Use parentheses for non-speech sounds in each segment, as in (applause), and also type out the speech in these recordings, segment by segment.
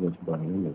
was born in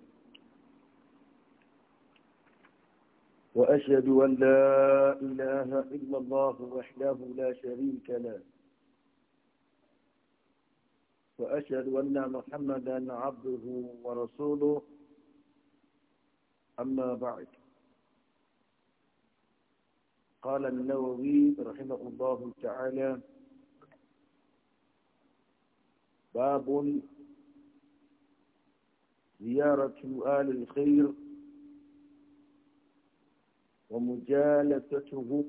وأشهد أن لا إله إلا الله وحده لا شريك له وأشهد أن محمدا عبده ورسوله أما بعد قال النووي رحمه الله تعالى باب زيارة آل الخير ومجالستهم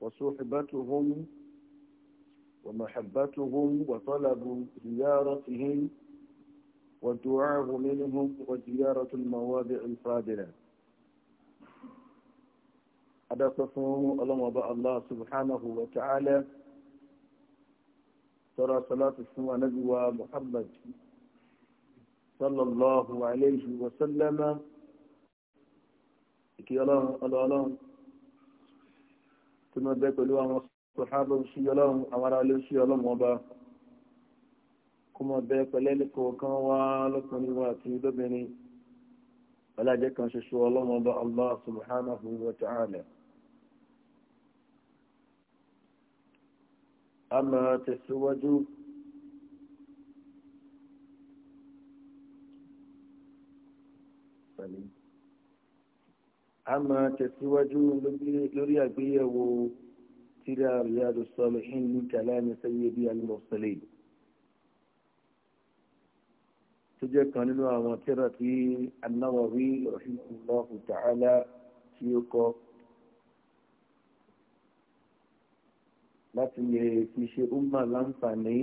وصحبتهم ومحبتهم وطلب زيارتهم والدعاء منهم وزيارة المواضع الفاضلة أدقفهم الله وباء الله سبحانه وتعالى ترى صلاة السماء نبي محمد صلى الله عليه وسلم ìkí ọlọ́run ọlọ́run tó mọ́ bẹ́ pẹ̀lú àwọn sọ̀hábọ̀ sí ọlọ́run àwọn ará olóṣì ọlọ́run ọba kó mọ́ bẹ́ pẹ̀lẹ́ lẹ́kọ̀ọ̀kan wá lọ́kùnrin wa àti lóbìnrin ọlájẹ́ kan ṣoṣo ọlọ́run ọba Allah subhanahu wa ta'ala a máa tẹ̀síwájú Thank you a máa tẹ̀síwájú lórí àgbéyẹ̀wò tíra Riyadu Salihin ní kàlámi Sayyidi al-Mursalin tó jẹ́ kan nínú àwọn tíra tí An-Nawawi rahimahullahu ta'ala tí ó kọ láti lè fi ṣe umma láǹfààní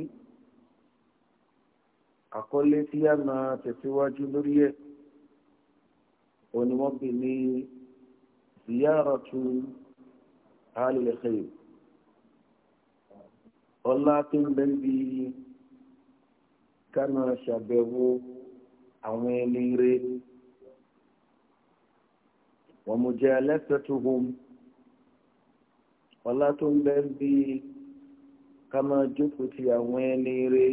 àkọlé tí a máa tẹ̀síwájú lórí ẹ̀ òní wọ́n pè ní ziyaratu ahlil khair ọlá tó ń bẹ bí ká máa ṣàbẹ̀wò àwọn ẹni rẹ̀ wọ́n mú jẹ́ alẹ́sẹ̀tuhum ọlá tó ń bẹ bí ká máa jókòó ti àwọn ẹni rẹ̀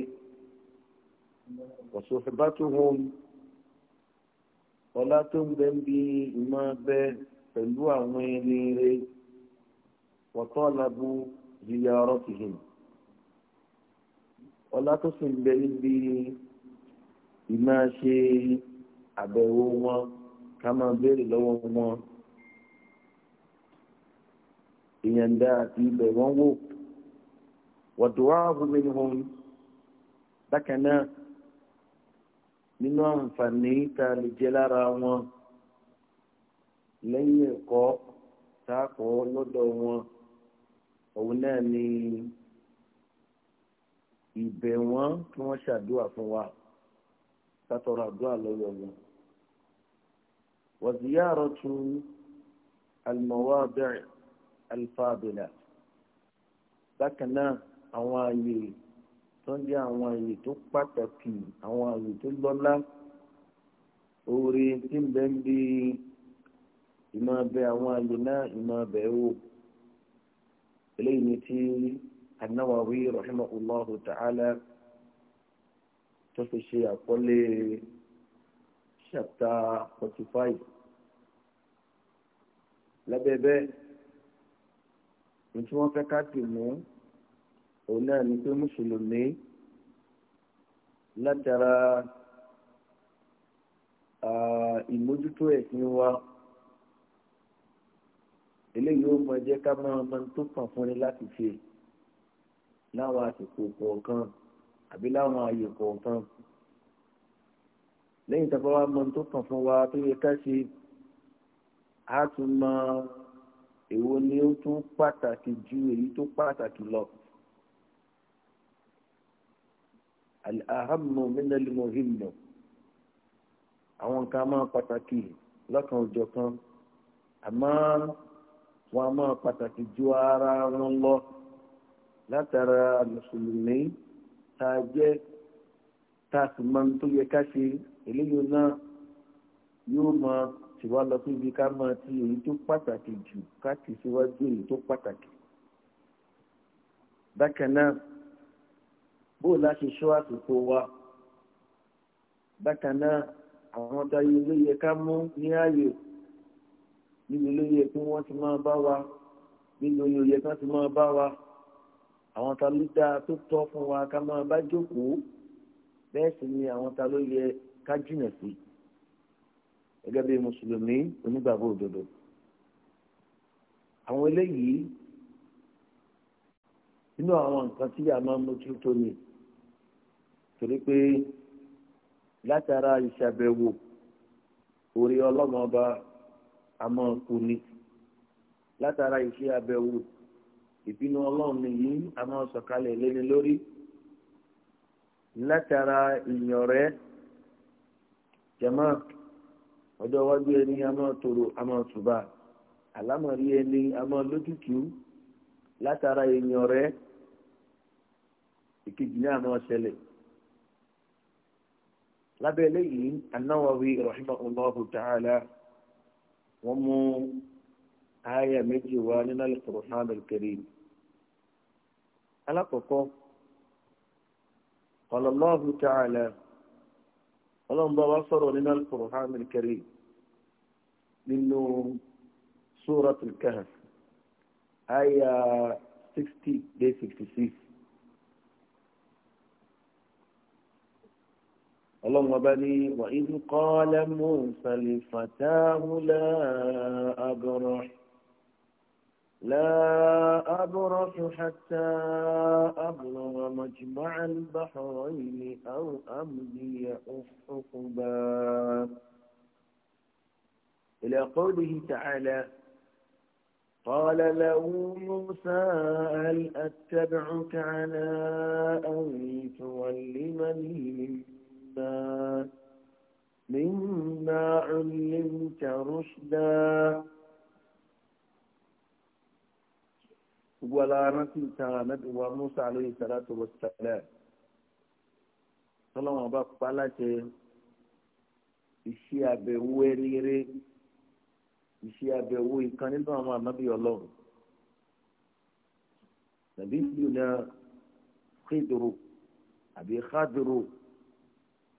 wọ́sọ̀fẹ̀bátúhum ọlá tó ń bẹ bí ìmọ̀ bẹ́ẹ̀ pẹ̀lú àwọn ẹni rẹ̀ wọ́tọ́lábù yíya ọ̀rọ̀ tìhìn ọlá tó sì ń bẹ níbi ìmáa ṣe àbẹ̀wò wọn ká máa béèrè lọ́wọ́ wọn ìyànda àti ibẹ̀ wọn wò wọ̀dùwà ahùnmínú hàn bákan náà nínú àǹfààní tá a lè jẹ lára wọn lẹ́yìn ẹ̀kọ́ sáàkọ́ lọ́dọ̀ wọn òun náà ni ìbẹ̀ wọn kí wọ́n ṣàdúrà fún wa sátọrọ àdúrà lọ́wọ́ wọn. وزيارة المواضع الفاضلة bákanáà àwọn ààyè tó ń jẹ́ àwọn ààyè tó pàtàkì àwọn ààyè tó lọ́lá oore tí ń bẹ bíi ìmọ̀ abẹ àwọn àyè náà ìmọ̀ abẹ wò eléyìí ni tí anáwàwí rahimahullahu ta'ala tó fi ṣe àkọlé ṣàpta forty five lábẹ́bẹ́ ní tí wọ́n fẹ́ ká tì mú òun náà ni pé mùsùlùmí látara ìmójútó ẹ̀sìn wa eléyìí ó mọ jẹ́ ká máa mọ tó kàn fún ni láti ṣe láwọn àsìkò kọ̀ọ̀kan àbí láwọn ààyè kọ̀ọ̀kan lẹ́yìn tó bá wá mọ tó kàn fún wa tó yẹ ká ṣe á tún mọ èwo ni ó tún pàtàkì ju èyí tó pàtàkì lọ. al-ahammu min àwọn nǹkan máa pàtàkì lọ́kan òjọ̀kan àmọ́ wọn a máa pàtàkì ju ara wọn lọ látara mùsùlùmí tá a jẹ́ tá a sì máa ń tó yẹ ká ṣe eléyìí náà yóò máa tìwá lọ síbi ká máa ti èyí tó pàtàkì jù ká ti síwájú èyí tó pàtàkì. bákan náà bó láti ṣọ́ àsìkò wa bákan náà àwọn ọ̀tá yìí ló yẹ ká mú ní ààyè níbi olóyè kí wọ́n ti máa bá wa níbi olóyè kí wọ́n ti máa bá wa àwọn ta ló dáa tó tọ́ fún wa ká máa bá jókòó bẹ́ẹ̀ sì ni àwọn ta ló yẹ ká jìnà sí gẹ́gẹ́ bí mùsùlùmí onígbàgbọ́ òdodo àwọn eléyìí nínú àwọn nǹkan tí a máa ń mójútó ni torí pé látara ìṣàbẹ̀wò orí ọlọ́mọba àmọ́ kò ní látara iṣẹ́ abẹ́wò ìbínú ọlọ́run nìyí àmọ́ sọ̀kalẹ̀ lẹ́ni lórí látara ìyàn jẹ̀mọ́ ọjọ́ iwájú ẹni àmọ́ tòrò àmọ́ tùbà àlámọ̀rí ẹni àmọ́ lójútùú látara ìyàn ìkejì ní àmọ́ ṣẹlẹ̀ lábẹ́ ta'ala. ومو آية مجي والنا القرآن الكريم ألقق قال الله تعالى قال الله وصر لنا القرآن الكريم من سورة الكهف آية 60 day 66 اللهم بارك وإذ قال موسى لفتاه لا أبرح لا أبرح حتى أبلغ مجمع البحرين أو أمضي أحقبا إلى قوله تعالى قال له موسى هل أتبعك على أن تولمني مما مما علمت رشدا ولا نسي كانت وموسى عليه الصلاة والسلام صلى الله pa láṣẹ iṣẹ́ àbẹ̀wò eréré iṣẹ́ àbẹ̀wò ìkan nínú àwọn ànábì ọlọ́run tàbí ìlú náà kédòrò àbí kádòrò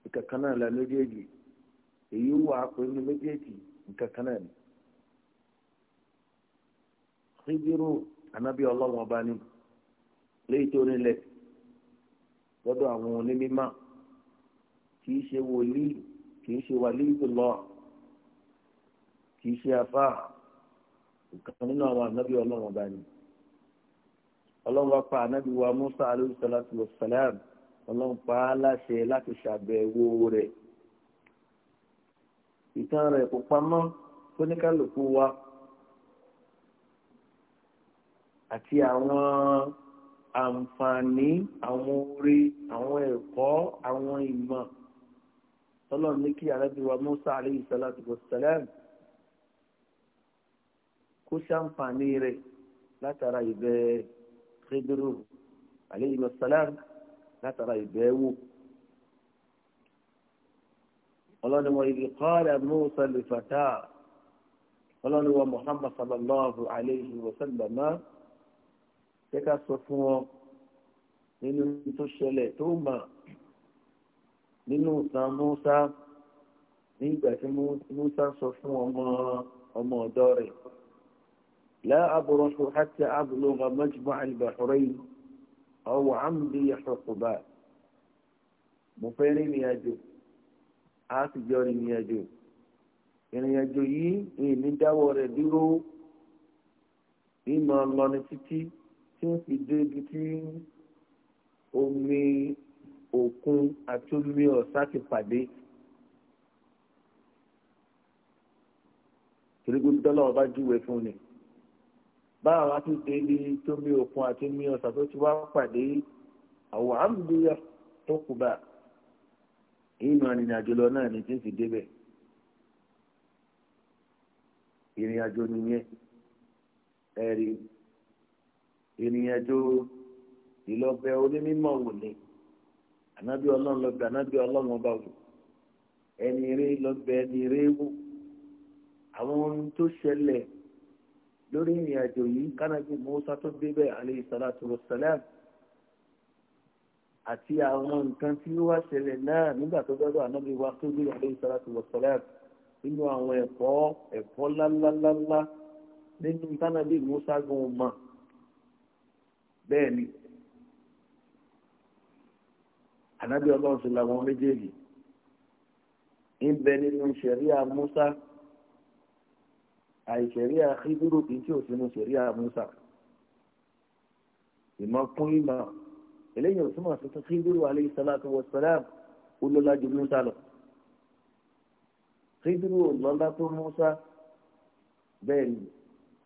nǹkan kan náà la méjèèjì èyí wà pẹ̀lú méjèèjì nǹkan kan náà ni. Khidiru anábì ọlọ́run ọba ni léyìí tó nílẹ̀ lọ́dọ̀ àwọn onímọ̀ kì í ṣe wòlíì kì í ṣe waliyullah kì í ṣe afá nǹkan nínú àwọn anábì ọlọ́run ọba ni. ọlọ́run wa pa wa Musa alayhi salatu wa salam ọlọ́run pa á láṣẹ láti ṣàbẹ̀wò rẹ̀ ìtàn rẹ̀ kò pamọ́ fóníkálùkù wa àti àwọn àǹfààní àwọn orí àwọn ẹ̀kọ́ àwọn ìmọ̀ tọ́lọ́run ní kí arábíwa Musa alayhi salatu wa salam kó ṣàǹfààní rẹ̀ látara ìbẹ̀ Khidru alayhi wa salam látara ìbẹ́wò ọlọ́niwọ̀ ibi kọ́ọ̀lẹ̀ Musa lè fàtà ọlọ́niwọ̀ Muhammad sallallahu alayhi wa sallam ṣé ká sọ fún ọ nínú tó ṣẹlẹ̀ tó mà nínú ìtàn Musa nígbà tí Musa sọ fún ọmọ ọmọ ọ̀dọ́ rẹ̀ la aburahu hatta ablugha majma' al-bahrayn ọwọ́ àmì ìṣọ̀kùbà mo fẹ́ rí ìrìn àjò a sì jọ rí ìrìn àjò ìrìn àjò yìí ìní dáwọ́ rẹ̀ dúró ìmọ̀ lọ́ni títí tí ń fi dé ibi tí omi òkun àti omi ọ̀sá ti pàdé. torí dọ́là ọba júwe fún ni. báwa wá tún dé okun tó òkun àti mi ọ̀sà tó ti wá pàdé àwọn àmúdúyà tó kù bá lọ náà ní tí ń sì débẹ̀ ìrìnàjò nìyẹn ẹ̀rí ìrìnàjò ìlọ́bẹ onímọ̀ wò ni ànábì ọlọ́run lọ́bẹ ànábì ọlọ́run ọba wò ẹni eré lọ́bẹ ẹni eré wò lórí ìrìn àjò yìí kánábì Mùsá tó débẹ̀ alayhi salatu wassalam àti àwọn nǹkan tí ó wá ṣẹlẹ̀ náà nígbà tó dọ́dọ̀ ànábì wa tó gbé alayhi salatu wassalam nínú àwọn ẹ̀kọ́ ẹ̀kọ́ lálálálá nínú kánábì Mùsá gan mọ̀ bẹ́ẹ̀ ni ànábì ọlọ́run ti làwọn méjèèjì ń bẹ nínú ṣẹ̀ríà Mùsá àìṣẹ̀ríà hídúró kì í tí ò sínú ṣẹ̀ríà musa ìmọ̀ kún ìmọ̀ eléyìí ò túmọ̀ sí fún hídúró alayhi salatu wa salam ó lọ́lá ju musa lọ hídúró ò lọ́lá tó musa bẹ́ẹ̀ ni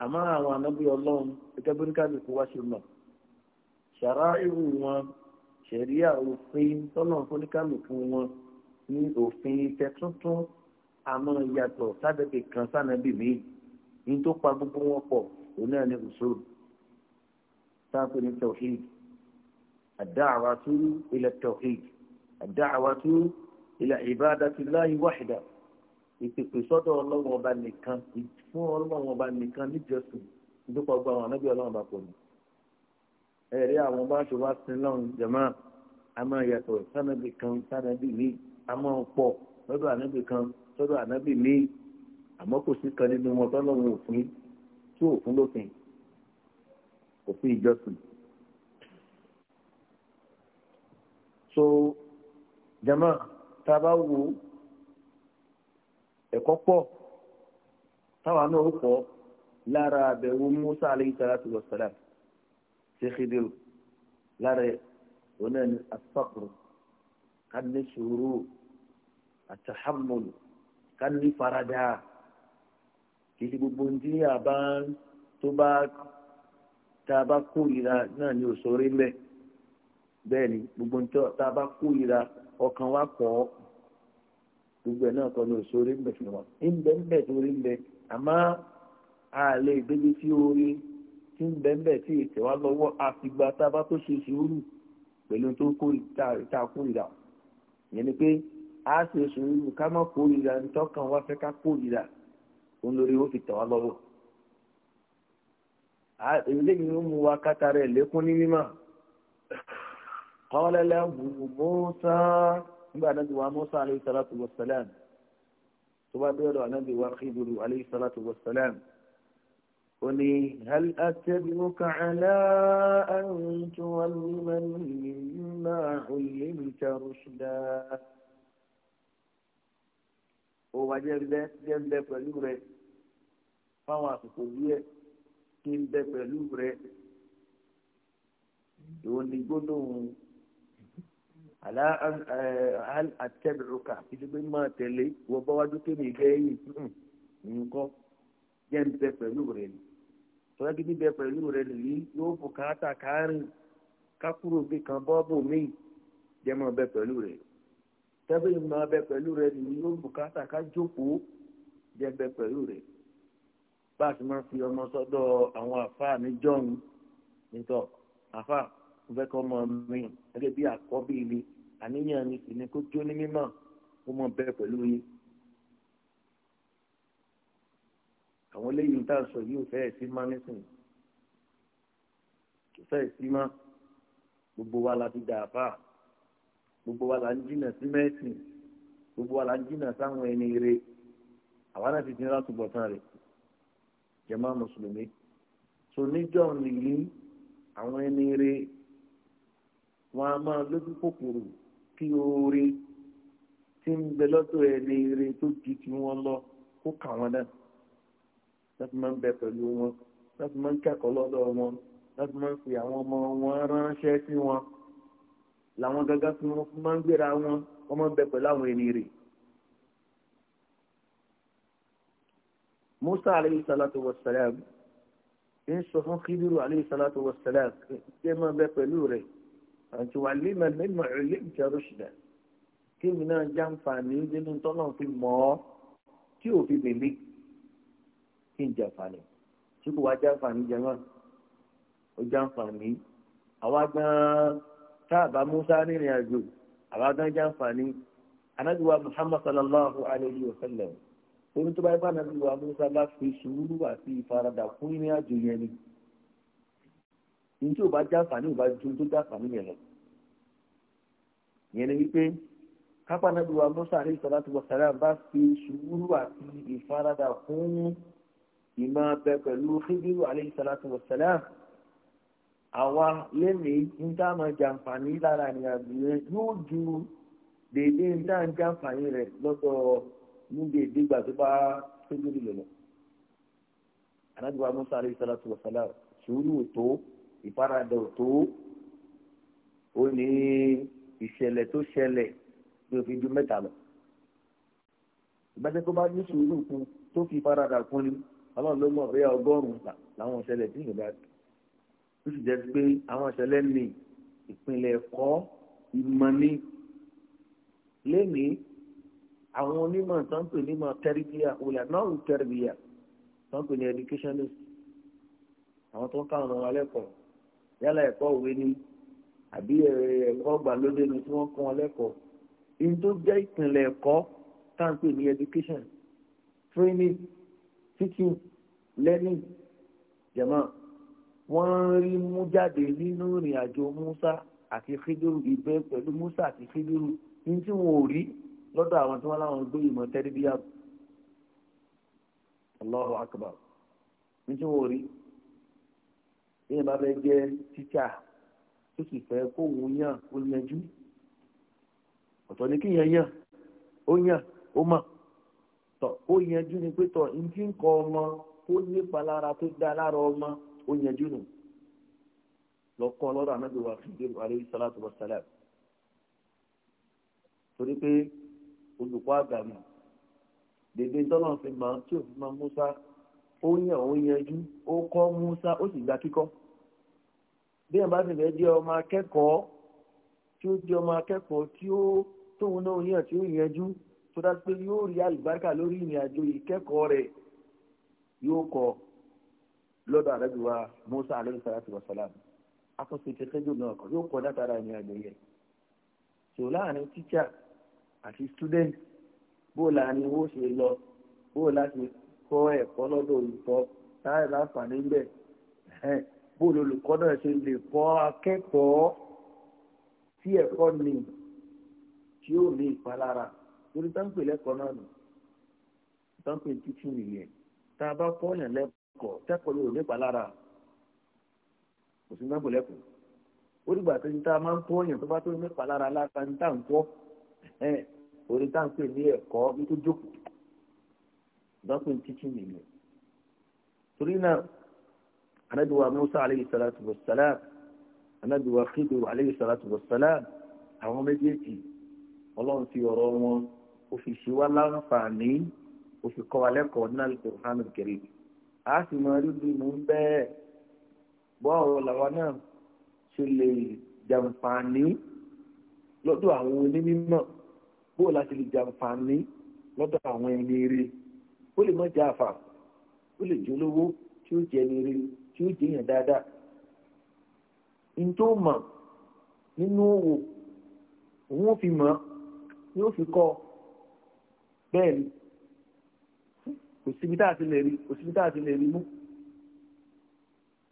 àmọ́ àwọn anábì ọlọ́run gẹ́gẹ́ bí káàdì kó wá ṣe mọ̀ ṣàrá irú wọn ṣẹ̀ríà òfin tọ́nà fúnikálùkù wọn ní òfin tẹ́túntún àmọ́ ìyàtọ̀ sábẹ́bẹ̀ kan sánàbì míì yìí tó pa gbogbo wọn pọ̀ òun náà ní usul táàpù ní tawhid ad-da'watu ila tawhid ad-da'watu ila ibadatillahi wahda ìpèpè sọ́dọ̀ ọlọ́run ọba nìkan fún ọlọ́run ọba nìkan níjọsìn ìdúpọ̀ gba àwọn anábì ọlọ́run ọba pọ̀ ní. ẹ̀rí àwọn bá ṣe wá sí lọ́run jẹ̀mọ́ a máa yàtọ̀ kan sànàbì míì a pọ̀ lọ́dọ̀ ànábì kan sọ́dọ̀ ànábì míì àmọ́ kò sí kan nínú wọn tọ́lọ́run òfin tí òfin lófin òfin ìjọsìn. so jama tá a bá wo ẹ̀kọ́ pọ̀ táwa náà ó pọ̀ lára àbẹ̀wò musa aleyhi salatu wa salam ṣe khidiru lára òun náà ni asọ́kùrù ká ní sùúrù àtàhámùlù ká ní faradà kìí ṣe gbogbo tí a bá tó bá tá a bá kórìíra náà ni òṣòro ń bẹ bẹ́ẹ̀ ni gbogbo tá a bá kórìíra ọkàn wa kọ́ gbogbo ẹ̀ náà kọ́ ni òṣòro ń bẹ fún wa ń bẹ ń bẹ torí ń bẹ àmọ́ a lè débi tí orí tí ń bẹ ń bẹ tí ètè wa lọ́wọ́ àfìgbà tá a bá tó ṣe sùúrù pẹ̀lú tó kórìíra kórìíra yẹn ni pé a ṣe sùúrù ká má kórìíra ntọ́kàn wa fẹ́ ká kórìíra òun lórí ó fi tẹ̀ wá lọ́wọ́ eléyìí ó mú wa kátàrẹ̀ lékún ní mímọ́ kọ́lẹ́lẹ́ mọ́sá nígbà náà ti wá mọ́sá alayhi salatu wa salam tó bá dọ́dọ̀ anábì wa Khidiru alayhi salatu wa salam ó ní hal attabi'uka ala an tu'allimani mimma 'allamta rushda ó wá jẹ́ ńbẹ́ jẹ́ ńbẹ́ pẹ̀lú rẹ fáwọn àsìkò díẹ̀ kí ń bẹ pẹ̀lú rẹ ìwọ ni gbólóhùn àlá àtẹ́bìrúkà ìdígbé máa tẹ̀lé wọ́n bá wájú kí ni ìgbẹ́ yìí nǹkan jẹ́ ń pẹ̀lú rẹ ni tọ́lá gidi bẹ pẹ̀lú rẹ nìyí yóò bùkátà kárìn kákúrò bí kan bọ́ọ̀bù míì jẹ́ máa bẹ pẹ̀lú rẹ ni tẹ́gbẹ́ yìí máa bẹ pẹ̀lú rẹ nìyí yóò bùkátà ká jókòó jẹ́ bẹ pẹ̀lú rẹ bá a ti máa fi ọmọ sọ́dọ̀ àwọn àfáà ní jọ́hún nítọ́ àfáà ń fẹ́ kọ́ ọmọ mi gẹ́gẹ́ bí àkọ́bí mi àníyàn mi sì ni kó jó ní mímọ́ ó mọ̀ bẹ́ẹ̀ pẹ̀lú yín. àwọn eléyìí tá a sọ yìí ò fẹ́ sí má nísìnyí kò fẹ́ sí má gbogbo wa la ti dà gbogbo wa la ń jìnnà sí mẹ́sìn gbogbo wa la ń jìnnà sáwọn ẹni rè àwa náà ti ti rà túbọ̀ tán rè jàmá mùsùlùmí so níjọ́ nìyí àwọn ẹni rè wọn a máa lójú kòkòrò kí oore tí ń bẹ lọ́dọ̀ ẹni rè tó ju ti wọn lọ kó kà wọn náà láti máa ń bẹ pẹ̀lú wọn láti máa ń kẹ́kọ̀ọ́ lọ́dọ̀ wọn láti máa ń fi àwọn ọmọ wọn ránṣẹ́ sí wọn làwọn gangan fún wọn máa ń gbéra wọn wọn máa ń bẹ pẹ̀lú àwọn ẹni rè. musa aleyhi salatu wa salam ń sọ fún kídírù aleyhi salatu wa salam ṣé máa bẹ pẹ̀lú rẹ̀ àti wà lè máa mímọ̀ ilé ìjọba ṣùgbọ́n kí mi náà jàǹfààní nínú tọ́nà fi mọ̀ ọ́ tí ò fi bèbè kí n jàǹfààní tí kò wá jàǹfààní jẹ náà ó jàǹfààní àwa gan-an táàbà musa rìnrìn àjò àbájájá àǹfààní anábìwá muhammad sallallahu alayhi wa sallam orí tó bá yẹ fún anábìwá musa bá fi sùúrù àti ìfaradà fún ìrìn àjò yẹn ni ní tí ò bá já àǹfààní ò bá ju tó já àǹfààní yẹn lọ yẹn ni wípé kápá anábìwá musa alayhi salatu wa salam bá fi sùúrù àti ìfaradà fún ìmọ̀ abẹ pẹ̀lú khidiru alayhi salatu wa salam àwa lẹ́nìí ń tá máa jàǹfààní lára ìrìnàjò yẹn yóò ju dèédé ń tá ń jàǹfààní rẹ̀ lọ́dọ̀ ní dèédé gbà tó bá tóbi lò lọ. anájọba musa alayhi salatu wa salam sùúrù tó ìfaradà tó ó ní ìṣẹ̀lẹ̀ tó ṣẹlẹ̀ bí o fi ju mẹ́ta lọ. ìbájẹ́ tó bá ní sùúrù kún tó fi faradà kún ni ọlọ́run ló mọ̀ bẹ́ẹ̀ ọgọ́rùn-ún làwọn ìṣẹ̀lẹ̀ tí ìgbà tó ó sì jẹ́ pé àwọn ìṣẹ̀lẹ̀ ní ìpínlẹ̀ ẹ̀kọ́ ìmọ̀ ní lénìí àwọn onímọ̀ tó ń pè nímọ̀ tẹ́rìbíà òlà náà ń tẹ́rìbíà tó ń pè ní educationist àwọn tó ń káwọn ọmọ alẹ́kọ̀ọ́ yálà ẹ̀kọ́ òwe ni àbí ẹ̀kọ́ gbàlódé ni tí wọ́n kọ́ wọn lẹ́kọ̀ọ́ in tó jẹ́ ìpínlẹ̀ ẹ̀kọ́ tá ní education training teaching learning jẹ̀mọ́ wọ́n rí mú jáde nínú ìrìn àjò Musa àti Khidiru ìbẹ́ pẹ̀lú Musa àti Khidiru ní tí wọn ò rí lọ́dọ̀ àwọn tí wọ́n láwọn gbé ìmọ̀ tẹ́lifíyà Allahu akbar ní tí wọn ò rí èèyàn bá fẹ́ jẹ́ tíṣà tó sì fẹ́ kó òun yàn ó yanjú ọ̀tọ̀ ni kí yẹn yàn ó yàn ó mọ̀ tọ̀ ó yanjú ni pé tọ̀ ní tí ń kọ ọmọ kó nípa lára tó dá lára ọmọ ó yanjú nù lọ́kọ́ lọ́dọ̀ anábì wa khidir alayhi salatu wa salam torí pé olùkọ́ àgbà dèdè tọ́nà fi máa tí ò fi máa Musa ó yàn ó yanjú ó kọ́ Musa ó sì gba kíkọ́ bí ẹ̀ bá sì fẹ́ jẹ́ ọmọ akẹ́kọ̀ọ́ tí ó jẹ́ ọmọ akẹ́kọ̀ọ́ tí ó tóun náà yàn tí ó yanjú tó dá pé yóò rí àlùbáríkà lórí ìrìn lọ́dọ̀ àlejò wa Musa aleyhi salatu wa salam akọ́sí kẹkẹ́jọ náà kọ́ yóò kọ́ látara ní àgbẹ̀yẹ tó láàrin tíṣà àti student bó láàrin owó ṣe lọ bó láti kọ́ ẹ̀kọ́ lọ́dọ̀ olùkọ́ táyà láǹfààní bẹ̀ bó lolùkọ́ náà ṣe lè kọ́ akẹ́kọ̀ọ́ tí ẹ̀kọ́ ni tí ó ní ìpalára torí táǹpì lẹ́kọ̀ọ́ náà nù táǹpì títí nìyẹn tá a bá kọ́ ọ̀yàn lẹ́kọ̀ọ́ kọ̀ tẹ́kọ̀ọ́ yóò nípa lára kò sí náà bọ̀lẹ́kùn ó dìgbà tó ní tá a máa ń kọ́ èèyàn tó bá tó nípa lára lára ní tá à ń kọ́ ẹ̀ orí tá à pè ní ẹ̀kọ́ ní tó jókòó dọ́pin títí nìyẹn torí náà anábìwá Musa aleyhi salatu wa salam anábìwá Khidir aleyhi salatu wa salam àwọn méjèèjì ọlọ́run ti ọ̀rọ̀ wọn ó fi ṣe wá láǹfààní ó fi kọ́ wa lẹ́kọ̀ọ́ náà lè tó hánú a sì mọ ríbi mú bẹ́ẹ̀ bọ́ọ̀rọ̀ làwọn náà ṣe lè jàǹfààní lọ́dọ̀ àwọn onímọ̀ bóò láti lè jàǹfààní lọ́dọ̀ àwọn ẹni rí ó lè mọ jẹ àfà ó lè jẹ olówó tí ó jẹ ẹni rí tí ó jẹ dáadáa n tó mọ̀ nínú òwò òun ò fi mọ̀ ni ó fi kọ́ bẹ́ẹ̀ ni kò síbi tá a ti lè rí kò síbi tá a ti lè rí mú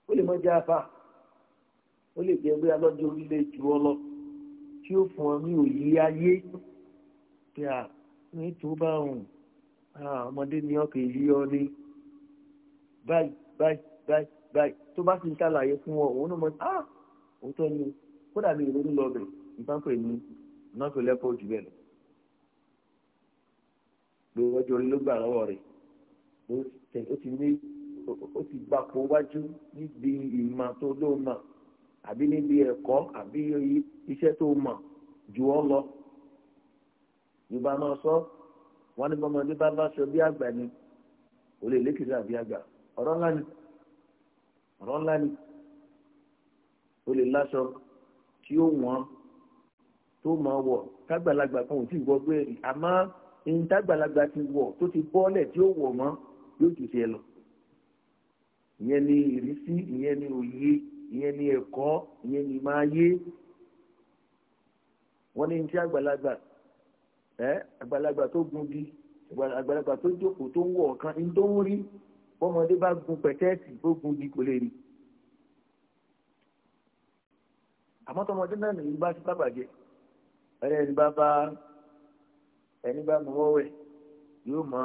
ó lè mọ jẹ afa ó lè jẹ bóyá lọ́jọ́ orílẹ̀ jù ọ lọ tí ó fún ọ ní òye ayé pé à ní tó bá òun ọmọdé ni ọkọ̀ èyí ọ ní báyìí báyìí báyìí báyìí tó bá ti ń ṣàlàyé fún ọ òun náà mọ ah òótọ́ ni kódà mi ìrònú lọ bẹ̀ ìbáǹkọ̀ èmi náà kò lẹ́kọ̀ọ́ jù bẹ́ẹ̀ lọ gbogbo ọjọ́ orí ló gbà lọ́wọ́ rẹ̀. ó ti ní ó ti gbapò wájú níbi ìmọ̀ tó ló mọ̀ àbí níbi ẹ̀kọ́ àbí iṣẹ́ tó mọ̀ jù ọ́ lọ. yorùbá máa sọ wọn ní bọ́mọdé bá sọ bí àgbà ni kò lè lékìtì àbí àgbà ọ̀rọ̀ ńlá ni ọ̀rọ̀ o lè láṣọ tí ó wọ́n tó máa wọ̀ tágbàlagbà kan ò tí ì wọ gbé rí àmọ́ tágbàlagbà ti wọ̀ tó ti bọ́ọ̀lẹ̀ tí yóò jù tiẹ̀ lọ ìyẹn ni ìrísí ìyẹn ni òye ìyẹn ni ẹ̀kọ́ ìyẹn ni máa yé wọ́n ní ti àgbàlagbà ẹ àgbàlagbà tó gungi àgbàlagbà tó jókòó tó ń wọ ọ̀kan ní tó ń rí bọ́mọdé bá gun pẹ̀tẹ́ẹ̀tì tó gungi kò lè rí. àmọ́ tọmọdé náà nìyí bá ti bá ẹni ẹni bá bá ẹni bá mọ́wọ́ wẹ̀ yóò mọ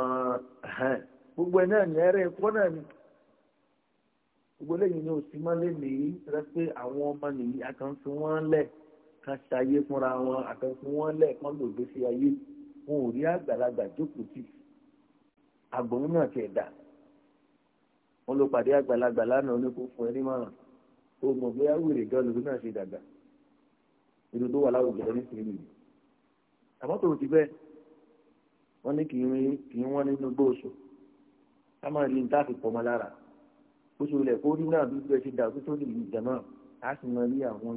ẹ̀hán gbogbo ẹ̀ náà ní ẹ̀rẹ́ ẹ̀kọ́ náà ni gbogbo lẹ́yìn ní òsì máa lè nìyí rẹ pé àwọn ọmọ nìyí àkànfi wọ́n lẹ̀ kan ṣayé fúnra wọn àkànfi wọ́n lẹ̀ kan lò gbèsè ayé wọn ò rí àgbàlagbà jókòó tì àgbọ̀n náà tiẹ̀ dà wọn ló pàdé àgbàlagbà lánàá oníkó fún ẹni márùn tó mọ̀ bóyá wèrè gan lòdù náà ṣe dàgbà inú tó wà láwùjọ nítorí nìyí àmọ́ tòun ti bẹ́ẹ̀ wọ́n ní kì í wọ́n nínú gbóòsùn ká máa rí nǹkan àfi pọ̀mọ́ lára bó ṣe kó rí náà bí bẹ́ẹ̀ ṣe dàgbé tó lè yí ìjàmọ́ á sì máa rí àwọn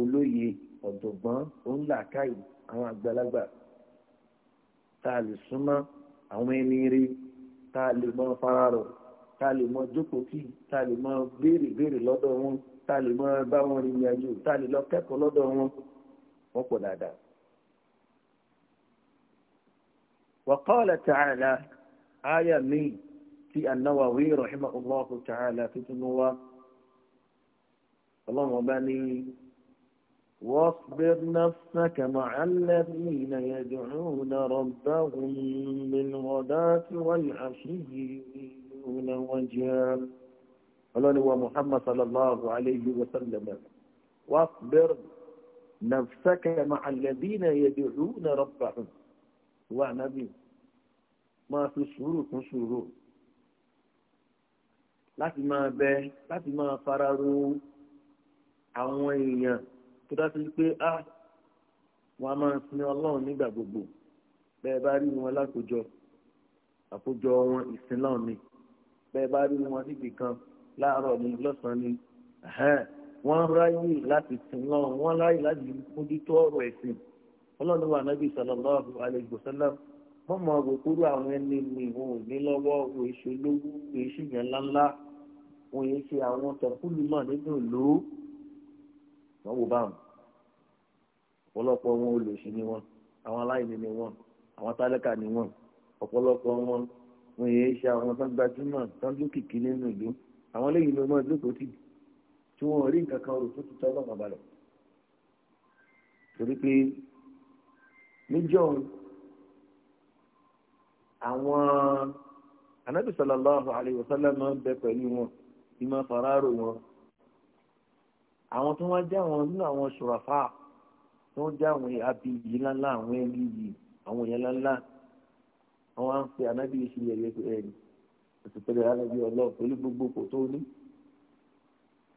olóye ọ̀jọ̀gbọ́n òǹlàkàyè àwọn àgbàlagbà tá a lè súnmọ́ àwọn ẹni rí tá a lè mọ fara rọ̀ tá a lè mọ jókòó kí tá a lè mọ béèrè béèrè lọ́dọ̀ wọn tá a lè mọ bá wọn rìnrìn àjò tá a lè lọ kẹ́kọ̀ọ́ lọ́dọ̀ wọn wọ́n pọ̀ dáadáa. wa qala ta'ala àyà míì tí anáwàwí rahimahullahu ta'ala tuntun wa ọlọ́run ọba ní واصبر نفسك مع الذين يدعون ربهم بالغداة والعشي يريدون وجهه ọlọ́ni wa muhammad sallallahu alayhi wa sallam wasbir nafsaka ma'a alladhina yad'una rabbahum wa nabi máa fi sùúrù kún sùúrù láti máa bẹ láti máa fara ro àwọn èèyàn tó dá sí pé a ah, wọn a máa sin ọlọ́run nígbà gbogbo bẹ́ẹ̀ bá rí wọn lákòjọ àkójọ wọn ìsìn náà ni bẹ́ẹ̀ bá rí wọn síbi kan láàárọ̀ ni lọ́sàn ni wọ́n ráyè láti sin náà wọ́n ráyè láti mójútó ọ̀rọ̀ ẹ̀sìn ọlọ́run wà nábì sallallahu alaihi wasallam wọ́n mọ àgbòkúrú àwọn ẹni mi wọn ò ní lọ́wọ́ òṣèlú èṣù ńláńlá wọn yéé ṣe àwọn tẹkùlù mọ nínú ìlú wọn wò báwọn ọ̀pọ̀lọpọ̀ wọn olùsí ni wọn àwọn aláìní ni wọn àwọn tálẹ́kà ni wọn ọ̀pọ̀lọpọ̀ wọn wọn yéé ṣe àwọn tó ń gbajúmọ̀ tó ń dúkìkì nínú ìlú àwọn eléyìí ni wọn lóko tì tí wọn rí nǹkan kan rò tó ti tọ́ lọ́kàn balẹ̀ torí pé níjọ́ àwọn anábìsọ̀lọ́lọ́ àlè ìwòsàn lẹ́nu ń bẹ pẹ̀lú wọn ìmọ̀ fararo wọn àwọn tó wá já wọn nínú àwọn ṣùràfà tó ń já àwọn àbí yìí ńláńlá àwọn ẹni yìí àwọn èèyàn ńláńlá àwọn à ń pe anábì yìí sí ẹyẹ pé ẹni òtútọ́lẹ̀ alábì ọlọ́ọ̀ pẹ̀lú gbogbo kò tó ní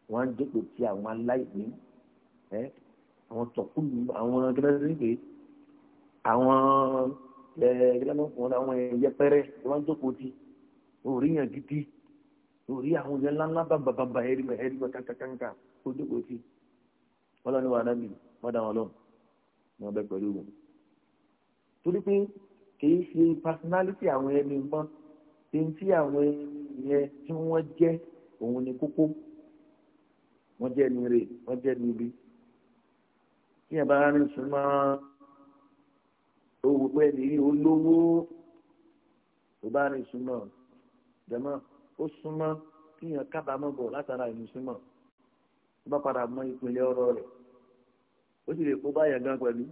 wọ́n á ń dépò tí àwọn aláìní ẹ́ àwọn tọ̀kùlù àwọn gẹ́gẹ́ pé àwọn gẹ́gẹ́ pé àwọn yẹpẹrẹ wọ́n á ń dépò tí òríyàn gidi orí àwọn yẹn ńláńlá bàbà bàbà ẹ̀rí mọ̀ ẹ̀rí mọ̀ kankankanka ojú kò sí ọlọ́ni wa nábì mọ́dà wọn lọ́n ní ọbẹ̀ pẹ̀lú wọn. torí pé kìí ṣe personality àwọn ẹni mọ́ ẹni tí àwọn ẹni yẹn tí wọ́n jẹ́ òun ni kókó wọ́n jẹ́ ní rè wọ́n jẹ́ ní ibi. tí yẹn bá rìn súnmọ́ owó pẹ́ẹ́lí olówó tó bá rìn súnmọ́ jẹ́mọ́. ó súnmọ́ kíyàn kábàámọ̀ bọ̀ látara ìmùsùnmọ̀ tó bá padà mọ ìpínlẹ̀ ọ̀rọ̀ rẹ̀ ó sì lè kó báyàn gan pẹ̀lú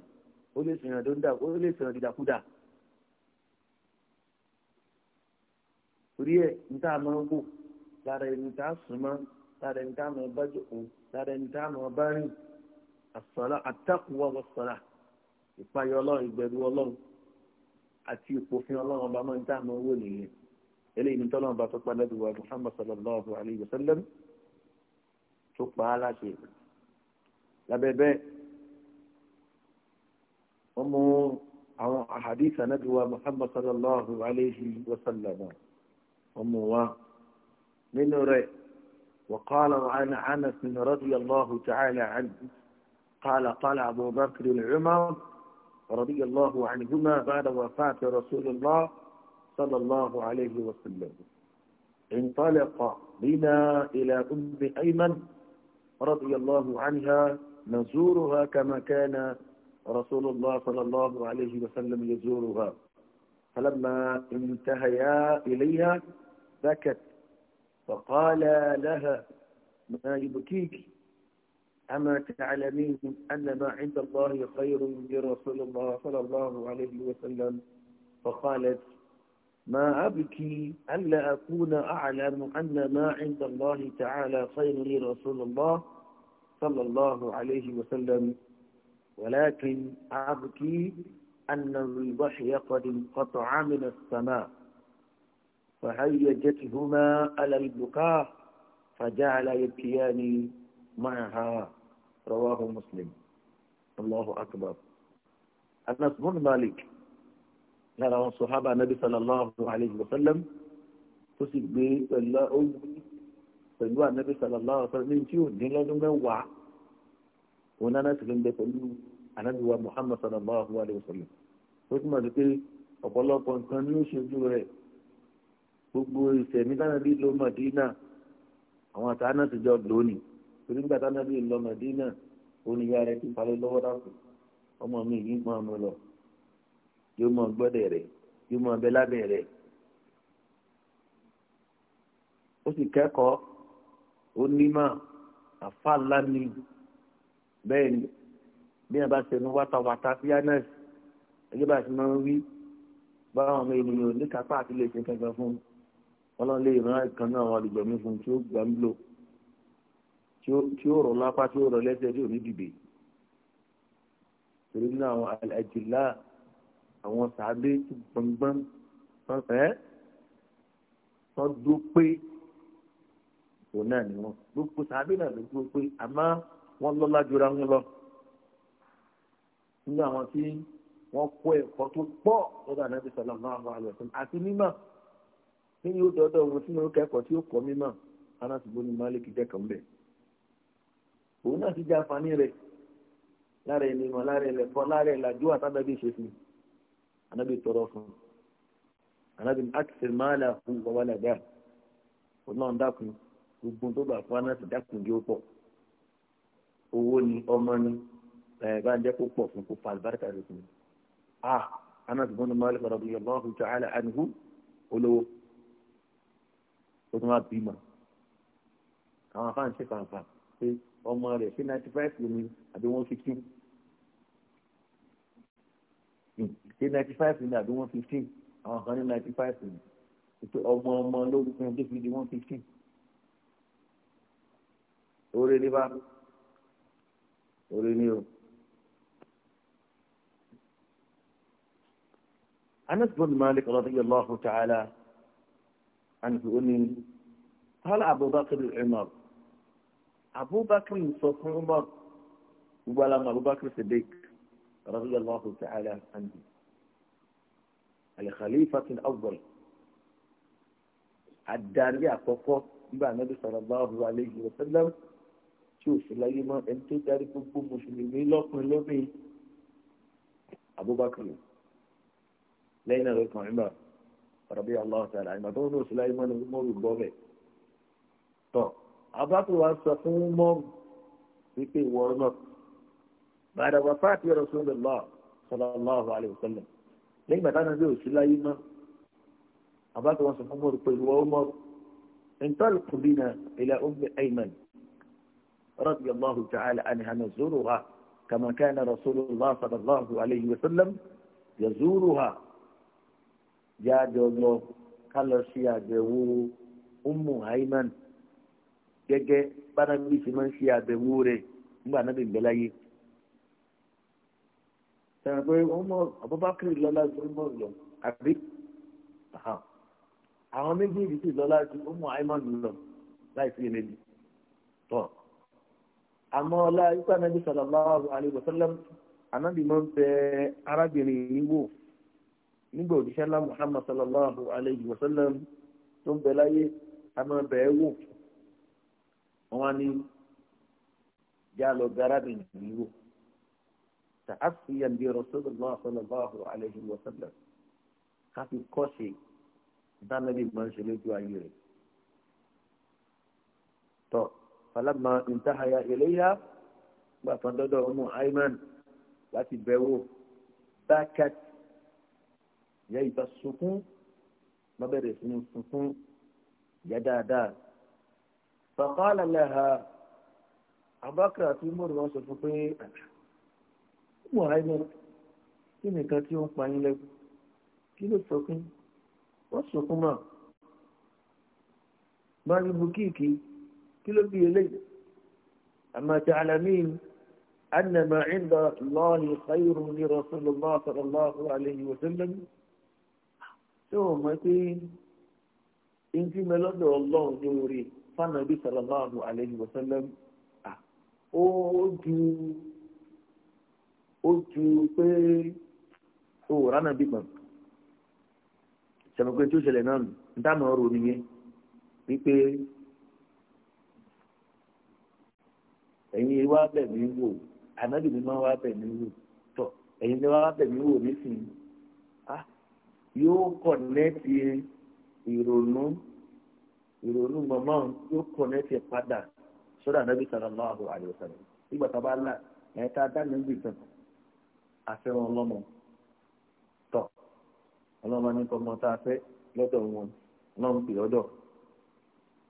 ó lè sèyàn tó ń dà ó lè sèyàn dìdàkudà. torí ẹ̀ ń tá a máa ń wò lára ẹni tá a súnmọ́ lára ẹni tá a máa bá jòkó lára ẹni tá a máa bá rìn ọba máa ń tá eléyìí ní tọ́lọ́mù bá tó pa lẹ́bi wa Muhammad sallallahu alayhi wa sallam tó pa á láṣẹ lábẹ́ bẹ́ẹ̀ wọ́n mú àwọn àhàdíìsì ànábi wa Muhammad sallallahu alayhi wa sallam wọ́n mú wa nínú rẹ̀ وقال وعن أنس رضي الله تعالى عنه قال قال أبو بكر العمر رضي الله عنهما بعد وفاة رسول الله صلى الله عليه وسلم انطلق بنا إلى أم أيمن رضي الله عنها نزورها كما كان رسول الله صلى الله عليه وسلم يزورها فلما انتهيا إليها بكت فقال لها ما يبكيك أما تعلمين أن ما عند الله خير لرسول الله صلى الله عليه وسلم فقالت ما أبكي ألا أكون أعلم أن ما عند الله تعالى خير لي رسول الله صلى الله عليه وسلم ولكن أبكي أن الوحي قد انقطع من السماء فهيجتهما على البكاء فجعل يبكيان معها رواه مسلم الله أكبر أنس بن مالك lára àwọn sọ̀hábà nàbí sallallahu alayhi wa sallam tó sì gbé pẹ̀lú owó pẹ̀lú ànábì sallallahu alayhi wa sallam ní tí ò dín lọ́dún mẹ́wàá òun náà sì ń bẹ pẹ̀lú ànábì wa muhammad sallallahu alayhi wa sallam tó túmọ̀ sí pé ọ̀pọ̀lọpọ̀ nǹkan ní oṣooṣù rẹ̀ gbogbo ìṣẹ̀mí tánàbí lọ mọ̀dínà àwọn àtàánà ti jọ lónìí torí nígbà tánàbí lọ mọ̀dínà yóò mọ gbọ́dẹ̀ rẹ̀ yóò mọ ọbẹ̀ lábẹ́ rẹ̀ ó sì kẹ́kọ̀ọ́ ó nímọ̀ àfa ńlá ni bẹ́ẹ̀ ni bí wọn bá ṣe ní wátawàta sí anes ẹgbẹ́ bá ṣe máa ń wí báwọn ọmọ ènìyàn oníkápá àti lè ṣe kankan fún ọlọ́run lè rán ìkan náà wọn àlùjọ mi fún tí ó gbà ń lò tí ó rọ̀ lápá tí ó rọ̀ lẹ́sẹ̀ tí ò ní dìbè torí náà àjìlá àwọn sàábé tí gbọ̀ngbọ̀n ẹ́ wọ́n dúró pé òun náà ni wọ́n gbogbo sàábé náà ló dúró pé àmọ́ wọ́n lọ́lá jura wọn lọ nínú àwọn tí wọ́n kó ẹ̀kọ́ tó pọ̀ lọ́dọ̀ ànábì sọ̀lá máa àlọ́ ẹ̀sìn àti mímọ̀ nínú yóò dọ́dọ̀ wọn tí wọ́n kẹ́kọ̀ọ́ tí ó kọ́ mímọ̀ anásìgbò ni malik jẹ́ kàn bẹ̀ òun náà ti jẹ́ àǹfààní rẹ̀ lára ẹni mọ̀ lára ẹlẹ́kọ́ lára ẹ̀làjú àtàbẹ̀bí ìṣèṣin anábì tọrọ fún anábì akitẹ máàlà fún wàhálà dá ọlọ́run dákun gbogbo tó gbà fún anábì dákun yóò pọ̀ owó ni ọmọ ni ẹ̀ bá ń jẹ́ kó pọ̀ fún kó fa àlùbáríkà rẹ̀ fún mi. ah anábì bọ́n máàlì fọ̀rọ̀ bí ọlọ́run tó àlà ànihú olówó ó tún wá bímọ àwọn afáǹsì fanfa pé ọmọ rẹ̀ sí ninety five lomi àbí one fifteen ṣé ninety five ni àbí one fifteen àwọn kan ní ninety five ni ètò ọmọ ọmọ lórúkọ ẹni tó fi di one fifteen orí ni bá orí ni o. Anas bin Malik radiyallahu ta'ala anhu oni qala Abu Bakr Umar Abu Bakr sọ fún Umar gbogbo alamọ Abu Bakr Siddiq رضي الله تعالى عنه الخليفة الأول الدارية كوكو بقى النبي صلى الله عليه وسلم شوف لما أنت داري أبو مسلمين لو كلهم أبو بكر لين ركن عمر رضي الله تعالى عنه دون سليمان عمر بوبي تو أبو بكر واسفون مم في ورنك bàdà wàfáàtì rasulullah sallallahu alayhi wa sallam nígbà táwọn ẹgbẹ́ òsì láyé mọ́ àbáta wọn sọ fún mọ́rù pé ìwọ ọmọrù ìntọ́lù kùbínà ila ummi ayman radiyallahu ta'ala anha nazuruha kama kana rasulullah sallallahu alayhi wa sallam yazuruha jáde ọlọ kálọ̀ sí àbẹ̀wò ummu ayman gẹ́gẹ́ bá nàbí sì máa ń ṣe àbẹ̀wò rẹ̀ nígbà nàbí ìgbẹ́láyé sẹ́yìn pé Abubakar lọ́lá ju Umar lọ àbí àwọn méjèèjì sì lọ́lá ju Ummu Aiman lọ láì sí eléyìí tọ́ àmọ́ ọlá ikú anábì sallallahu alaihi wasallam anábì máa ń bẹ arábìnrin yìí wò nígbà òjíṣẹ́ ńlá Muhammad sallallahu alaihi wasallam tó ń bẹ láyé a máa bẹ̀ ẹ́ wò wọ́n á ní yá bẹ arábìnrin yìí wò. تعفيا لرسول الله صلى الله عليه وسلم خاطي كوشي دانني مانجلي دو تو فلما انتهى اليها ما فندو ايمن لاتي بيو باكت يي بسكو ما بيرس من يدادا فقال لها أبكر تيمور ما سفوكي mọ̀ àìmọ̀ kí nìkan tí ó ń pa yín lẹ́kùn kí ló sọkún wọ́n sọkún mọ́ máa ní bukíìkì kí ló bí eléyìí àmọ́ àti alamin annama inda lọ́ọ̀lì khayru ní rasulullah sallallahu alayhi wa sallam ṣé o mọ̀ pé ìdí mẹ́lọ́dọ̀ ọlọ́run ní orí fánàbí sallallahu alayhi wa sallam ó ju. otu ju pé òwúrọ̀ náà tí ó ṣẹlẹ̀ náà ń dáná ọ̀rọ̀ nìyẹn wípé ẹ̀yin wá bẹ̀ mí wò ànábì mi máa wá bẹ̀ mí wò tọ̀ ẹ̀yin wá bẹ̀ mí wò nísìnyí ah yóò kọ̀nẹ́ẹ̀tì ìrònú ìrònú mọ̀mọ́ yóò kọ̀nẹ́ẹ̀tì padà sọ́dọ̀ nígbà tá a afẹ́ràn ọlọ́mọ tọ̀ ọlọ́mọ ní kọ́mọ tá a fẹ́ lọ́dọ̀ wọn ọlọ́run pè ọ́dọ̀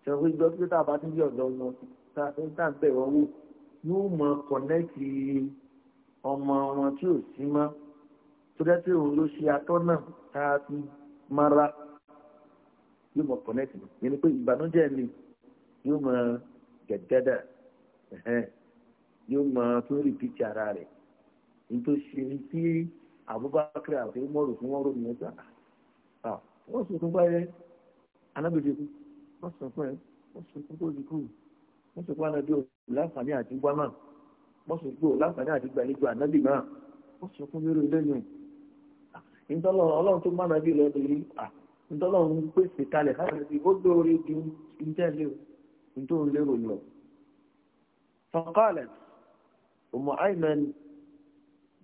ṣe wọ́n gbọ́ pé tá a bá ti bí ọ̀dọ́ wọn tá a fẹ́ tá a bẹ̀ wọ́n wò yóò mọ kọ̀nẹ́kì ọmọ wọn tí ò sí mọ́ tó dẹ́ tí òun ló ṣe atọ́ náà tá a fi mara yóò mọ kọ̀nẹ́kì yẹn ni pé ìbànújẹ́ mi yóò mọ gẹ̀gẹ́dà yóò mọ tó ń rìpítì ara rẹ̀. ní tó ṣe ní tí Abubakar àti mọ́rò fún wọn ròyìn ẹ̀ta wọ́n sọ fún báyẹn kú wọ́n sọ fún ẹ wọ́n sọ fún wọ́n sọ fún àti gbámà wọ́n sọ fún láǹfààní àti gbàlejò náà sọ fún mérò ọlọ́run tó yìí pèsè kalẹ̀ káàkiri sí ó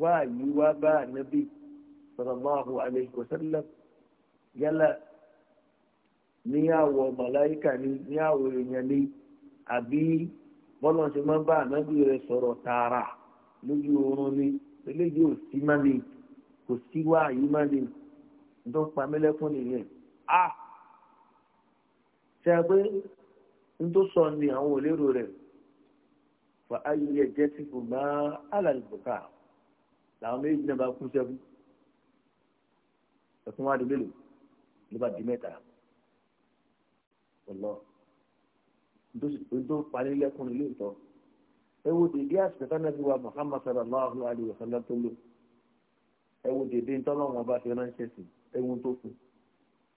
wáàyí wá bá ànábì sallallahu wa sallam yálà ni ní àwọ̀ èèyàn ni àbí bọ́lá ṣe máa bá ànábì rẹ̀ sọ̀rọ̀ tààrà lójú oorun ni eléyìí ò sí má ni kò sí wáàyí má ni pa mẹ́lẹ́kùn nìyẹn a ṣe pé n tó sọ ni àwọn òlérò rẹ̀ fa ayẹyẹ je ti kò máa làwọn méjì náà bá kú sẹ́kù ẹ̀kún wá di mélòó ló bá di mẹ́ta ọlọ́ nítorí parí lẹ́kùn ilé ìtọ́ ẹ wo dèdè àsìkò nàbí wa Muhammad sallallahu alayhi wa sallam tó lò ẹ wo dèdè ntọ́lọ́wọ́n bá fi ránṣẹ́ sí ẹ wo tó kù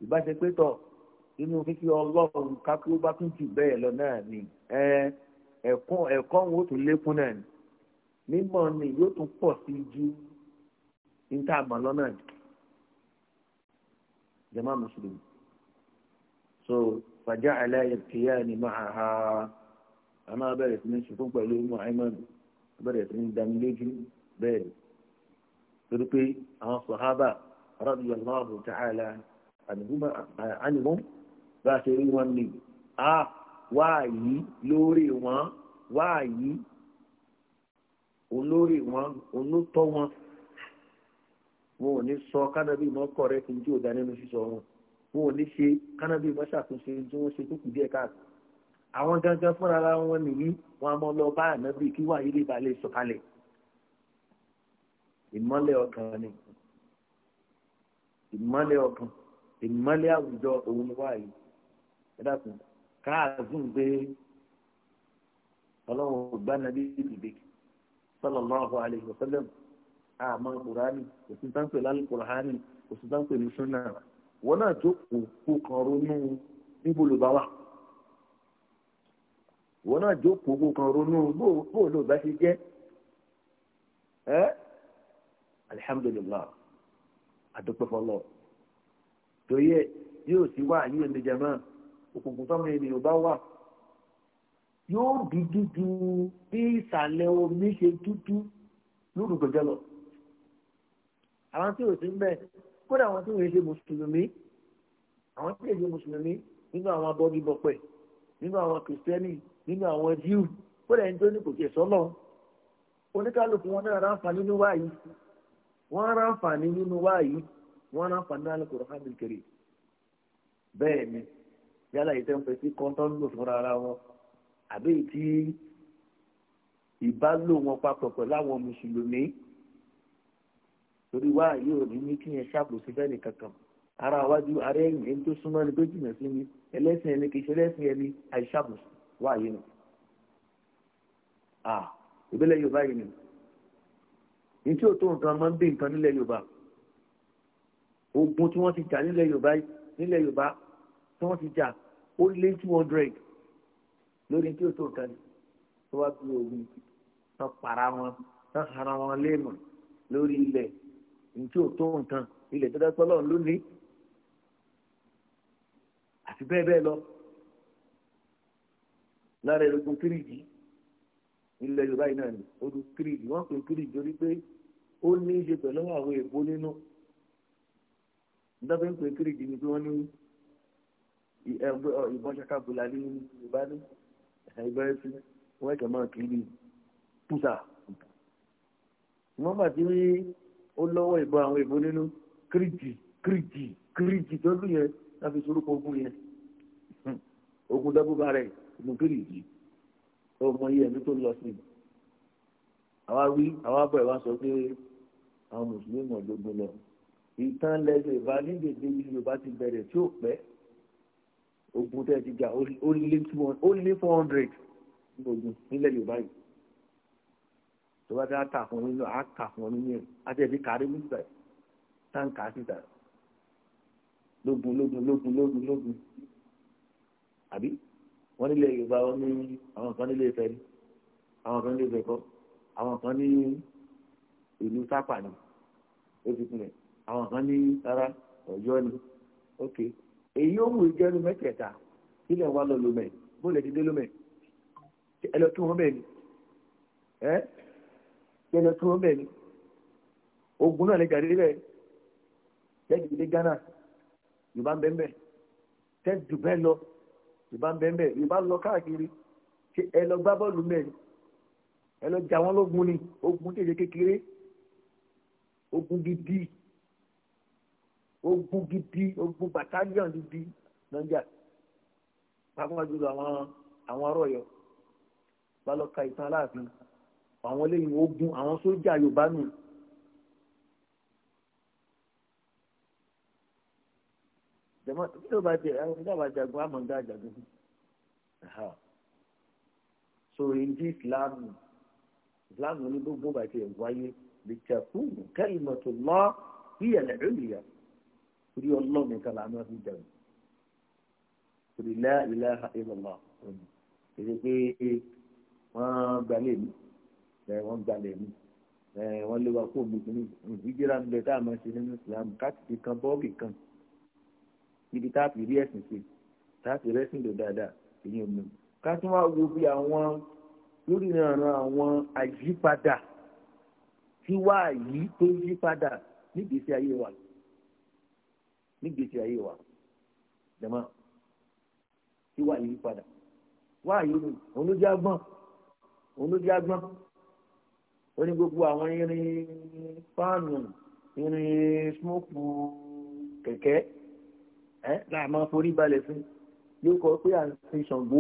ìbáṣe pé tọ̀ inú fífi ọlọ́run kápẹ́ bá tún jù bẹ́ẹ̀ lọ náà ni ẹ̀kọ́ òun ó tún lékún náà ni mímọ̀ ni yóò tún pọ̀ sí ju níta àmọ́ lọ́nà jama muslim so fàjà àlàyé kìíyà ni máa ha àmọ́ abẹ́rẹ́ sí ní ṣùkú pẹ̀lú ìmọ̀ àìmọ́nù abẹ́rẹ́ sí ní dánilójú bẹ́ẹ̀ torí pé àwọn sọ̀hábà radiyallahu ta'ala ànìmọ́ bá a ṣe rí wọn ni a ah, wáàyí lórí wọn wáàyí olórí wọn olótọ́ wọn wọn ò ní sọ kánábì mọ́ kọ̀rẹ́ kí n jí òdà nínú sísọ wọn wọn ò ní ṣe kánábì mọ́ ṣàtúnṣe tí wọ́n ṣe tó kù díẹ̀ káàkiri àwọn gangan fúnra ara wọn nìyí wọn a mọ lọ bá ànábì kí wàá yìí lè ba lè sọ̀kalẹ̀ ìmọ́lẹ̀ ọkàn ni ìmọ́lẹ̀ ọkàn ìmọ́lẹ̀ àwùjọ òun ni wáyé ẹ dákun káàzùn pé ọlọ́run ò gbá nàbí dìde sallallahu alayhi wa sallam àmọ́ kùránì kò sí tán pẹ̀lú alukùránì kò sí tán pẹ̀lú súnà wọn náà jókòó kó kan ronú níbo ló bá wà wọn náà jókòó kó kan ronú bó ló bá ṣe jẹ́ ẹ́ alihamudulilayi adúpẹ́fọlọ́ torí ẹ yóò sì wá àyè ẹ̀mí jẹ̀mọ́ òkùnkùn tọ́mọ ènìyàn bá wà yóò dúdú ju bí ìsàlẹ̀ omi ṣe dúdú lóru gbẹ̀jẹ̀ lọ. àwọn tí ò sí mbẹ kódà àwọn tí ò ṣe mùsùlùmí àwọn tí ò ṣe mùsùlùmí nínú àwọn abọ́gibọ̀pẹ̀ nínú àwọn kìrìsìtẹ́nì nínú àwọn jíù kódà ẹni tó ní kò tiẹ̀ sọ́lọ́ oníkálukú wọn náà ráǹfààní nínú wáyé wọn ráǹfààní nínú wáyé wọn ráǹfààní nínú Al-Qur'an al-Karim bẹ́ẹ̀ ni yálà ìtẹ́ǹfẹ̀ sí kọ́ńtọ́ ń lò fúnra ara wọn àbí tí ìbálò wọn papọ̀ pẹ̀lú àwọn mùsùlùmí torí wá yóò ní ní kí yẹn ṣàkóso fẹ́ni kankan ara wájú ara ẹ̀yìn ẹni tó súnmọ́ ẹni tó jìnnà sí ni ẹlẹ́sìn ẹni kìí ṣe ẹlẹ́sìn ẹni àìṣàkóso wá yìí nù. ìbílẹ̀ yorùbá yìí nù ní tí òótọ́ nǹkan máa ń bí nǹkan nílẹ̀ yorùbá ogun tí wọ́n ti jà nílẹ̀ yorùbá nílẹ̀ yorùbá tí wọ́n ti jà ó lé two hundred lórí tí ó tó kan tó wá bí ogun tán para wọn tán hara wọn léèmọ̀ lórí ilẹ̀ ní tí ó tó nǹkan ilẹ̀ tó dẹ́pọ̀ lọ́run lónìí àti bẹ́ẹ̀ bẹ́ẹ̀ lọ lára eruku kiriji ilẹ̀ yorùbá yìí náà ni odù kiriji wọ́n pè kiriji orí pé ó ní í ṣe pẹ̀lú àwọn èèpo nínú dábẹ́ ń pè kiriji ni pé wọ́n ní ìbọn ṣaká bùlà ní yorùbá ní ẹgbẹ́ sí wọ́n kàn kiri púsà wọ́n bá ti rí ó lọ́wọ́ ìbọn àwọn ìbò nínú kírìtì kírìtì kírìtì tó lù yẹn láti sorúkọ ogun yẹn ogun dábòbá rẹ̀ ogun kírìtì ọmọ yìí ẹni tó lọ sí i àwa wí àwa bọ̀ ẹ̀ wá sọ pé àwọn mùsùlùmí mọ̀ lógun lọ ìtàn lẹ́sẹ̀ ìbálẹ̀ ìdèdè yorùbá ti bẹ̀rẹ̀ tí ò pẹ́ ogun tẹ́ ti jà only four hundred ní ogun nílẹ̀ yorùbá yìí tó bá dáa tà fún ọ nínú àkà fún ọ nínú ẹ̀ àtẹ̀bí kárí nígbà yìí táǹkà síta lógun lógun lógun lógun lógun àbí wọ́n nílẹ̀ yorùbá wọn ní àwọn kan nílé Ifẹ̀ ni àwọn kan nílé Ifẹ̀ kọ́ àwọn kan ní ìlú sápà ni ó ti pinnu àwọn kan ní rárá Ọ̀yọ́ ni ókè. Okay èyí ó mú ìjẹ́nu mẹ́tẹ̀ẹ̀ta ilẹ̀ wa lọ lómẹ̀ bóòlẹ̀ ti lómẹ̀ lọ tún ogun náà lè jáde bẹ́ẹ̀ tẹ́jú Ghana yorùbá ń tẹ́jú bẹ́ẹ̀ lọ yorùbá ń yorùbá lọ káàkiri ẹ lọ gbá bọ́ọ̀lù ẹ lọ jà wọ́n ni ogun kékeré ogun gidi. ogun gidi ogun battalion gidi lọ́jà pàápàá jùlọ àwọn àwọn arọ́yọ balọ̀ka ìtàn aláàfin àwọn eléyìí ogun àwọn sójà yorùbá nù. jẹmọ tí yóò bá jẹ àwọn ìjọba jagun amọ̀ǹda jagun so ìdí ìsìláàmù ìsìláàmù ní gbogbo bàtí ẹ̀ wáyé lè jẹ́ fún kẹ́lìmọ̀tò lọ́ bí ẹ̀lẹ́rìí yẹn torí ọlọ́run nìkan làánú ọdún jẹun torí la ilaha illallah èdè pé wọ́n gbalẹ̀ mi wọ́n gbalẹ̀ mi wọ́n lé wa kó omi kìíní ìdíjẹ́ra ń bẹ tá a máa ṣe nínú ìsìlámù káàkiri kan bọ́ọ̀gì kan níbi tá a fi rí ẹ̀sìn ṣe tá a fi rẹ́sìn lò dáadáa èyí ò mú ká tún wá wo bí àwọn lórí ìrànràn àwọn àyípadà tí wàá yí tó yí padà níbi iṣẹ́ ayé wa nígbèsè ayé wa jẹmọ tí wà yìí padà wà yìí ni òun ló jẹ agbọn òun ló jẹ agbọn ó ní gbogbo àwọn irin fáànù irin smoke kẹ̀kẹ́ ẹ láà máa forí balẹ̀ fún yóò kọ pé à ń sin ṣàǹgbó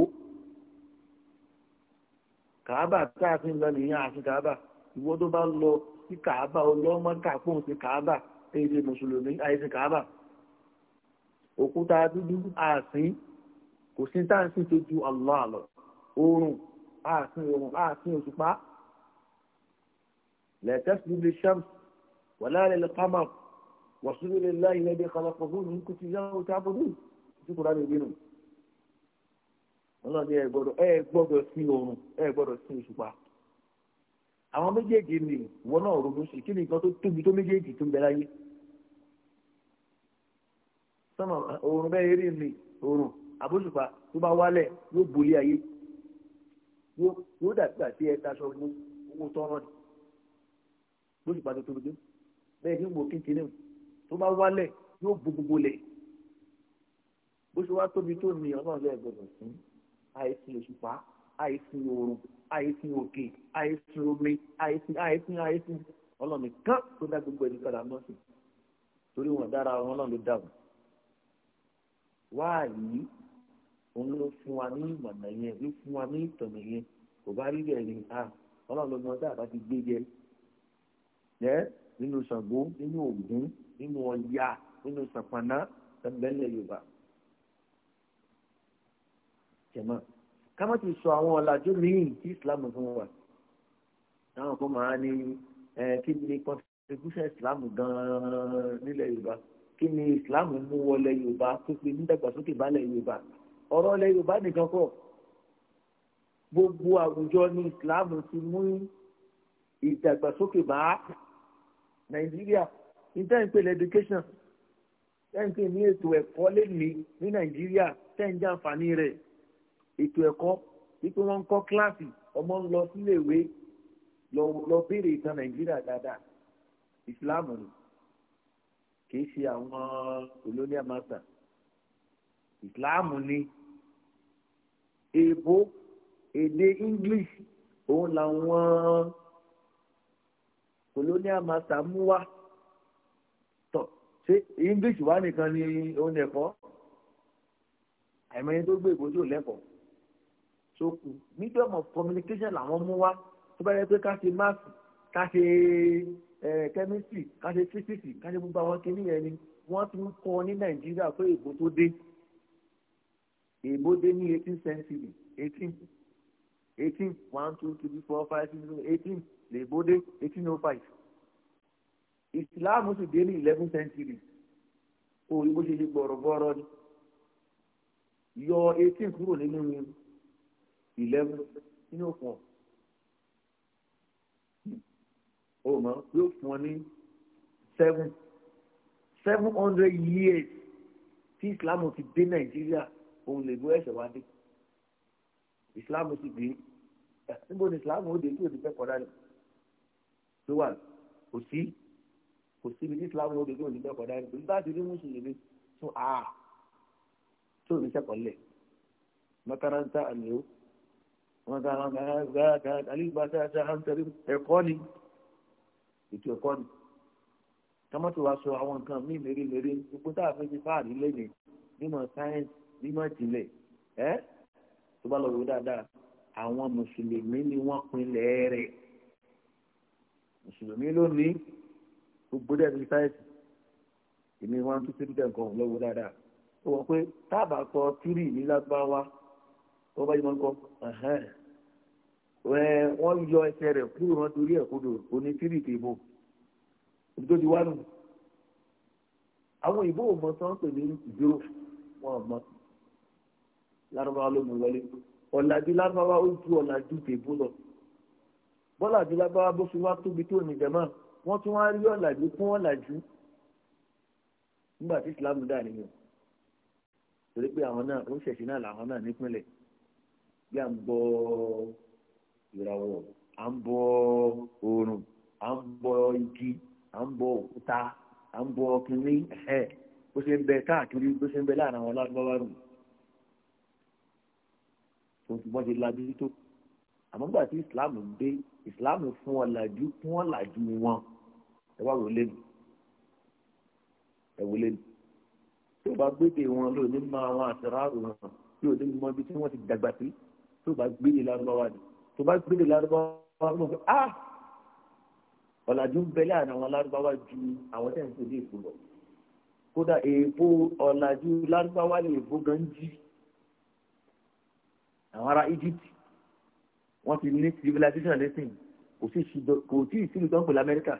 kàábà tá a fi ń lọ nìyẹn àti kàábà ìwọ tó bá lọ sí kàábà ọlọ́mọ kàpọ̀ sí kàábà èyí ṣe mùsùlùmí àìsí kàábà òkúta dúdú àásín kò sí tá à ń sìn tó ju Allah lọ oòrùn àásín oòrùn àásín òṣùpá lẹ́tẹ̀sí lè ṣẹ́ms wàlá lè kámà wàṣúrò lè láyé lẹ́dẹ̀ kalafọ̀ lónìí kò sí yàrá òtá bọ́dún tí kò rárá ìbínú ọlọ́run ẹ gbọ́dọ̀ ẹ gbọ́dọ̀ sí oòrùn ẹ gbọ́dọ̀ sí òṣùpá àwọn méjèèjì ni ìwọ náà ronú sí kí ni nǹkan tó tóbi tó méjèèjì tó ń bẹ láyé sọmọ òòrùn bẹ́ẹ̀ rí mi òòrùn àbóṣùpá tó bá wálẹ̀ yóò bolí ayé yóò dàgbà tí ẹ daṣọ fún owó tọrọ ni bóṣùpá tó tóbi dé bẹ́ẹ̀ ní wò kíntìní tó bá wálẹ̀ yóò bo gbogbo lẹ̀ bóṣùpá tóbi tó ní ọlọ́run lẹ́ẹ̀ gbọdọ̀ sí àìsí òṣùpá àìsí òòrùn àìsí òkè àìsí omi àìsí àìsí àìsí ọlọ́run nìkan tó dá gbogbo ẹni padà mọ́ sí torí wọn dára ọlọ́run ló dá wáàyí òun ló fún wa ní ìmọ̀nà yẹn ló fún wa ní ìtọ̀nà yẹn kò bá rí bẹ́ẹ̀ ni a ah, ọlọ́run lọ́gbọ́n tá a bá ti gbé jẹ jẹ́ nínú Ṣàngó nínú Ògún nínú Ọya nínú Ṣàpàná tẹ̀m̀bẹ̀lẹ̀ Yorùbá jẹ̀mọ́ ká ti sọ àwọn ọ̀làjú míì tí Islam fún wa táwọn kan máa ní ẹ kí ni constitution Islam gan-an nílẹ̀ Yorùbá kí ni islam mú wọlé yorùbá tó fi nídàgbàsókè bálẹ̀ yorùbá ọ̀rọ̀ ilẹ̀ yorùbá nìkan kọ́ gbogbo àwùjọ ni islam ti mú ìdàgbàsókè bá nàìjíríà ní tẹ́ǹpẹ̀ education tẹ́ǹpẹ̀ ní ètò ẹ̀kọ́ lẹ́nu ní nàìjíríà tẹ́ǹjẹ́ àǹfààní rẹ̀ ètò ẹ̀kọ́ wípé wọ́n ń kọ́ kíláàsì ọmọ ń lọ síléèwé lọ béèrè ìtàn nàìjíríà dáadáa ìsìláàmù ni kìí ṣe àwọn colonial master ìsìláàmù ni èèbó èdè english òun làwọn colonial master mú wá tọ ṣé english wá nìkan ni òun ẹ̀kọ́ àìmọye tó gbé ìbòjú lẹ́kọ̀ọ́ tó kù medium of communication làwọn mú wá tó bá yẹ pé ká ṣe máàkì ká ṣe kẹ́mísítì ká ṣe kase ká ṣe gbogbo àwọn kinní yẹn ni wọ́n tún kọ́ ní nàìjíríà pé èbó tó dé èbó dé ni eighteen century eighteen eighteen one two three four five six seven eighteen lèbó dé eighteen oh five ìsìláàmù sì de ni eleven century O ibo ṣe ṣe gbọ̀rọ̀gbọ̀rọ̀ ni yọ eighteen kúrò nínú eleven nínú òkun ọ̀hún. o mọ̀ yóò fún ọ ní seven seven hundred years tí islam ti dé nàìjíríà òun lè bó ẹ̀ṣẹ̀ wá dé islam ti dé níbo ni islam ó dé tí òdì fẹ́ kọ́dá ni tó wà kò sí kò síbi tí islam ó dé tí òdì fẹ́ kọ́dá ni nígbà tí rí mùsùlùmí tún a tó ní sẹ́kọ̀ọ́lẹ̀ makaranta àlè o wọn kà wọn kà wọn kà àlè ìgbà tí a ṣe à ń tẹ̀lé ẹ̀kọ́ ni ètò ẹ̀kọ́ ni tọmọtò wa sọ àwọn nǹkan míì mèremère gbogbo tá a fẹ́ fi fáàrí lẹ́nu nímọ̀ sáyẹ́nsì nímọ̀ ìjìnlẹ̀ ẹ́ tó bá lọ wò dáadáa àwọn mùsùlùmí ni wọ́n pinlẹ̀ rẹ̀ mùsùlùmí ló ní gbogbo dẹ̀ fi sáyẹ́nsì èmi wọn tún tẹ́lẹ̀ dẹ̀ nǹkan lọ́wọ́ dáadáa ó wọ pé táàbà kọ tírì ní lágbáwá tó bá yẹ mọ́ nǹkan wọ́n yọ ẹsẹ̀ rẹ̀ kúrò wọn torí ẹ̀ kodò oní tírìtì ìbò ibi tó ti wá nù. àwọn ìbò ò mọ sọ́n pè ní ìdúró wọn ò mọ lárúbáwá ló mú wọlé ọ̀làjú lárúbáwá ó ju ọ̀làjú tèbú lọ bọ́lá àti lárúbáwá bó fi wá tóbi tó ní jẹ̀mọ́ wọ́n tún wá rí ọ̀làjú kún ọ̀làjú nígbà tí ìsìlámù dà nìyẹn torí pé àwọn náà ó ṣẹ̀ṣẹ̀ náà làwọn náà nípínlẹ̀ bí à ń gbọ́ ọ́ ìràwọ̀ à ń bọ oòrùn à ń bọ igi à ń bọ òkúta à ń bọ kìnìún ẹ̀hẹ́ bó ṣe ń bẹ káàkiri bó ṣe ń bẹ láàrin àwọn alágbára nù tó ti wọ́n ti lajú tó àmọ́ gbà tí islam ń dé islam fún ọ làjú fún ọ làjú wọn ẹ wá wò lẹ́nu ẹ wò lẹ́nu tí o bá gbéde wọn lóò ní máa wọn àti ráàrò wọn tí o ní mọ ibi tí wọ́n ti dàgbà sí tí o bá gbéde lárúbáwá ni tó bá gbélé lárúbáwá ló fẹ́ á ọ̀làjú ń bẹ láàrin àwọn lárúbáwá ju àwọn tẹ̀ ń pè ní èkó lọ kódà èèpo ọ̀làjú lárúbáwá lè èèpo gan jí àwọn ará Egypt wọ́n ti ní civilization lesson kò sí ìṣìdọ̀ kò tí ì sílùú tó ń pè lamẹ́ríkà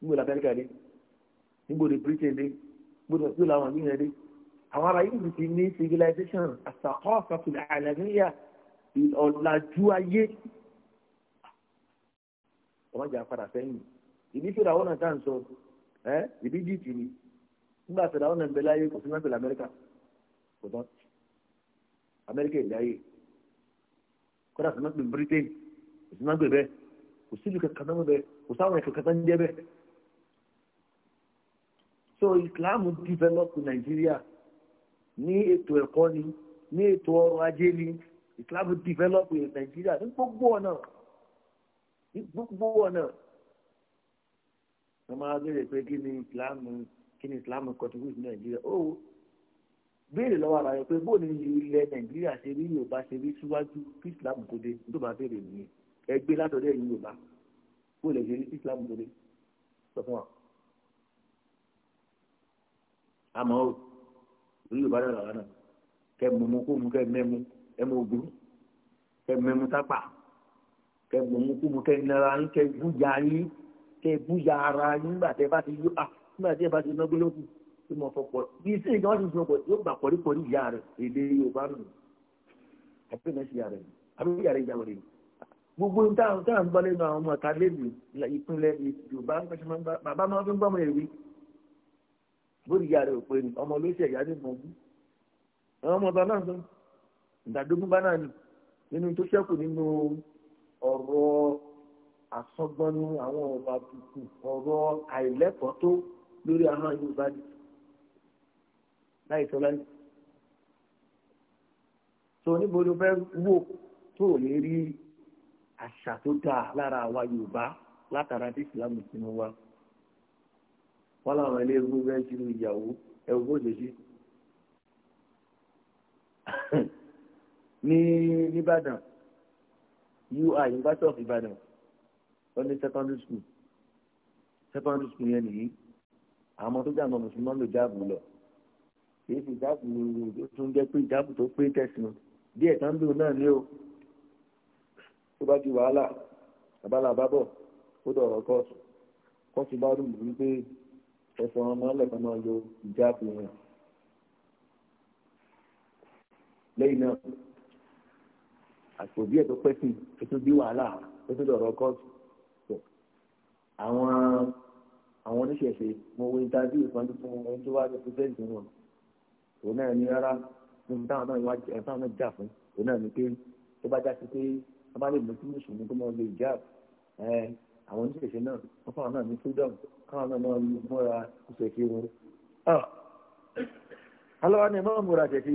níbo lamẹ́ríkà dé níbo de Britain dé níbo de làwọn yìí yẹn dé àwọn ará Egypt ti ní civilization àtàkọ́ àfàkùnrin àlàyé yà ọ̀làjú ayé ọmọ jà padà sẹ́yìn ìbí fèrè àwọn náà tá à ń sọ ẹ ìbí jìtì ni nígbà fèrè àwọn náà ń bẹ láyé kò sí mẹ́fẹ̀ lẹ́ amẹ́ríkà kò tán amẹ́ríkà ìlú ayé kódà sí mẹ́fẹ̀ britain kò sí mẹ́fẹ̀ bẹ́ẹ̀ kò sí ìlú kankan náà bẹ́ẹ̀ kò sáwọn ẹ̀kọ́ kankan ń jẹ́ bẹ́ẹ̀. so islam develop nàìjíríà ní ètò ẹ̀kọ́ ni ní ètò ọrọ̀ ajé ni islam develop in Nigeria. ní gbogbo ọ̀nà ní gbogbo ọ̀nà wọ́n máa béèrè pé kí ni islam kí ni islam contribute nàìjíríà ó béèrè lọ́wọ́ ara rẹ̀ pé bó ni ilẹ̀ Nigeria, ṣe rí yorùbá ṣe rí síwájú kí islam tó dé tó bá béèrè nìyẹn ẹgbẹ́ látọ̀dọ̀ ẹ̀yìn yorùbá bó lè ṣe rí kí islam tó dé sọ fún wa àmọ́ o orí yorùbá náà làwọn náà kẹ́ mú mú kó mú kẹ́ mẹ́mú ẹ mọ ògùn kẹ mẹmu sápà kẹ gbọmú kú mu kẹ nara yín kẹ búja yín kẹ búja ara yín nígbà tẹ bá ti yó a nígbà tẹ bá ti ná gbólógùn tó mọ fọpọ bí sí ìgbà wọn ti sọ pọ yóò gbà kọríkọrí ìyá rẹ èdè yorùbá nù àti ìgbà sí ìyá rẹ àbí ìyá rẹ ìyá rẹ gbogbo táwọn táwọn gbọ́ lẹ́nu àwọn ọmọ àtàlẹ́bù ìpínlẹ̀ yorùbá bàbá máa fi ń gbọ́mọ èwe bóyá ìyá rẹ ò ọmọ olóṣèlú yá ìdádógúnbá náà ni nínú tó ṣẹ́kù nínú ọ̀rọ̀ àsọgbọ́nú àwọn ọ̀rọ̀ àbùkù ọ̀rọ̀ àìlẹ́kọ̀ọ́ tó lórí àwọn yorùbá ni láì sọ lẹ́nu. tó níbo ló fẹ́ wò tó ò lè rí àṣà tó dáa lára àwa yorùbá látara tí ìsìlámù ti mú wa wọn làwọn ẹlẹ́gbẹ́ bẹ́ẹ̀ sínú ìyàwó ẹ̀wọ̀n òjòjì ní nìbàdàn ui university of ibadan wọ́n ní secondary school secondary school yẹn nìyí àwọn ọmọ tó jẹ́ àwọn mùsùlùmí lò jáàbù lọ kì í fi ìjáàbù tó tún jẹ́ pé ìjáàbù tó pé tẹ̀sán díẹ̀ tán bí náà ní o tó bá di wàhálà abala àbábọ̀ ó dọ̀rọ̀ kóòtù kóòtù bá rúùmù wípé ẹ̀sọ̀ ọmọ ọlẹ́kan máa lo ìjáàbù yẹn lẹ́yìn náà àti òbí ẹ̀ tó pẹ́ sí tó tún bí wàhálà tó tún dọ̀rọ̀ kọ́ọ̀tù tó àwọn àwọn oníṣẹ̀ṣe mo wo interview kan tó fún ẹni tó wá ní pẹ́sẹ́ǹtì wọn òun náà ní rárá níbi táwọn náà wá ẹ̀ táwọn náà jà fún òun náà ní pé tó bá já sí pé wọ́n bá lè mú sí mùsùlùmí kó mọ́ lè jà ẹ̀ àwọn oníṣẹ̀ṣe náà wọ́n fáwọn náà ní freedom káwọn náà máa mú mọ́ra ìṣẹ̀ṣe wọn. Ah! alọ́wọ́ ni mọ́ múra ṣẹ̀ṣe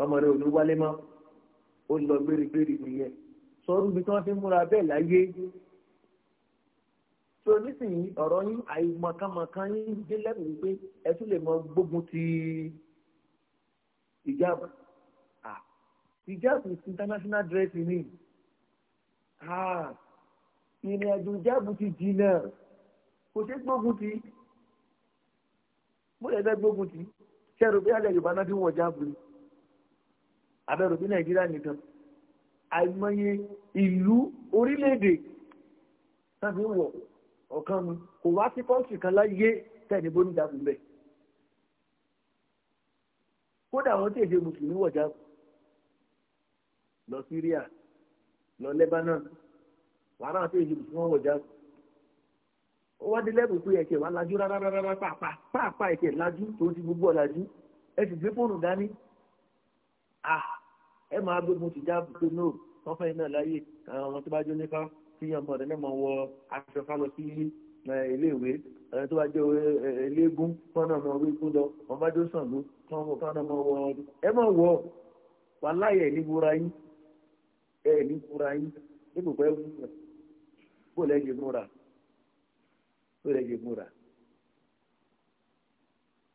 ọmọ rẹ ò ní wálé mọ́ ó lọ gbérígbérí nìyẹn sọ́ọ́rù bí wọ́n ti múra bẹ́ẹ̀ láyé so nísìnyí ọ̀rọ̀ yín àìmọ̀kànmọ̀kàn yín dé lẹ́nu wípé ẹ tún lè mọ gbógun ti ìjáàbù ìjáàbù international dress ni ìrìn àjò ìjáàbù ti jìnnà kò ṣe gbógun ti mo lè fẹ́ gbógun ti ṣẹ́rù bí alẹ́ yorùbá náà ti wọ̀ jáàbù ni abẹ́rù bí nàìjíríà nìkan àìmọye ìlú orílẹ̀-èdè tàbí wọ̀ ọ̀kan mu kò wá sí kọ́ọ̀sì kan láyé tẹ̀lé bóníjà fún bẹ́ẹ̀ kódà àwọn tí èdè mùsùlùmí wọ̀ jáàbù lọ síríà lọ lẹ́bánà wàhálà àwọn tí èdè mùsùlùmí wọ̀ jáàbù ó wá dé lẹ́bùn pé ẹ̀kẹ́ wà lájú rárá rárá pàápàá pàápàá ẹ̀kẹ́ lájú tó ti gbogbo ọ̀làjú ẹ gbé fóònù dání ah! ẹ máa gbé mo ti já pé no wọ́n fẹ́ náà láyè àwọn ọmọ tó bá jó nípa kí ọmọ ọ̀dọ́ náà máa wọ aṣọ fáwọn sí iléèwé ẹni tó bá jẹ́ eléégún fọ́nà ọmọ orí kú lọ ọmọ tó sàn ló tán ọmọ fọ́nà ọmọ wọ ẹ máa wọ wà láyè ní búra yín ẹ ní búra yín ní kò pẹ́ wú bó lẹ́yìn múra bó lẹ́yìn múra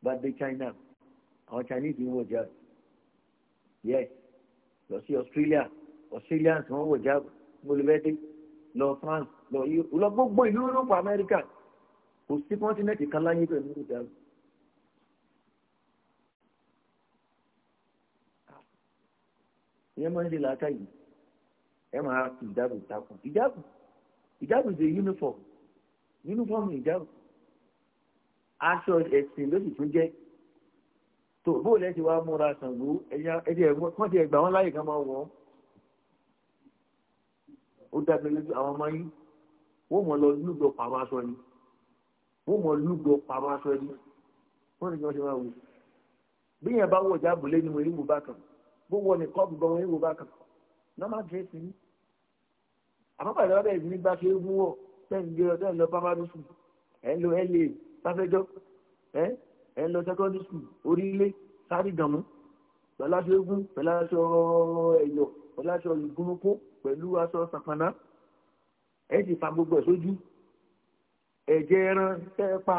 bá China àwọn Chinese ń wọ jẹ́ yes lọ sí Australia Australians wọ́n wọ̀ jáàbù mọlẹ́bẹ́dẹ́ lọ France lọ lọ gbogbo ìlú Europe America kò sí kọ́ńtínẹ́ẹ̀tì kan láyé pẹ̀lú ìjáàbù. ìyẹn máa ń ṣe làákà yìí ẹ máa fi ìjáàbù takùn ìjáàbù ìjáàbù is a uniform uniform ìjáàbù aṣọ ẹ̀sìn ló sì tún jẹ́ tó bóòlù ẹ ti wá múra Ṣàngó ẹjẹ wọ́n ti ẹgbà wọn láyè ká máa wọ̀ ó dábẹ́ lójú àwọn ọmọ yín wọ́n mọ̀ lọ lúgbọ̀ pàmò aṣọ ni wọ́n mọ̀ lúgbọ̀ pàmò aṣọ ni wọ́n ní kí wọ́n ṣe máa wò bí yẹn bá wọ̀ jáàbù lé ní mo yíwò bá kàn bó wọ ní kọ́ọ̀bù gan mo yíwò bá kàn normal dressing ni àpapọ̀ ìlọ́wọ́ bẹ́ẹ̀ ní bá ṣe é wúwọ̀ tẹ́ǹgbẹ́ ọ̀tẹ́ǹlọ́ bá má dùn sùn ẹ̀ ń lo la sáfẹ́jọ́ ẹ̀ ẹ lọ secondary school orílẹ̀ sáré gàmú pẹ̀lú aṣọ eégún pẹ̀lú aṣọ ẹ̀yọ̀ pẹ̀lú aṣọ ìgúnnukú pẹ̀lú aṣọ sàpànà ẹ sì fa gbogbo ẹ̀ sójú ẹ̀jẹ̀ ẹran tẹ́ ẹ pa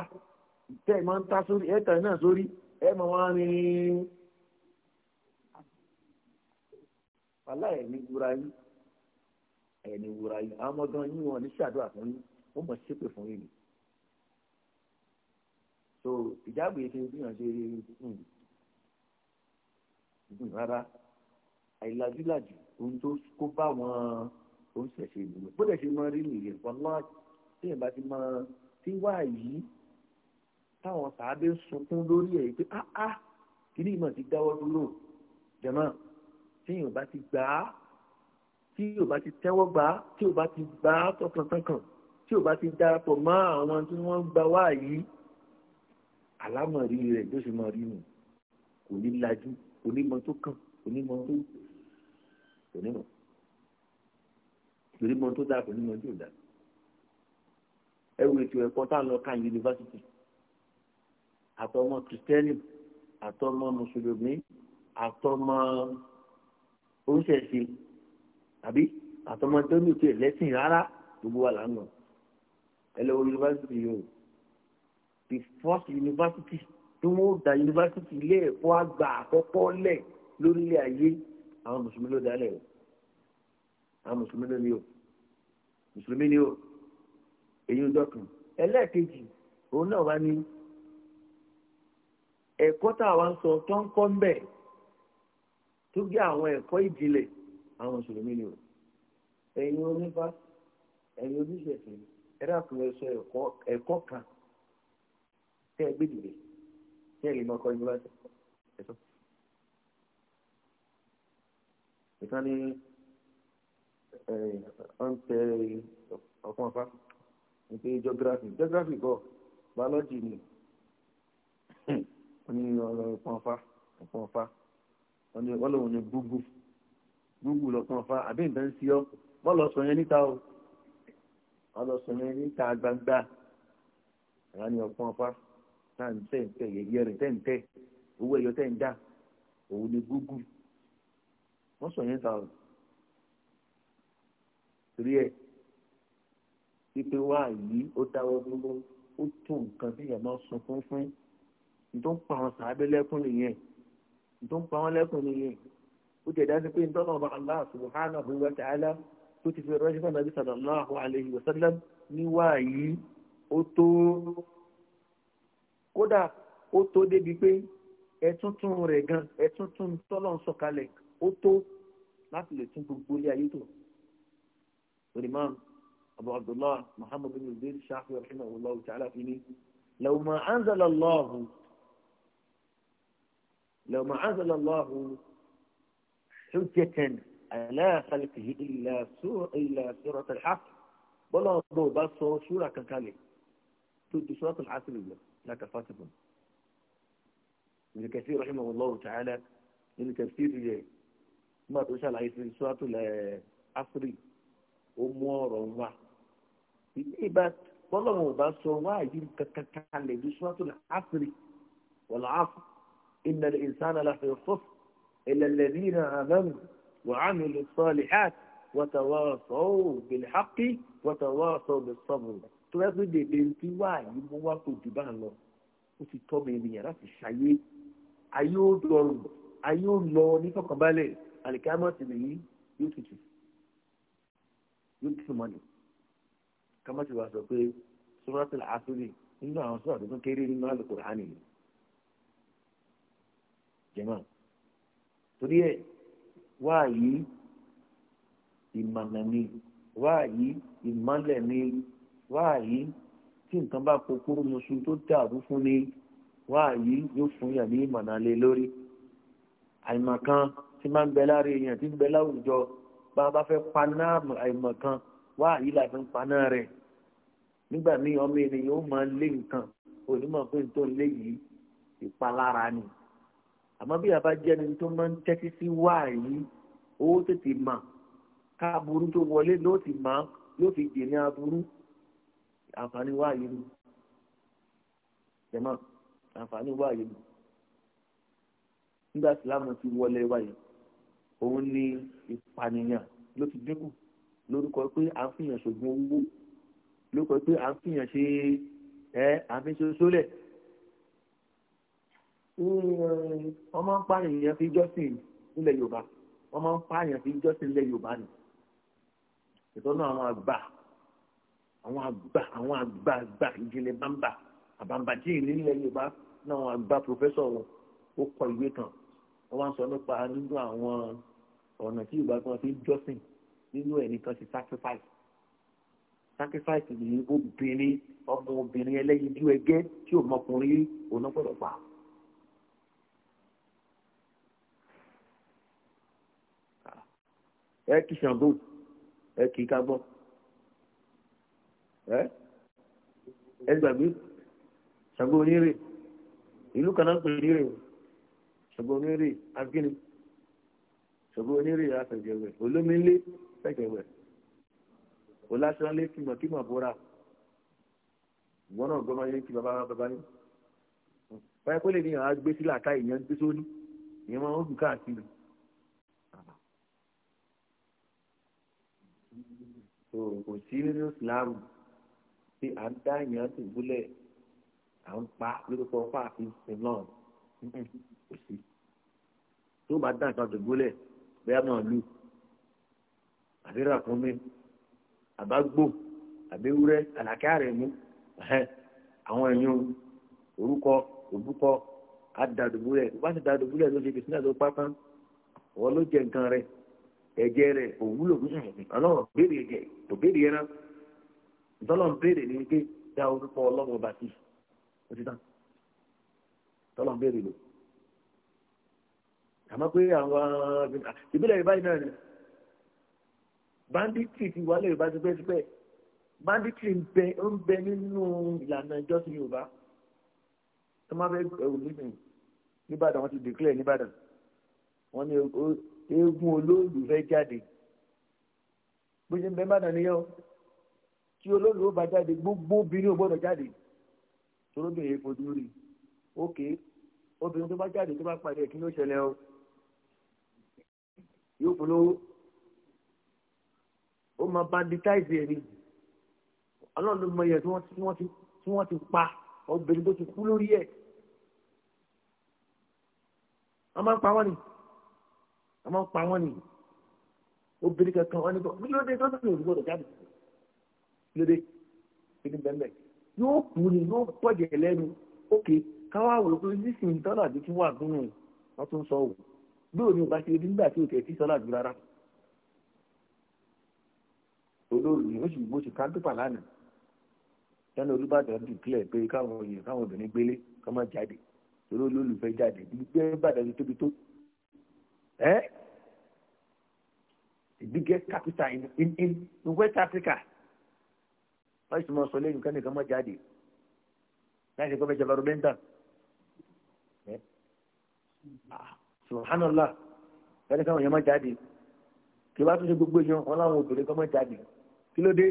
tẹ́ ẹ máa ń ta sórí ẹ̀ tẹ̀ náà sórí ẹ̀ máa wá rìn aláì ní wúra yín ẹ̀ ní wúra yín àwọn ọmọ gan yín wọn ní ṣàdúrà fún yín wọ́n mọ̀ ṣépè fún yín ni so ìjáàbù yìí ṣe bí yàn ṣe rí gùn hmm, hmm, rárá àìlàjúlàjù ohun tó kó bá wọn oníṣẹ̀ṣe ìlú rẹ̀ bóde ṣe máa rí nìyẹn wọlá tí yẹn bá ti máa tí wá yìí táwọn sàábé ń sunkún lórí ẹ̀ pé áá ah, ah, kìíní ìmọ̀ ti dáwọ́ dúró jẹ̀mọ́ tí yóò bá ti gbà á tí yóò bá ti tẹ́wọ́ gbà á tí yóò bá ti gbà á tọkàntọkàn tí yóò bá ti darapọ̀ mọ́ àwọn tí wọ́n ń wá yìí àlámọ̀rí rẹ̀ tó ṣe máa rí nù kò ní lajú kò ní mọ tó kàn kò ní mọ tó kò ní mọ kò ní mọ tó dáa kò ní mọ tó dáa ẹ wo ètò ẹ̀kọ́ tá à ń lọ ká yunifásitì àtọmọ kristẹni àtọmọ mùsùlùmí àtọmọ oníṣẹ̀ṣe àbí àtọmọ tó ní ìtò ẹ̀lẹ́sìn rárá gbogbo wa là ń lọ ẹ lọ wo yunifásitì yìí o the first university tí wọ́n da University ilé ẹ̀kọ́ àgbà àkọ́kọ́ lẹ̀ lórílẹ̀ ayé àwọn mùsùlùmí ló dálẹ̀ o àwọn mùsùlùmí ló ní o mùsùlùmí ní o èyí ń dọ́kun ẹlẹ́ẹ̀kejì òun náà wá ní ẹ̀kọ́ tá a wá ń sọ tó ń kọ́ ń bẹ̀ tó gé àwọn ẹ̀kọ́ ìjìnlẹ̀ àwọn mùsùlùmí ní o ẹ̀yin onífà ẹ̀yin oníṣẹ̀ṣẹ̀ ẹ̀rọ àkùnrin ẹ̀kọ́ kan tẹ́ ẹ gbé dìde tẹ́ ẹ lè mọ ọkọ yín bá ṣe ẹ̀sọ́. ìtàn ni wọ́n tẹ ọ̀pọ̀ ọ̀fà ní pé geography geography kọ́ biology ni wọ́n ní ọ̀pọ̀ ọ̀fà ọ̀pọ̀ ọ̀fà wọ́n lòun ní google google lọ́pọ̀ ọ̀fà àbí nǹkan ń sí ọ́ wọ́n lọ sọ yẹn níta o wọ́n lọ sọ yẹn níta gbangba ìyá ni ọ̀pọ̀ ọ̀fà náà ń tẹ̀ ń tẹ̀ yẹyẹ rẹ̀ tẹ̀ ń tẹ̀ owó ẹ̀yọ tẹ̀ ń dà òun ni google wọ́n sọ yẹn sàrọ̀ rí ẹ̀ pípé wá yìí ó dáwọ́ dúró ó tó nǹkan tí yẹn máa sunkún fún ní tó ń pa àwọn sàábẹ́ lẹ́kùn nìyẹn ní tó ń pa wọn lẹ́kùn nìyẹn ó tẹ̀ dájú pé nítorí ọba Allah subhanahu wa ta'ala tó ti fi rọ́ṣẹ́ fún Nabi sallallahu alayhi wa sallam ní wá yìí ó tó kódà ó tó débi pé ẹ̀túntún rẹ̀ gan ẹ̀túntún tọ́lọ̀ ń sọ̀kalẹ̀ ó tó láti lè tún gbogbo ilé ayé tó. Olimam Abu Abdullah Muhammad bin Zayd Shafi rahimahullah ta'ala fi ni law ma anzala Allah law ma anzala Allah hujjatan ala khalqihi illa sura illa surat al-haq bọ́lá ọ̀dọ́ ò sọ ṣúra kankan tó di surat al lè lọ. هناك فاتب ابن كثير رحمه الله تعالى ابن كثير ما تقولش على عيسى سورة العصري أمور وما إبات والله ما بس وما يجيب كتكالي دي سورة العصري والعصر إن الإنسان لفي خسر إلا الذين آمنوا وعملوا الصالحات وتواصوا بالحق وتواصوا بالصبر tó yẹ pé dèdè tí wà yìí mo wá kó jù bá ń lọ ó ti tọ́ mi ènìyàn láti ṣayé ayé ó dọrùn ayé ó lọ nífọ̀kànbalẹ̀ àlìkámọ́tì nìyí yóò tutù yóò tutù mọ́ni kámọ́tì wa sọ pé suratul asri nínú àwọn sọ́ọ̀tì tó kéré nínú Al-Qur'ani nìyí jẹ́mọ́ torí ẹ̀ wá yìí ìmọ̀nà ni wá yìí ìmọ̀lẹ̀ ni wáàyí tí nǹkan bá kókóró musu tó dàrú fún ni wáàyí yóò fún yàn ní ìmọ̀nàlẹ́ lórí àìmọ̀kan tí máa ń bẹ lára èèyàn tí ń bẹ láwùjọ bá a bá fẹ́ paná àìmọ̀kan wáàyí la fi ń paná rẹ̀ nígbà míì ọmọ ènìyàn ó máa lé nǹkan onímọ̀ pé tó ń lé yìí ìpalára ni àmọ́ bí a bá jẹ́ni tó máa ń tẹ́tí sí wáàyí owó tètè mà ká tó wọlé ló ti mà ló fi dènà aburú àǹfààní wá àyè lu jẹ̀mọ́ àǹfààní wá àyè lu nígbà sílámù ti wọlé wáyé òun ni ìpànìyàn ló ti dínkù lórúkọ pé à ń fìyàn ṣògùn owó lórúkọ pé à ń fìyàn ṣe ẹ à ń fi ṣe sólẹ̀ wọ́n máa ń pààyàn yẹn fi jọ́sìn nílẹ̀ yorùbá wọ́n máa ń pààyàn fi jọ́sìn nílẹ̀ yorùbá ni ìtọ́nú àwọn àgbà àwọn àgbà àwọn àgbà àgbà ìjìnlẹ̀ bàǹbà àbàǹbàjì ìlélẹ̀ yorùbá náà àwọn àgbà pòfẹ́sọ̀ wọn ó kọ ìwé kan wọ́n wá ń sọ nípa nínú àwọn ọ̀nà tí yorùbá kan fi ń jọ́sìn nínú ẹ̀ nìkan ti sacrifice sacrifice ni obìnrin ọmọ obìnrin ẹlẹ́yinjú ẹgẹ́ tí ọmọkùnrin òun náà gbọ́dọ̀ pa. ẹ kì í ṣàǹgó ẹ kì í ká gbọ́. Eh? ẹ gbàgbé ṣàgbó onírè ìlú kan náà pè ní rè ṣàgbó onírè agíní ṣàgbó onírè àfẹ̀jẹ̀wẹ̀ olómìnlé fẹ̀jẹ̀wẹ̀ olásánlé kìmọ̀kìmọ̀ bóra ìwọ náà gbọ́n máa yẹ kí bàbá bàbá yín báyìí kó lè ní àwọn agbésí làtà ìyẹn gbé sóní ìyẹn máa ń dùn káàkiri. kò sí nínú ìsìláàmù pé à ń dá èèyàn tó gbúlẹ̀ à ń pa lórúkọ fáàfin sin náà mm-hmm. kò sí tó bá dá nǹkan tó gbúlẹ̀ bẹ́ẹ̀ máa lù àbí fún mi àbágbò àbẹ́wúrẹ́ àlàkárẹ̀ mú àwọn ẹ̀yìn orúkọ òbúkọ àdàdùbúlẹ̀ bá ti dàdùbúlẹ̀ ló ṣe kìsínà ló pápá wọ́n ló jẹ nǹkan rẹ̀ ẹ̀jẹ̀ rẹ̀ òwúlò ọlọ́run béèrè ẹ̀jẹ̀ kò béèrè ẹran ìtọ́lọ̀ ń béèrè ní wípé dá orúkọ ọlọ́run ọba sí ó ti tán ìtọ́lọ̀ ń béèrè lò àmọ́ pé àwọn ìbílẹ̀ ìbáyìí náà ni banditry ti wà lórí ìbájú pé sípẹ́ banditry ń bẹ ń bẹ nínú ìlànà ìjọsìn yorùbá tó máa fẹ́ ẹ̀wù nínú nìbàdàn wọ́n ti declare nìbàdàn wọ́n ní eégún olóòlù fẹ́ jáde bó ṣe ń bẹ nìbàdàn nìyẹn o tí olórí ó bá jáde gbogbo obìnrin ò gbọ́dọ̀ jáde torobìnrin yìí fojú rí ókè obìnrin tó bá jáde tó bá pàdé kí ló ṣẹlẹ̀ o yóò polówó ó máa banditáìsì ẹ̀ ni ọlọ́run ló mọ iye tí wọ́n ti pa obìnrin tó ti kú lórí ẹ̀ wọ́n máa ń pa wọ́n ni wọ́n máa ń pa wọ́n ni obìnrin kankan wọ́n ní kọ́ kí ló dé tó ti gbọ́dọ̀ jáde. lédè kíni bẹ́ẹ̀ yóò kú ni yóò pọ̀jẹ̀ lẹ́nu ókè káwá wò pé nísìnyí tọ́lá àti tí wà gúnnù sọ bí ṣe nígbà tí òkè tí sọ́lá jù rárá olórí ni ó sì gbó sí káńtípà lánàá yánà olùbàdàn dìklẹ̀ pé káwọn èèyàn káwọn obìnrin gbélé ká má jáde torí olólùfẹ́ jáde gbígbé ìbàdàn ti tóbi tó ẹ́ capital in in in west africa wọ́n sì mọ sọ lẹ́yìn nǹkan nìkan mọ́ jáde láì kọ́ fẹ́ jabaru ah, subhanallah kẹ́ni káwọn èèyàn mọ́ jáde kí wàá tún ṣe gbogbo èèyàn wọn láwọn obìnrin kan mọ́ jáde kí ló dé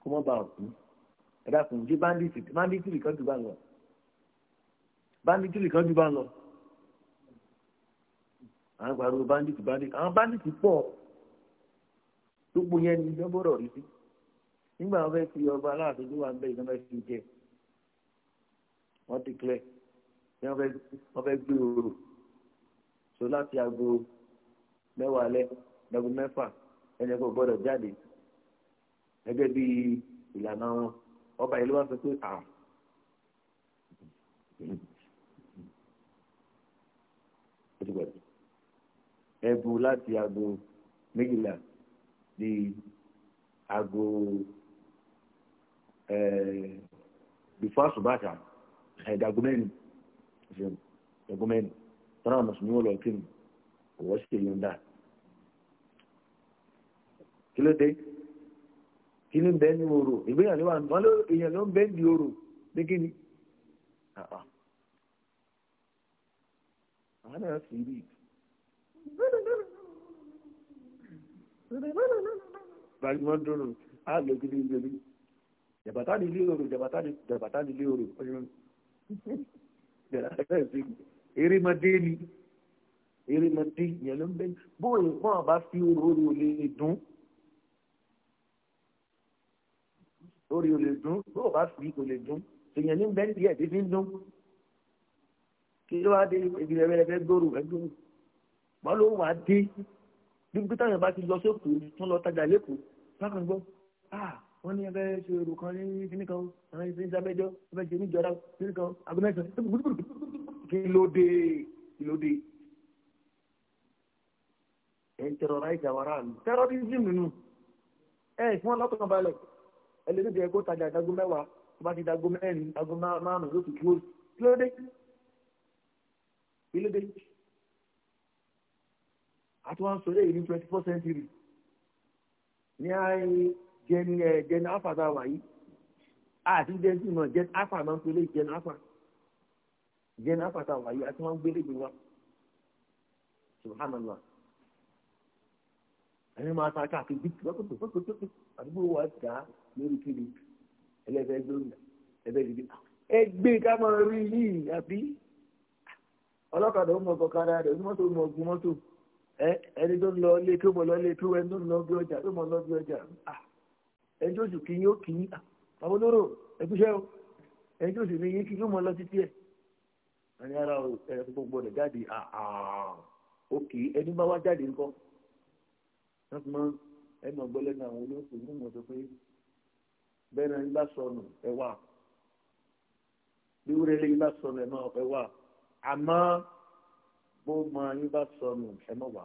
kó mọ́ bá òkú ẹ dákun jí báńdíìtì báńdíìtì kan jù bá ń lọ báńdíìtì kan jù bá ń lọ àwọn pariwo báńdíìtì báńdíìtì àwọn báńdíìtì pọ̀ gbogbo yẹn ni ìjọba rí sí nígbà wọn fẹ́ fi ọba aláàfin tó wà ń bẹ yìí wọn fẹ́ fi jẹ wọn ti kílẹ ní wọn fẹ́ gbé oòrò so láti aago mẹ́wàá alẹ́ aago mẹ́fà ẹni ẹkọ gbọ́dọ̀ jáde gẹ́gẹ́ bí ìlànà wọn ọba ìlú wa sọ pé à ẹbù láti aago méjìlá di aago. Eh, before asubata ẹ̀ẹ́dàgọ́mẹ́ni eh, ẹ̀ẹ́dàgọ́mẹ́ni tọ́lá àwọn mùsùlùmí wọ́n lọ kí ni òwò sì yọ̀ ń dà kí ló dé kí ni bẹ́ẹ̀ ni oru ìgbéyàwó ni wọ́n lọ èèyàn ló ń bẹ́ẹ̀ di oru ní kí ni àwọn náà sì rí gbajúmọ̀ dúró á kí ni ìgbéyàwó jàbátá ni ilé orò jàbátá ni ilé orò erémọdé ni erémọdé yẹn ló ń bẹ bóyá wọn bá fi oróró lè dún orí olè dún bó o bá fi olè dún èèyàn ní bẹ́ẹ̀ díẹ̀ tí fi ń dún kí ló wá dé ibi rẹ̀ rẹ̀ fẹ́ gbòòrò rẹ̀ gbòòrò wọn ló wà á dé bí pété àwọn bá ti lọ sókòó tún lọ tajà lẹ́kọ̀ọ́ bákan gbọ́ ah wọ́n ní ẹgbẹ́ ṣe èrò kan ní kíní kan àwọn ìṣe ìṣàbẹ́jọ́ ẹgbẹ́ ṣe níjọra kíní kan aago mẹ́sàn-án kí ló dé kí ló dé. ẹ ń tẹrọ ráìtì àwọn aráàlú tẹrọrìsìm nínú ẹ fún wọn lọ́kàn balẹ̀ ẹ lè níbi ẹ̀kọ́ tajà dago mẹ́wàá tó bá ti dago mẹ́rin dago márùn ló dé kí ló dé àti wọn sọ lẹ́yìn ní twenty four century ní àyè. jẹni eh, alfa tá a wà yìí àti jẹni mọ jẹni alfa máa ń pèlè jẹni alfa jẹni alfa tá a wà yìí àti wọn gbélé wa subhanallah ẹni máa ta káàkiri bí lọ́kọ̀tọ̀ lọ́kọ̀tọ̀ àdúgbò wa ẹni tó ń lọ ilé tó mọ lọ ilé tó ẹni tó ń lọ bí ọjà ah. ẹni tó sì kí yín ó kì í bàbá olóró ẹgbẹ́sẹ́ o ẹni tó sì ní yín kí yín mọ lọ títí ẹ̀ ẹni ara o ẹ̀ gbogbo rẹ̀ jáde ó kì í ẹni bá wá jáde ńkọ́ wọ́n ti mọ ẹni ọ̀gbọ́lẹ́nu àwọn olóòkú ní mọ̀ tó pé bẹ́ẹ̀ náà ń bá sọnù ẹ̀ wà ìwúrẹ́ lè bá sọnù ẹ̀ máa ẹ̀ wà àmọ́ bó máa ń bá sọnù ẹ̀ máa wà.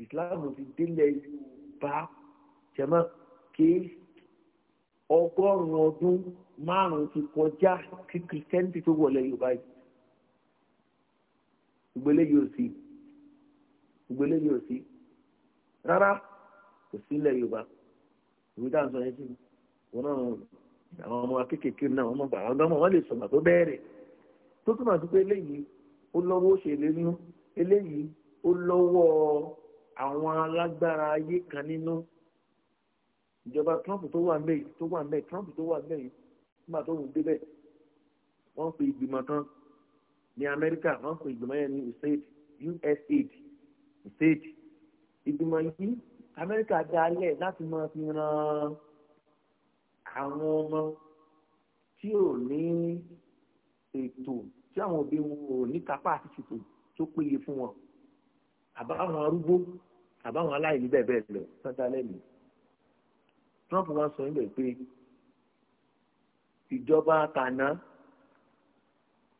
ìsìláàmù ti délẹ̀ yorùbá jẹ́mọ́ kí ọgọ́rùn-ún ọdún márùn-ún ti kọjá kí kìrìsìtẹ́nì tó wọlé yorùbá yìí ìgbélé yóò sí ìgbélé yóò sí rárá kò sílẹ̀ yorùbá ìwé dáhùn sọ yẹn sí wọn náà àwọn ọmọ akékèké náà wọn gbà àwọn ọmọ wọn lè sọ̀gbà tó bẹ́ẹ̀rẹ̀ tó túmọ̀ sí pé eléyìí ó lọ́wọ́ ó ṣe lé nínú eléyìí ó lọ́wọ́ àwọn alágbára ayé kan nínú ìjọba Trump tó wà mẹ́yì tó wà mẹ́yì Trump tó wà mẹ́yì nígbà tó wù débẹ̀ wọ́n pe ìgbìmọ̀ kan ní Amẹ́ríkà wọ́n pe ìgbìmọ̀ yẹn ní USAID USAID USAID ìgbìmọ̀ yìí Amẹ́ríkà dá alẹ́ láti máa fi ran àwọn ọmọ tí ò ní ètò tí àwọn òbí wọn ò ní kápá àti ṣètò tó péye fún wọn àbá àwọn arúgbó àbá àwọn aláìní bẹ́ẹ̀ bẹ́ẹ̀ lọ sọ́tà lẹ́nu Trump wá sọ níbẹ̀ pé ìjọba tàná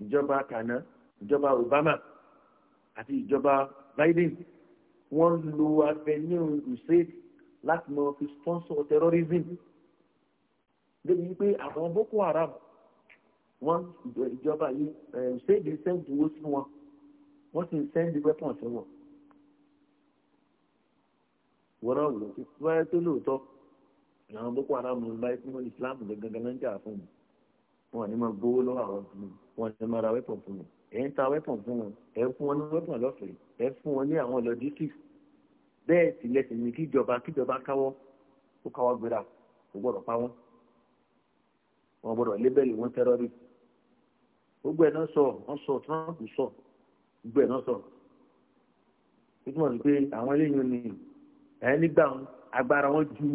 ìjọba tàná ìjọba Obama àti ìjọba Biden wọ́n lo avenue crusade láti mọ fi sponsor terrorism débi wípé àwọn Boko Haram wọ́n ìjọba yìí eh, crusade send owó sí wọn wọ́n sì send weapons sí wọn wọn náà wò sí wáyé tó lóòótọ́ àwọn boko haram ń bá ẹsìn wọn islam gangan náà ń jà fún mi wọn ni máa gbowó lọ́wọ́ àwọn fún mi wọn ni máa ra wẹ́pọ̀n fún mi ẹ̀ ń ta wẹ́pọ̀n fún wọn ẹ̀ fún wọn ní wẹ́pọ̀n lọ́fẹ̀ẹ́ ẹ̀ fún wọn ní àwọn logistics bẹ́ẹ̀ sì lẹ́sìn ní kíjọba kíjọba káwọ́ ó káwọ́ gbéra kò gbọ́dọ̀ pa wọ́n wọn gbọ́dọ̀ lébẹ́lì wọn tẹ́rọ́rì gbogbo ẹ̀ náà sọ Trump sọ gbogbo ẹ̀ náà sọ ó túmọ̀ sí ẹ nígbà wọn agbára wọn ju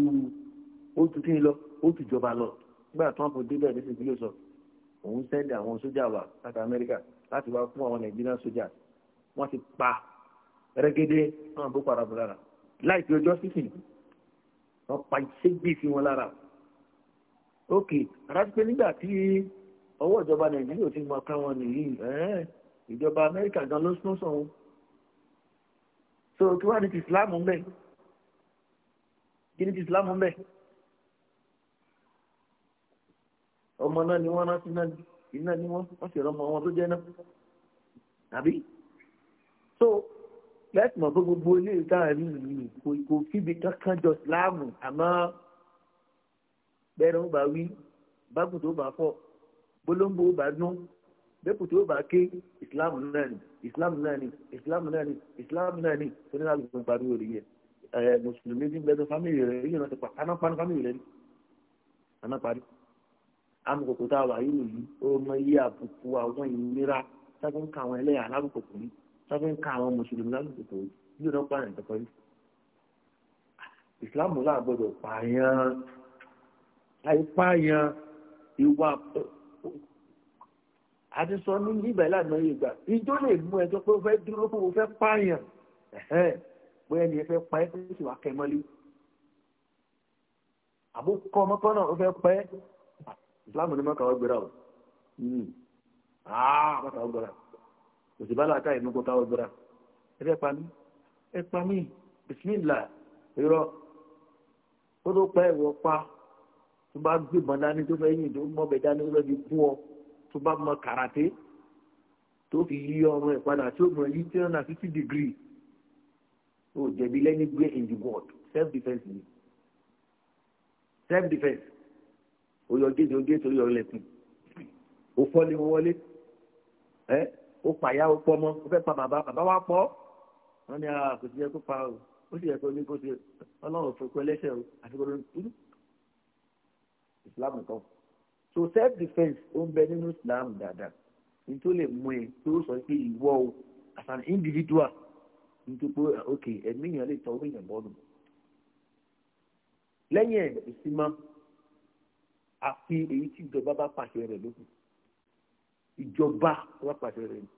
ó tu kí n lọ ó tu jọba lọ nígbà tí wọn kò débẹ̀ ní sèkúlẹ sọ òun sẹńdẹ àwọn sójà wa láti Amẹ́ríkà láti wá fún àwọn Nàìjíríà sójà wọn ti pa rẹgẹdẹ wọn bó para bọ lára láìpẹ́ ọjọ́ sísìn wọn pa ségbè sí wọn lára ok àràtúpẹ nígbà tí ọwọ́ ìjọba Nàìjíríà ti mọ ká wọn nìyí ìjọba Amẹ́ríkà gan ló sún sọ wọn so kí wàá ní ti Islam ń bẹ. Kini ti islam ń bẹ̀ ọmọ náà ni wọ́n rántí náà iná ni wọ́n wọ́n sì rọmọ wọn tó jẹ́ náà tàbí so lẹ́tì mọ̀ pé gbogbo ilé ìtàrí yìí kò kò fíbi kankan jọ síláàmù àmọ́ bẹ́ẹ̀rẹ̀ ó bá wí bákùn tó bá fọ̀ gbólóńgbò ó bá dún bẹ́ẹ̀kù tó bá ké ìsìláàmù náà ni ìsìláàmù náà ni ìsìláàmù náà ni ìsìláàmù náà ni tó ní láti gbọ́n pariwo rí mùsùlùmí bí gbẹdọ fámìlì rẹ yìí náà ti pa aná parí fámìlì rẹ ni aná parí amukoko tá a wà yìí nìyí ó mọ iye àbùkù àwọn ìnira sábẹ́ ń ka àwọn ẹlẹ́yà alábùkòkò yìí sábẹ́ ń ka àwọn mùsùlùmí alábùkòkò yìí yìí náà pààyàn tọkọ yìí ìsìláàmù náà gbọdọ̀ pààyàn àìpààyàn ìwà àti sọ ní níbẹ̀ lánàá yìí gbà ìjọ lè mú ẹjọ́ pé ó fẹ́ dúró fún bóyá ẹni ẹ fẹ́ pa ẹ́ ó sì wá kẹ́ mọ́lé àbó kọ́ ọmọkọ́ náà ó fẹ́ pa ẹ́ islam ní mọ́kàwá gbéra o hmm. aa ah, mọ́kàwá gbéra òsì bá làákà yìí mọ́kàwá káwá gbéra ẹ fẹ́ pa mí ẹ pa mí bisimilá irọ́ ó tó pa ẹ̀wọ̀ pa tó bá gbébọn dání tó fẹ́ yìn tó mọ́bẹ̀ dání tó fẹ́ fi kú ọ tó bá mọ kàràté tó fi yí ọmọ ẹ̀ padà tí ó yí tí ó nà fifty degree. So o be learning anywhere in the world self defence ni self defence oyọ géètì oyọ géètì oyọ lẹ́sìn o fọ́lé wọn wọlé ẹ o pàyà o pọ́ mọ́ o fẹ́ pa bàbá bàbá wa pọ́ wọn ni kò sí yẹ kó pa o ó sì yẹ kó ní kó ṣe ọlọ́run fún ikú ẹlẹ́sẹ̀ o àti kó lóun islam nǹkan so self defence ó ń bẹ nínú islam dáadáa nítorí lè mú ẹ tó sọ pé ìwọ o as an individual nítorí òkè ẹ̀mí yẹn lè tọ́ orí yẹn bọ́ọ̀lù lẹ́yìn ẹ̀ ìsinmọ́ àfi èyí tí ìjọba bá pàṣẹ rẹ̀ lókun ìjọba bá pàṣẹ rẹ̀ ni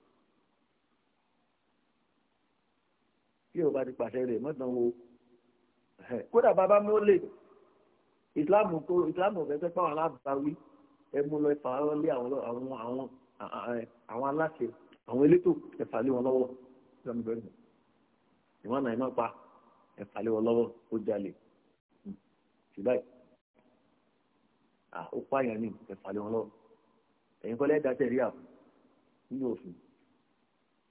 tí ìjọba ti pàṣẹ rẹ̀ mọ́tàn wo kódà bàbá mi ó lè ìsìláàmù kó ìsìláàmù ọ̀fẹ́ fẹ́ fáwọn alábàáwí ẹ mú lọ ìfà lé àwọn àwọn àwọn aláṣẹ àwọn elétò ẹ̀fà lé wọn lọ́wọ́ ìsìláàmù bẹ́ẹ̀ ìwọ́n náà ẹ má pa ẹ falẹ̀ wọ lọ́wọ́ ó jalè hmm. ṣùgbọ́n à ó pààyàn ní ẹ falẹ̀ wọn lọ́wọ́ ẹ̀yin kọ́lẹ́ da sẹ́ríà nínú òfin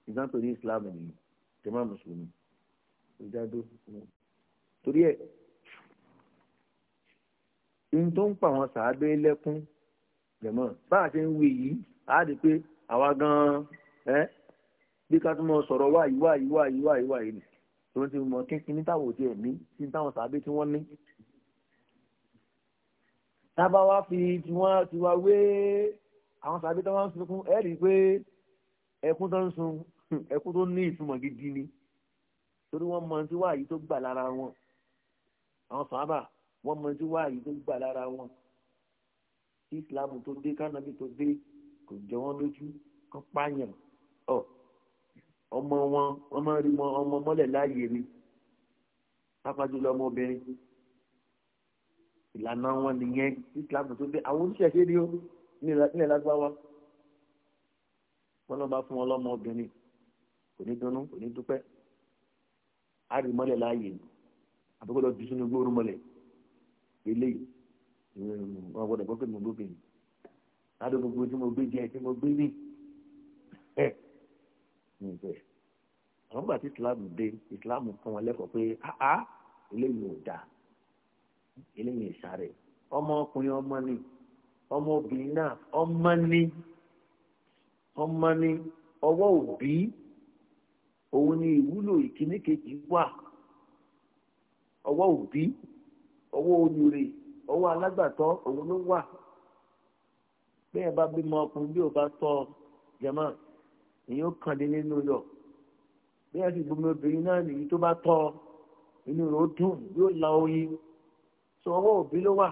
ìgbọ́n torí Islam nìyí jẹ́mọ́ mùsùlùmí ìjádó torí ẹ̀ n tó ń pa àwọn sàábé lẹ́kún jẹ̀mọ́ bá a ṣe ń wí yìí a rí pé àwa gan-an bí ká tún mọ sọ̀rọ̀ wáyí wáyí wáyí wáyí nìyí tó ń ti mọ kíkíní táwọn òdi ẹ̀mí sí táwọn tàbí tí wọ́n ní. tábà wá fi tiwọn tiwa wé àwọn tàbí tí wọ́n ń sunkún ẹ̀ rí i pé ẹkún tó ń sun (laughs) ẹkún tó ní ìtumọ̀ gidi ni torí wọ́n mọ tí wáyé tó gbà lára wọn àwọn sábà wọ́n mọ tí wáyé tó gbà lára wọn islam tó dé kánábì tó dé kò jẹ wọ́n lójú kó pààyàn ọmọ wọn wọn máa rí ọmọ mọ́lẹ̀ láàyè ni pápájúlọ ọmọbìnrin ìlànà wọn nìyẹn islam tó dé àwọn oníṣẹ̀ṣe ni ó nílẹ̀ lágbáwá wọn lọ bá fún ọlọ́mọ obìnrin kò ní dunnú kò ní dúpẹ́ á rí mọ́lẹ̀ láàyè àbúkọ́ lọ dùsùn ní gbóòórùn mọ́lẹ̀ eléyìí wọn gbọ́dọ̀ gbọ́ pé mo gbóbìnrin ládùúgbò tí mo gbé jẹ tí mo gbé ní. ní mm, ibẹ̀ àwọn gbà tí islam dé islam fún wọn lẹ́kọ̀ọ́ pé áá eléyìí ò dáa eléyìí ọmọ ọmọ ni ọmọ náà ọmọ ni ọmọ ni ọwọ́ òbí òun ni ìwúlò ìkíní kejì wà ọwọ́ òbí ọwọ́ onírè ọwọ́ alágbàtọ́ òun ló wà bẹ́ẹ̀ bá bímọ èyí ó kàn dé nínú yọ bí ẹ sì gbomi obìnrin náà nìyí tó bá tọ́ inú rẹ̀ ó dùn yóò la oyin sọ ọwọ́ òbí ló wà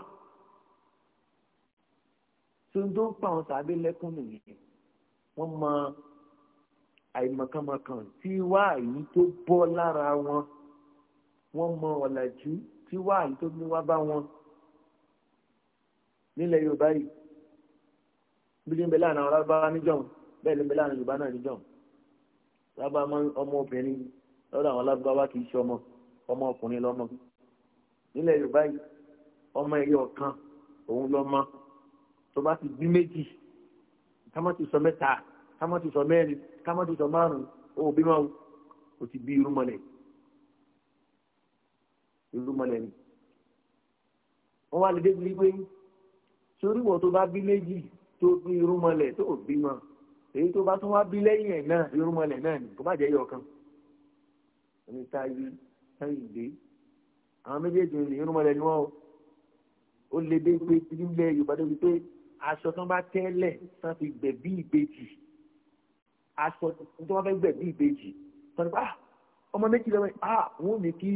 tí n tó ń pa àwọn sàbí lẹ́kún nìyí wọ́n mọ àìmọ̀kànmọ̀kàn tí wá èyí tó bọ́ lára wọn wọ́n mọ ọ̀làjú tí wá èyí tó ní wá bá wọn nílẹ̀ yorùbá yìí bí ní bẹ́ẹ̀ láàrin àwọn arábáwá níjọ́ wọn bẹ́ẹ̀ ló ń bẹ láàrin yorùbá náà níjọ́ lábá ọmọbìnrin lọ́dọ̀ àwọn lágbáwá kì í ṣe ọmọ ọmọ ọkùnrin lọ́mọ nílẹ̀ yorùbá yìí ọmọ ẹyọ kan òun lọ́mọ tó bá ti bí méjì kámọ́ ti sọ mẹ́ta kámọ́ ti sọ mẹ́rin kámọ́ ti sọ márùn-ún òun bímọ o ti bí irúmọlẹ̀ irúmọlẹ̀ ni wọ́n wá lè dé bí wípé sórí wọ́n tó bá bí méjì tó bí irúmọlẹ̀ tó bímọ èyí tó bá tún wá bí lẹ́yìn ẹ̀ náà irúnmọlẹ̀ náà ni kò má jẹ́ yọ̀ọ̀kan ẹni táyé táyìndé àwọn méjèèjì ní irúnmọlẹ̀ ni wọ́n ó lè dé pé nílẹ̀ yorùbá débi pé aṣọ tán bá tẹ́lẹ̀ tán fi gbẹ̀ bí ìbejì aṣọ tí wọ́n fẹ́ gbẹ̀ bí ìbejì tán ni pé ah, ọmọ méjì lọ́wọ́ ah wọ́n ní kí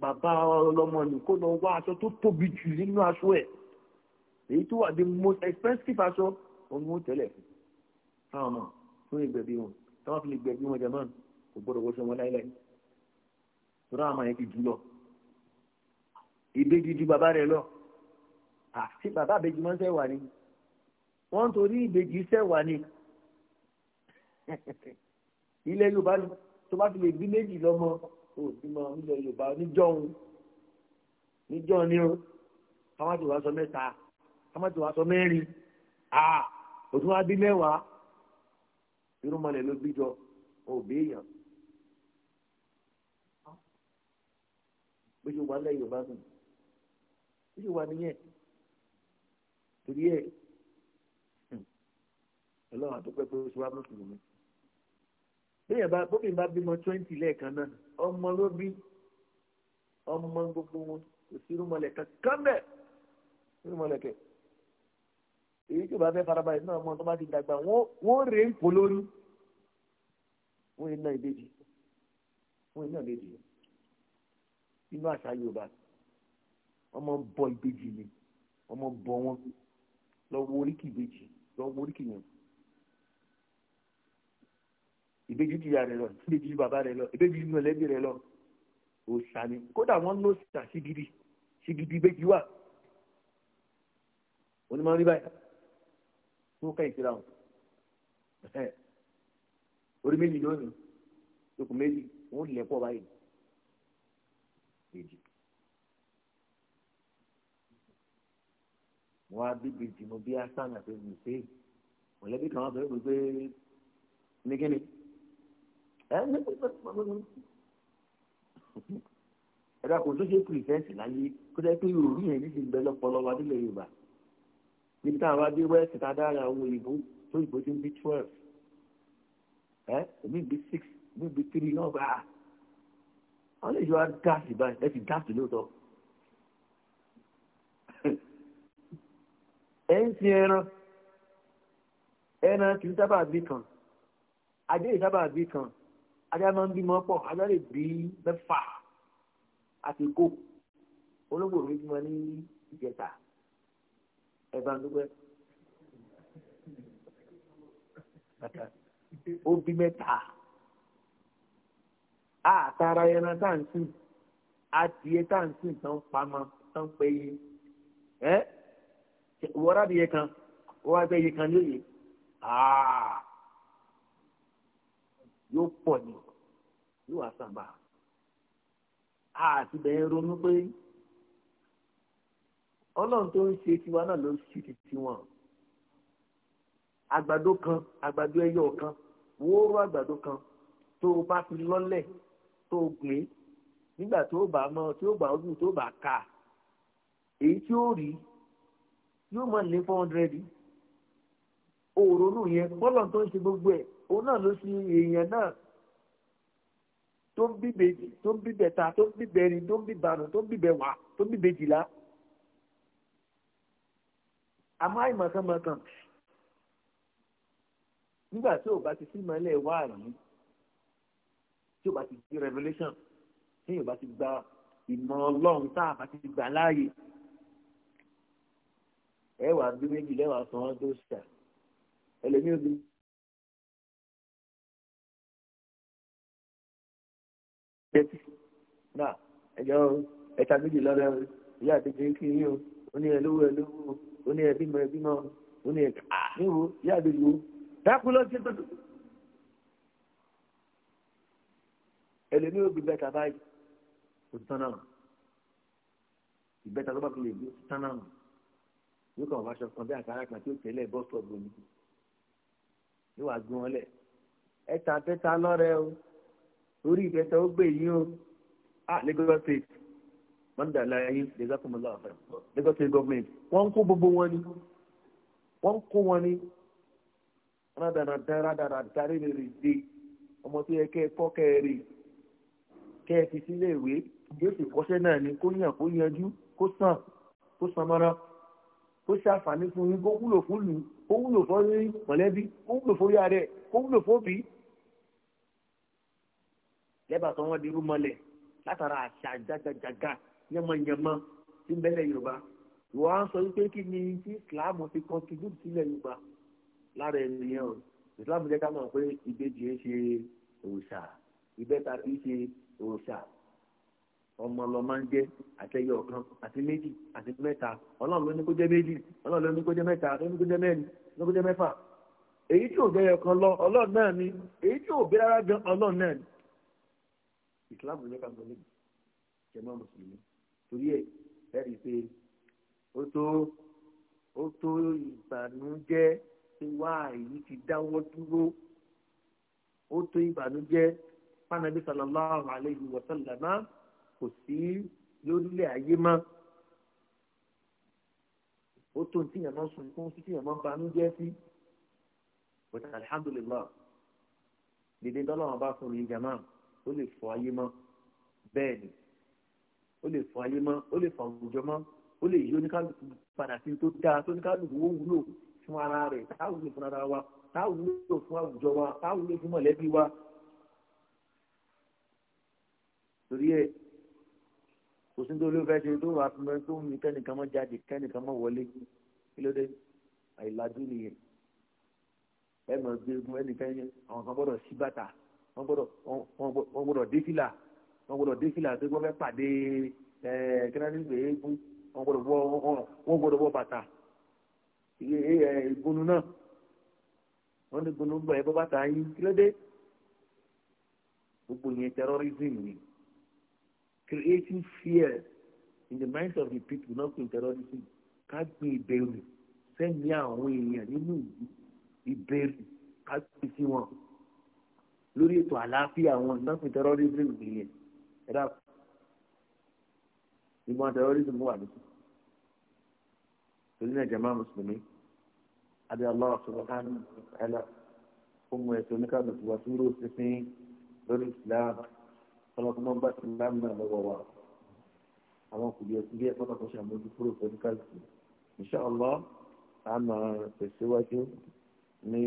bàbá ọlọ́mọ nì kó lọ wá aṣọ tó tóbi jù nínú aṣọ ẹ̀ èyí tó wà the most expensive aṣọ òun ó tẹ́lẹ̀ fún un fáwọn ọmọ fún ìgbẹ̀bí wọn táwọn fi lè gbẹ̀bí wọn jẹ mọ́n kò gbọ́dọ̀ wọ́ṣọ wọn láìláì tó dáhùn àmọ́ yẹn ti jù lọ ìbejì ju bàbá rẹ lọ àti bàbá ìbejì máa ń sẹ́wà ni wọ́n ń torí ìbejì sẹ́wà ni (laughs) ilẹ̀ Yorùbá tó bá fi lè bí méjì lọ́mọ òbímọ nílẹ̀ Yorùbá níjọ́hun níjọ́ ni ó káwọn ti wá sọ mẹ́ta káwọn ti wá sọ mẹ́rin ah òtún wá bí mẹ́wàá irúnmọlẹ̀ ló bí jọ òbí èèyàn bó ṣe wà lẹ́yìn yorùbá nù bó ṣe wà nìyẹn torí ẹ hmm, ọlọ́run àtọ́pẹ́ pé ó ṣe wá mùsùlùmí bẹ́ẹ̀ bá bóbi bá bímọ twenty lẹ́ẹ̀kan náà ọmọ ló bí ọmọ gbogbo wọn kò sí irúnmọlẹ̀ kankan bẹ́ẹ̀ irúnmọlẹ̀ kẹ́ẹ̀ èyí tí o bá fẹ́ farabalẹ̀ náà mọ tó bá ti dàgbà wọ́n rè ń pò lórí wọ́n iná ìbejì wọ́n iná ìbejì inú àṣà Yorùbá ọmọ ń bọ ìbejì ni ọmọ ń bọ wọn lọ́wọ́ oríkì ìbejì lọ́wọ́ oríkì yẹn ìbejì ti ya rẹ lọ ìbejì ti bàbá rẹ lọ ìbejì ti mọ̀lẹ́bí rẹ lọ òòṣà ni kódà wọ́n lọ sí àṣìgidi ṣìgidi ìbejì wà onímọ̀ rí tó kẹ́yìn síra wọn orí méjì lónìí okùn méjì wọn lè pọ̀ báyìí méjì wọn á bíbi ìdìmọ̀ bí asan àti ìgbìnsẹ mọ̀lẹ́bí kan wọn sọ wípé ní kíni ẹ ní pípẹ́ ẹ dákun tó ṣe pìrìsẹ́ǹtì láyé kó dẹ́ pé Yorùbá yẹn ní ti bẹ lọ́pọ̀lọpọ̀ adúlẹ̀ Yorùbá níbi táwọn wá dé west tá a dára àwọn òyìnbó tó ìbò ti ń bí twelve ẹ òmí bí six òmí bí three náà bá a àwọn lè yọ gáàsì báyìí ẹ ti gáàsì lóòótọ́ (laughs) ẹ ń sin ẹran ẹran kì í sábà bí kan adé ìsábà bí kan ajá máa ń bímọ pọ̀ ajá lè bí mẹ́fà àti kó olóògbò mi bímọ ní ìjẹta. ẹ bá ń dúpẹ́. ó bí mẹ́ta àtàrà ẹran tá à ń sìn adìẹ tá à ń sìn tán pamọ́ tán péye kan yóò ní yóò wá sábà ọlọ́run tó ń ṣe tiwa náà ló ń ṣe ti tiwọn àgbàdo kan àgbàdo ẹyọ kan wóró àgbàdo kan tó o bá fi lọ́lẹ̀ tó o gbìn nígbà tó o bá mọ tí o bá ojú tó o bá kà èyí tí o rí yóò mọ ní four hundred òòrùn yẹn bọ́lọ̀ tó ń ṣe gbogbo ẹ̀ òun náà ló ṣe èèyàn náà tó ń bíbẹ̀ ta tó ń bíbẹ̀ rin tó ń bíbẹ̀ àrùn tó ń bíbẹ̀ wà tó ń bíbẹ̀ jìlá àmọ́ àìmọ̀kànmọ̀kàn nígbà tí ò bá ti sí ìmọ̀lẹ̀ wá àrùn tí ò bá ti di revolution tí ò bá ti gba ìmọ̀ ọlọ́run tá a bá ti gbà láàyè ẹ wàá bí méjì lẹ́wàá san án tó ṣà ẹlẹ́mí òbí. náà ẹjọ́ ẹ̀ta méjì lọ́rẹ́ ìyá àti kékeré yìí ó ní ẹlówó ẹlówó ó ní ẹbí mọ ẹbí mọ ó ní ẹka níwò yá àdéhùn dákú lọ sí tòtò ẹlẹmi ó gbígbẹ tàbá yìí kò tán náà ìgbẹ́ta ló bá fi lè gbé tán náà yóò kàn wá aṣọ kan bí àkàrà kan tí ó tẹ̀lé bọ́ọ̀sì ọ̀gbọ̀n mi yóò wá gbọ́n lẹ̀ ẹ̀ta bẹ́ta lọ́rẹ́ o orí ìbẹ́ta ó gbé yín o ah Lagos state mọ́ndà láyé lẹ́sàkùnmọ́lá ọ̀fẹ́ Lagos state government wọ́n ń kó gbogbo wọn ni wọ́n ń kó wọn ni rádaràdá rádaràdá rírèrè dé ọmọ tó yẹ kẹ́ ẹ kọ́ kẹ́ ẹ rè kẹ́ ẹ fi sílé ìwé yóò sì kọ́ṣẹ́ náà ni kó yàn kó yanjú kó sàn kó san mọ́ra kó ṣàǹfààní fún yín kó wúlò fún lù kó wúlò fún yín mọ̀lẹ́bí kó wúlò fún yá rẹ̀ kó wúlò fún òbí lẹ́bàá tó wọ́n dirú mọ́lẹ̀ látara àṣà jágajàga yánmọ̀yánmọ́ tí ń bẹ́lẹ̀ yorùbá ìwọ á ń sọ wípé kí ni tí islam fi contribute sílẹ̀ yorùbá lára ènìyàn o islam jẹ́ ká mọ̀ pé ìbejì ń ṣe òòṣà ìbẹ́ta kì í ṣe òòṣà ọmọ lọ máa ń jẹ àtẹyẹ ọ̀kan àti méjì àti mẹ́ta ọlọ́run ló ní kó jẹ́ méjì ọlọ́run ló ní kó jẹ́ mẹ́ta ló ní kó jẹ́ mẹ́rin ló ní kó jẹ́ mẹ́fà èyí tí ò bẹ ẹ̀kan lọ ọlọ́run náà ni èyí tí ò bẹ rárá gan ọlọ́run náà ni islam ní ká mọ̀ lẹ́yìn jẹ́ mùsùlùmí torí ẹ̀ ẹ̀rí pé ó tó ó tó ìbànújẹ́ pé wá èyí ti dáwọ́ dúró ó tó ìbànújẹ́ pànàbí sallallahu alayhi wa sallama kò sí lórílẹ̀ ayé mọ́ ó tó tí yàrá sùn fún títí yàrá banújẹ́ sí but alhamdulilah dídí dọ́là wọn bá fún mi jama ó lè fọ ayé mọ́ bẹ́ẹ̀ ni ó lè fọ ayé mọ́ ó lè fọ àwùjọ mọ́ ó lè yí oníkálukú padà sí tó dáa tó oníkálukú ó wúlò fún ara rẹ̀ táwọn lè fún ara wa táwọn lè fún àwùjọ wa táwọn lè fún mọ̀lẹ́bí wa. torí ẹ kò sí tó ló fẹ́ ṣe tó wàá fún ẹ tó ń mi kẹ́nìkan mọ́ jáde kẹ́nìkan mọ́ wọlé kí ló dé àìlájú nìyẹn ẹ mọ̀ gbé egun ẹnìkan yẹn àwọn kan gbọ́dọ̀ sí bàtà wọ́n gbọ́dọ̀ dé fìlà wọ́n gbọ́dọ̀ dé fìlà pé wọ́n fẹ́ pàdé kẹ́nẹ́tì pé eégún wọ́n gbọ́dọ̀ wọ wọ́n gbọ́dọ̀ wọ bàtà ìgbónú náà wọ́n ní gbónú gbọ́ ẹ bọ́ bàtà yín kí gbogbo yẹn terrorism ni creating fear in the minds of the people not to terrorism ká gbin ìbẹ̀rù sẹ́ni àwọn èèyàn nínú ìbẹ̀rù ká gbin sí wọn lórí ètò àlàáfíà wọn not to terrorism nìyẹn. ẹ̀dá ìgbọ́n terrorism wà nísìn torí náà mùsùlùmí adé oníkàlùkù wà sísìn lórí bá náà àwọn kúrò oníkàlùkù a máa ní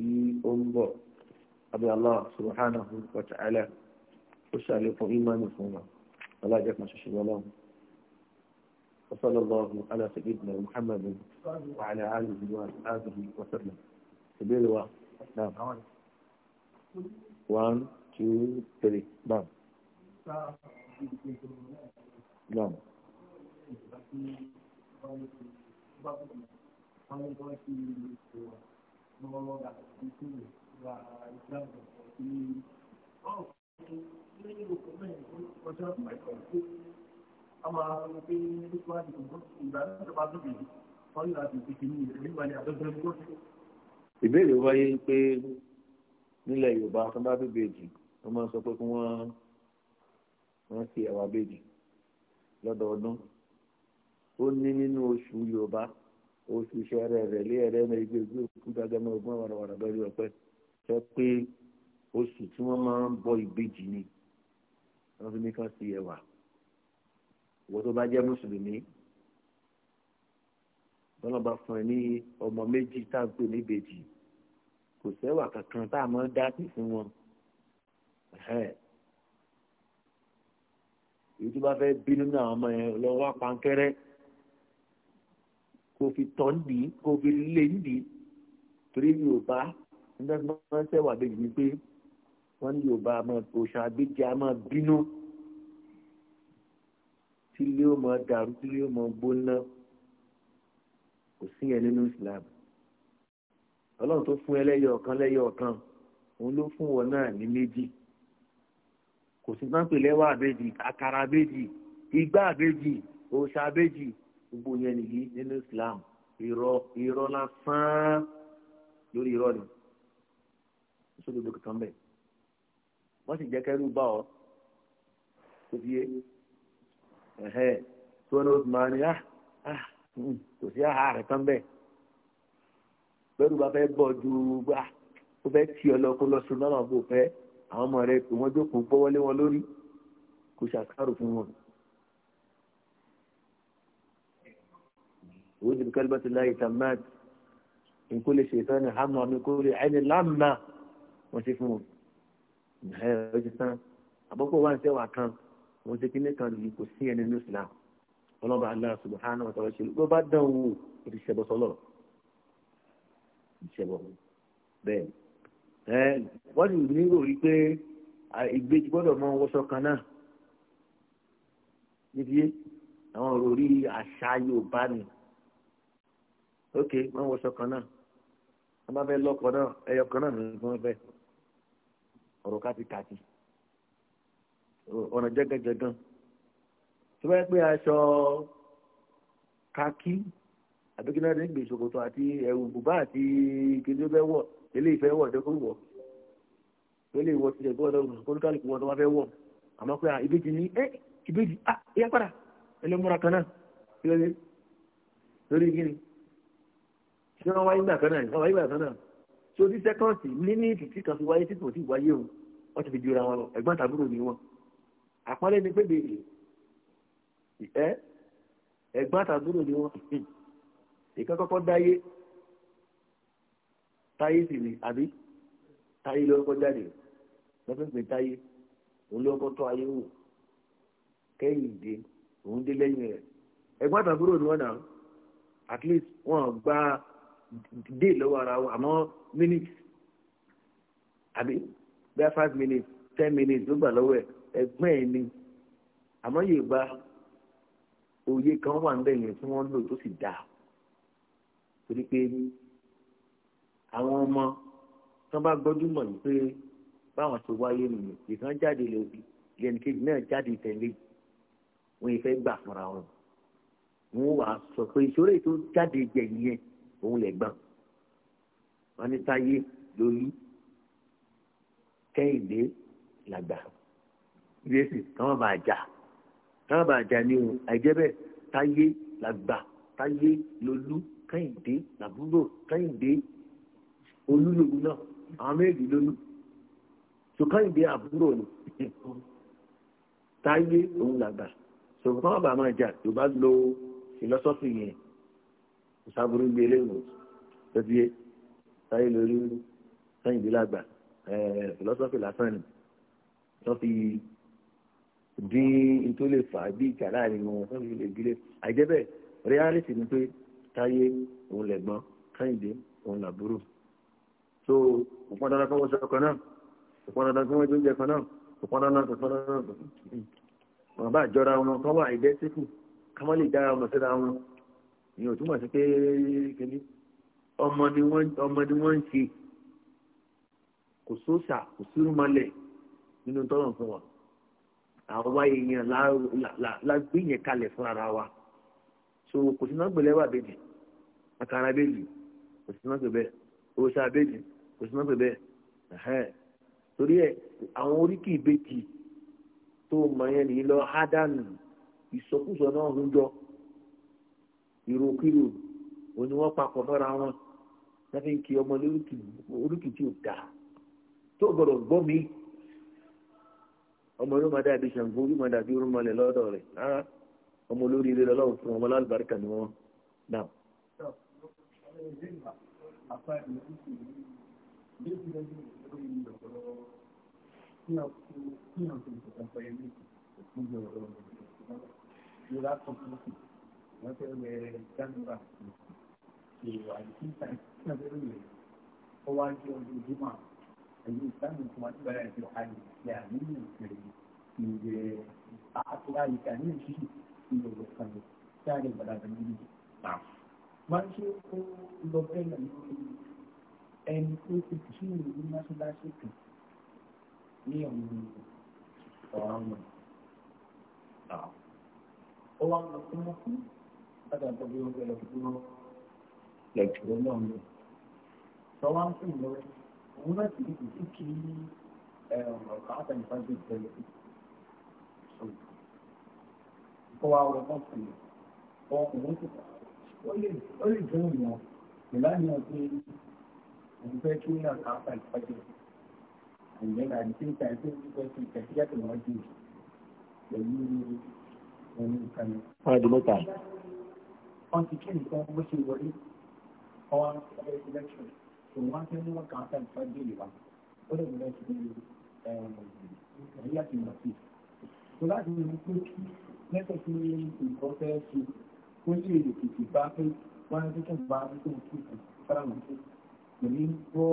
tí ó ń ó ṣàlékún ìmánì fún wa alájẹ́ kan ṣoṣo lọ́lọ́run وصلى الله على سيدنا محمد وعلى آله وصحبه وسلم سبيل الله نعم 1 2 3 نعم نعم ọjọ́ àìkọ̀ wáyé pé nílẹ̀ yorùbá tó bá bèbèjì wọ́n máa sọ pé kí wọ́n wọ́n ṣe ẹ̀wà bèjì lọ́dọọdún ó ní nínú oṣù yorùbá oṣù iṣẹ́ rẹ̀ lé ẹ̀rẹ́ mẹ́rin gbé gbé òkú dájọ́ mọ́ ọgbọ́n wàràwàrà ọ̀pẹ sọ pé oṣù tí wọ́n máa ń bọ ìbejì ni wọ́n fi ní kán sí ẹwà ìwọ tó bá jẹ́ mùsùlùmí bọ́lá bá fún ẹ ní ọmọ méjì tá à ń pè ní kò sẹ́wà kankan tá a máa ń dá sí fún wọn èyí tó bá fẹ́ bínú ní àwọn ọmọ yẹn lọ́wọ́ apankẹ́rẹ́ kò fi tọ́ nídìí kò fi lé nídìí torí yorùbá nígbà tí wọ́n ń sẹ́wà bẹ́ẹ̀ ni pé wọ́n ní yorùbá òṣà àgbéjì a máa bínú tílé ó máa dàrú tílé ó máa gbóná kò sí yẹn nínú islam ọlọ́run tó fún ẹ lẹ́yọ ọ̀kan lẹ́yọ ọ̀kan òun ló fún wọn náà ní méjì kò sí sáńpè lẹ́wà àbẹ́jì àkàrà àbẹ́jì igbá àbẹ́jì òòṣà àbẹ́jì gbogbo yẹn nìyí nínú islam irọ́ irọ́ lásán lórí irọ́ ni ìṣòdodo kankan bẹ́ẹ̀ wọ́n sì jẹ́ kẹ́rù bá ọ tó fi yé ẹ̀hẹ́ tí wọ́n ní oṣù máa ní ah, ah, hmm, kò sí àhà rẹ̀ tán bẹ́ẹ̀ bẹ́rù bá fẹ́ bọ̀ ju gbà ó fẹ́ tì ọ lọ kó lọ sùn lọ́nà bò fẹ́ àwọn ọmọ rẹ̀ pé wọ́n jókòó gbọ́wọ́lé wọn lórí kò ṣàkárò fún wọn. òwúdi bí kálíbà ti láyé tamad nkúlẹ̀ ṣètọ́ ni hàmà mi kúlẹ̀ ẹni lámà wọ́n ti fún wọn ẹ ẹ ti tán àkókò wa ń sẹ́wà kan mo ti kí ní kan yìí kò sí ẹni ní islam ọlọ́ba Allah subhanahu wa ta'ala ṣe ló bá dán wò ó ti ṣẹbọ sọlọ ìṣẹbọ bẹ́ẹ̀ ẹ wọ́n ti nílò rí pé ìgbéjì gbọ́dọ̀ mọ wọṣọ kan náà níbi àwọn òrí àṣà Yorùbá ni ok wọ́n wọṣọ kan náà wọ́n bá fẹ́ lọ́kọ náà ẹyọ kan náà ló ń fẹ́ ọ̀rọ̀ kátikàti ọ̀nà jẹ́gẹ́jẹ́gán tó bá yẹ pé aṣọ kakí àbíkínà ní gbèsè kòtò àti ẹ̀wù bùbá àti kìnìún tó fẹ́ wọ̀ ilé ìfẹ́ wọ̀ ẹ̀dẹ́kọ̀ wọ̀ ilé ìwọ̀ ti ẹ̀gbọ́n ọ̀dọ́ kólúkálùkù wọn tó wá fẹ́ wọ̀ àmọ́ pé ìbejì ní ẹ́ eh, ìbejì á ìyá padà ẹlẹ́múra kan náà lórí lórí gíní ṣé wọ́n wáyé gbà kan náà wọ́n wáyé gbà kan náà so ní sẹ́kọ̀ǹsì ní wọ́n ti fi jura wọn lọ ẹ̀gbọ́n tàbúrò ni wọ́n àpọ́nlé ni pé bèrè ẹ́ ẹ̀gbọ́n tàbúrò ni wọ́n ìkan kọ́kọ́ dáyé táyé sì ni àbí táyé ló kọ́ jáde lọ́fẹ̀ẹ́ táyé òun ló kọ́ tọ́ ayé wò kẹ́yìn dé òun dé lẹ́yìn rẹ̀ ẹ̀gbọ́n tàbúrò ni wọ́n nà at least wọ́n gba dé lọ́wọ́ ara wọn àmọ́ minutes àbí bẹ́ẹ̀ five minutes ten minutes ló gbà lọ́wọ́ ẹ̀ ẹ̀gbọ́n ẹ̀ ni àmọ́ yóò gba òye kan wà ń bẹ̀yẹn tí wọ́n lò tó sì dáa torí pé àwọn ọmọ tán bá gbọ́dúmọ̀ ní pé báwọn ṣe wáyé nìyẹn ìkan jáde lòdì lẹ́nìkejì náà jáde tẹ̀lé wọn ìfẹ́ gbà fúnra wọn wọn wàá sọ pé ìṣòro ètò jáde jẹ yẹn òun lẹ̀ gbọ́n wọn ní táyé lórí kẹ́hìndé làgbà yéèsì táwọn bá jà táwọn bá jà ní o àìjẹ́bẹ̀ táyé làgbà táyé lolú kẹ́hìndé làbúrò kẹ́hìndé olúlòlú náà àwọn méjì lolú so kẹ́hìndé àbúrò ni táyé òun làgbà so táwọn bá máa jà tó bá lo philosophy yẹn kò sábúrú gbé eléyìí tó ti yé táyé lolú kẹ́hìndé làgbà. Eh, philosophy lásán ni wọ́n fi dín tó lè fà á bí ìjà láàrin wọn wọ́n fi lè gbilé àìjẹ́bẹ̀ reality ni pé táyé òun lẹ̀gbọ́n kẹ́hìndé òun làbúrò so òpọn dandan kan wọ́n sọ kan náà òpọn dandan kan wọ́n jóúnjẹ kan náà òpọn dandan kan kan náà wọn bá jọra wọn kan wà àìdẹ́síkù ká wọ́n lè dára wọn síra wọn ìyẹn ò túmọ̀ sí pé kìnní ọmọ ni wọ́n ń ṣe kò sóòṣà kò sírúmọlẹ̀ nínú tọ́lọ̀ fún wa àwa èèyàn la gbé yẹn kalẹ̀ fún ara wa so kò sí náà gbẹlẹ́wà bèjì àkàrà bèjì kò sí náà gbẹbẹ òòṣà bèjì kò sí náà gbẹbẹ torí ẹ àwọn oríkì ìbejì tó mọ yẹn nìyí lọ hádánù ìsọkúsọ náà ń jọ ìròkìrò òní wọn papọ̀ mọ́ra wọn láti ń kí ọmọ lóríkì tí ò tó gbọdọ̀ gbọ́ mi ọmọ yóò máa dàbí ṣàǹgó yóò máa dàbí orúmọ lẹ lọ́dọ̀ rẹ̀ rárá ọmọ olórí ilé lọ́wọ́ fún ọmọ lálùbáríkà ni wọ́n dà. Ọwọ́ ọdún Jumá الإنسان كما تبقى في الحال الإسلامي الكريم في أعطاء كامل شيء في الوطن ثاني بلاد المدينة نعم máa ń ṣe kó lọ bẹ́ẹ̀ lórí ẹni tó ti kìí ní mọ́ṣáláṣí kan ní ọ̀hún ọ̀hún ó wá lọ fún wọn fún padà tó bí wọn fẹ́ هناك يمكن قاعدة يفضل الدولة هو على مصر هو قوته ó lè jẹ́ ìwọ̀n ìlànà pé ìgbẹ́ kí ní ọ̀sán àpá ìfọ́jọ́ àìyẹ́nà àti tíńtà ẹgbẹ́ ìgbẹ́ tí ìtẹ̀síyà tó wọ́n jù pẹ̀lú ohun ìkànnì. wọ́n á di wọ́n ti kí nìkan bó ṣe wọlé wọ́n á fẹ́ ẹlẹ́kṣọ̀n wọ́n ti mú kan fẹ́ fẹ́ bèèrè wa ó lè wọlé sí ẹ̀yà tìǹbà sí. tó láti rí pé lẹ́sẹ̀ tí nǹkan fẹ́ ṣe ó lè lè tètè bá pé wọ́n á tètè bá tó ń tètè fara wọn tó. pẹ̀lú gbọ́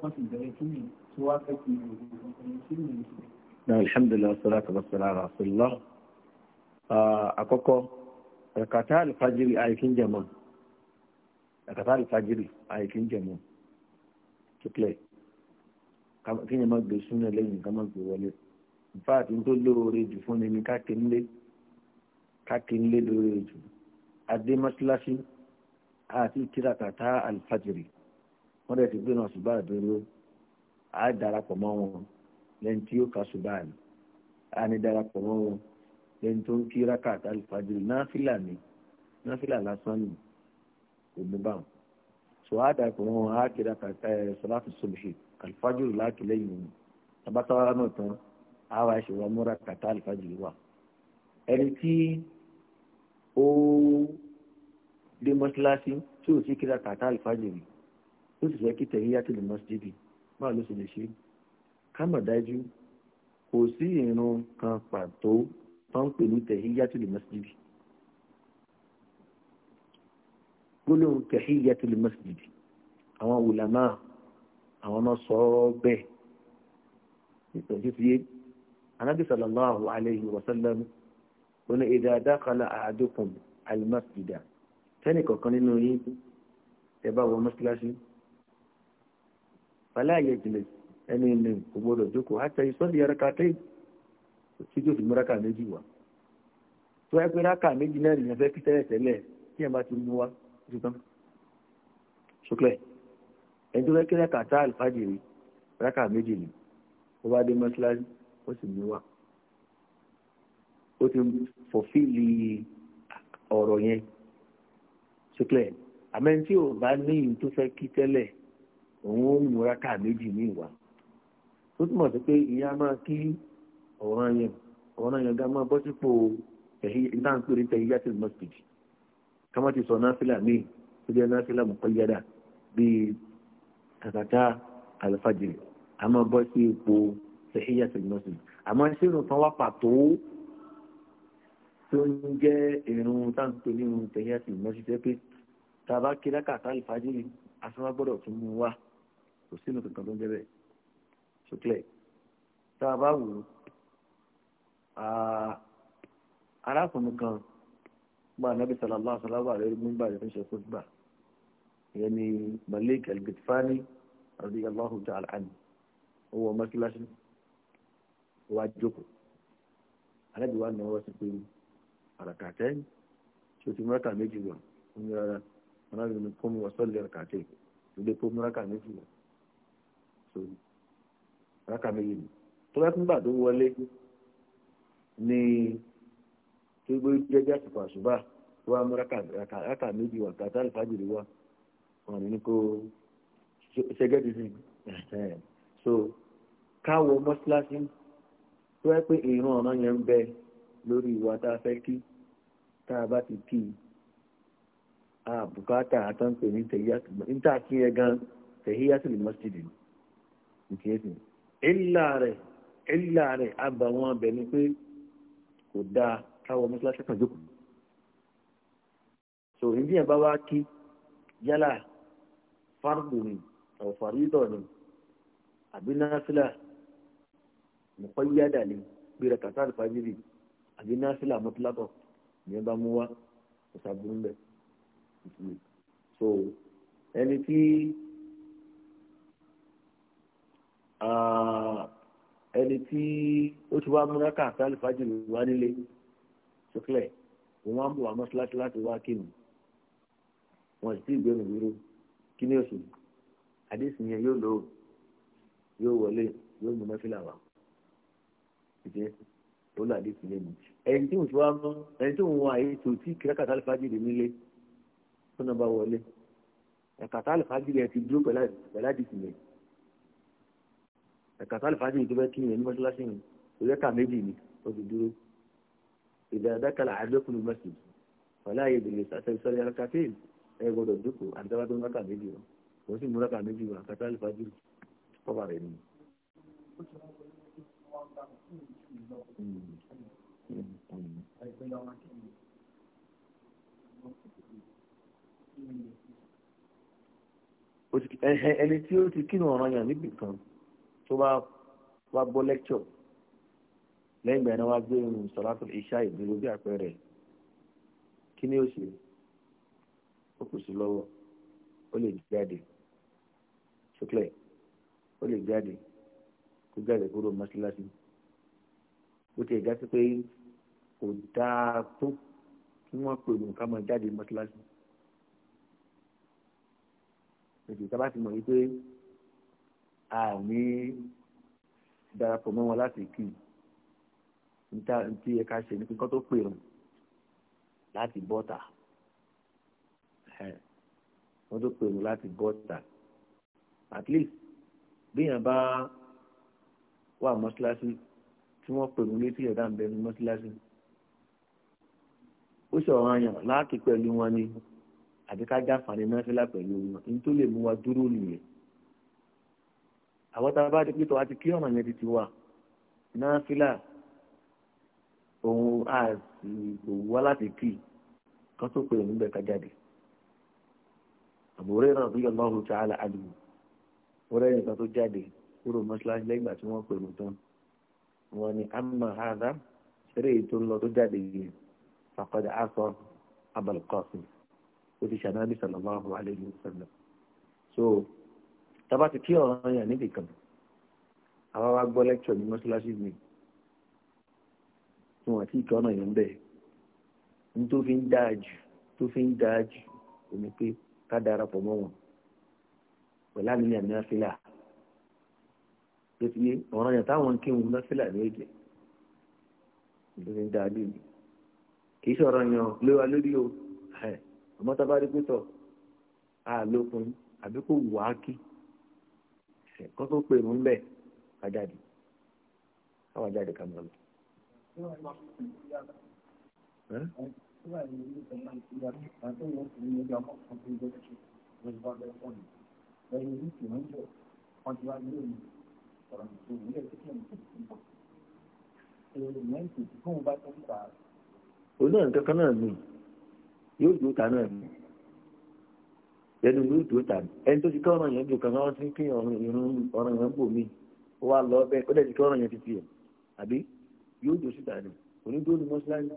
wọ́n ti bẹ̀rẹ̀ kí ni tí wọ́n fẹ́ fi ìròyìn alhamdulilayi salatu wa salam rasulillah àkọ́kọ́ rakata alfajiri aikin jama rakata alfajiri aikin jama ṣùkúlẹ̀ kéèyàn má gbé súnà lẹ́yìn ká má gbé wọlé ìfáàtì tó lóore jù fún ni káàkiri káàkiri lóore jù adé àti ti gbé náà ṣùgbọ́n àdúró á darapọ̀ mọ́ wọn lẹ́yìn tí yóò ká ṣùgbọ́n a ní darapọ̀ mọ́ wọn lẹ́yìn tó ń kíràkàtà alifájìrì náà fìlà ní náà fìlà lásán ní òmùbáwọn. sòwádà pé wọn á kéde sọláàtì sọbìṣì kàlífàjòrò láti lẹ́yìn wọn tabatawara náà tán á wá ṣe wọn múra kàtà àlìfàjòrò wà ẹni tí ó dé mọ́ṣáláṣí tí ò sí kéde kàtà àlìfàjòrò ó sì fẹ́ kí tẹ̀yìn yàtọ̀ lè mọ́ṣídìdì báwo ló sì lè ṣe kan pàtó tó ń pè ní gbólóhùn tahiyyatul masjid àwọn ulama àwọn ọmọ sọ̀rọ̀ bẹ́ẹ̀ nítorí ti yé anábì sallallahu alayhi wa sallam ó ní idha dakhala ahadukum al-masjida tẹ́nì kọ̀ọ̀kan nínú yín ẹ bá wọ mọ́síláṣí fala yajlis ẹni ní kò gbọdọ̀ jókòó hatta yusalli rak'atayn síjú fi mú rákà méjì wá tó ẹgbẹ́ rákà méjì náà nìyẹn fẹ́ kí tẹ́lẹ̀ tẹ́lẹ̀ tí ẹ bá ti mú wa ṣùgbọ́n ṣùklẹ̀ ẹni tó fẹ́ kí rẹ́kà tá àlùfáàjìrì rẹ́kà méjì ni ó bá dé mọ́ṣáláṣí ó sì ní wà ó ti fòfíìlì ọ̀rọ̀ yẹn ṣùklẹ̀ àmẹ́ni tí ò bá ní ìyí tó fẹ́ kí tẹ́lẹ̀ òun ó mú rẹ́kà méjì ní ìwà tó túmọ̀ sí pé ìyá máa kí ọ̀ràn yẹn ọ̀ràn yẹn gan máa bọ́ sípò ẹ̀yìn ìdáǹpẹ̀rẹ̀ tẹ̀ yíyá tẹ̀lé mọ́ṣáláṣí kama ti sọ náfìlà míì tó jẹ́ náfìlà mọ̀kọ́yẹ́dà bíi kàkàtà àlùfájìrì a máa bọ́ sí ipò sẹ́híyà tẹ̀gbọ́sìn àmọ́ sínú kan wá pàtó tó ń jẹ́ irun táǹpé nínú sẹ́híyà tẹ̀gbọ́sìn jẹ́ pé tàbá kí lákàtà àlùfájìrì asọ́nà gbọ́dọ̀ tún mú wá kò sínú kankan tó ń jẹ́ bẹ́ẹ̀ ṣókèlè tàbá wò ó arákùnrin kan gba anabi sallallahu alaihi wa sallam mímbà rẹ̀ ṣe kútbà ìyẹn ni malik al-gitfani radiyallahu ta'ala anhu owó mọ́kíláṣí wá jókòó anabi wa náà wọ́n ti pé àràkàtẹ́ tí o ti mọ́ta méjì lọ fún mi rárá anabi ni kó mi wọ́n sọ́ọ̀lì àràkàtẹ́ ìdílé kó mi rákà méjì lọ sórí rákà méjì lọ tó bá tún gbà tó wọlé ní tó gbé jẹ́jẹ́ àsìkò àṣùbà wa mraka meji wa katar fajiri wa wani ni ko sege dizin so kawo maslasi to e pe iran na yen be lori wa ta fe ki ta ba ti ki a bukata atan pe ni te ya in ta ki e gan te hiya ti masjid ni ti illa re illa re abba won be pe ko da kawo maslasi kan joko so ìdí yẹn bá wá kí yálà fárúgbò ni ọ̀fàrídọ̀ ni àbí náfìlà mọ̀kọ́yádà ni gbéra kàtà àlùfáàjìrì àbí náfìlà mọ́tílákọ̀ ni ẹ bá mú wá kò sábúrú mbẹ so ẹni tí ẹni tí ó ti wá múra kàtà àlùfáàjìrì wá nílé sókè òun wá ń bọ̀ wá mọ́tíláṣí láti wá kí nù wọn sì gbé mi dúró kí ni oṣù àdéhùn yẹn yóò lò ó yóò wọlé yóò mú mọ́fílà wá ìdí ó là àdéhùn yẹn nìyí. ẹni tí òṣùwà mú ẹni tí òun wọ àyè tó tí kìlákàtà alifájìlì nílé tó náà bá wọlé ẹ̀kàtà alifájìlì ẹ ti dúró pẹ̀lú àdéhùn yẹn ẹ̀kàtà alifájìlì tó fẹ́ kí yẹn ní mọ́ṣáláṣí yẹn òyẹ́kà méjì ni ó ti dúró ìdá dákàlà àdókùnrin mọ́ṣáláṣí ẹ gbọ́dọ̀ jókòó àdìsábà tó ń rákà méjì wa kò sí mú rákà méjì wa kàtà lè fàájì kọ́ba ni. ẹni tí ó ti kírun ọ̀ràn yàn níbi kan tó bá wá gbọ́ lẹ́kṣọ̀ lẹ́yìn ìgbà yẹn wá gbé irun sọ̀rọ̀ àtọ̀ ìṣá ìdúró bí àpẹẹrẹ kí ni ó ṣe ó kù sí lọ́wọ́ ó lè jáde ṣókè ó lè jáde kó jáde kúrò mọ́ṣáláṣí ó ti ẹ̀dá sí pé kò dáa tó kí wọ́n pè mí ká máa jáde mọ́ṣáláṣí ètò ìta bá ti mọ̀ wípé àmì darapọ̀ mọ́ wọn láti kì í níta tí ẹ̀ka ṣe ní kíkọ́ tó pè rùn láti bọ́ta wọ́n tó pèrò láti bọ́ta at least bíyàn bá wà mọ́ṣáláṣí tí wọ́n pèrò létí ẹ̀dá ń bẹ ní mọ́ṣáláṣí ó ṣọ̀rọ̀ àyàn láti pẹ̀lú wọn ni àti ká jáfàní náfìlà pẹ̀lú wọn ní tó lè mú wa dúró nìyẹn àwọn tá a bá ti pétọ́ àti kí ọ̀nà yẹn ti ti wà náfìlà òun àti òwú wá láti kì kan tó pèrò níbẹ̀ ká jáde àbúrò náà bí ọlọ́hu tí a là á dùn ó rẹ́ nìkan tó jáde kúrò mọ́ṣáláṣí lẹ́gbàá tí wọ́n pèrò tán wọn ni amma hada eré èyí tó tó jáde yìí fàkọ́dà aṣọ abalùkọ́sì ó ti ṣànábì sallallahu alayhi wa sallam so tábà ti kí ọ̀ràn yàn níbi kan àwa wá gbọ́ lẹ́kṣọ̀ ní mọ́ṣáláṣí mi tí wọ́n ti kí ọ̀nà yẹn bẹ́ẹ̀ ní tó fi ń dáa jù tó fi ń dáa jù òní pé ká darapọ̀ mọ́ wọn pẹ̀lú àníyàn náfìlà pété ọ̀ràn yẹn táwọn kéwọn náfìlà ní èdè ìdílé dáa lónìí kì í sọ̀rọ̀ yẹn léwa lórí o ọmọ tá a bá rí pẹ́tọ̀ a lókun àbí kò wù á kí kó tó pè mú bẹ́ẹ̀ ká jáde káwa jáde ká mọ̀ lọ òun náà kankan náà nù yóò dúró ta náà nù lẹ́nu yóò dúró ta ẹni tó ti kọ́ ọ̀ràn yẹn dùn kan náà ti kí ọ̀ràn yẹn bò mí ó wá lọ bẹ́ẹ̀ ó dẹ̀ ti kọ́ ọ̀ràn yẹn ti tiẹ̀ àbí yóò dúró síta nù onídùúró ni mọ́ṣáláyé.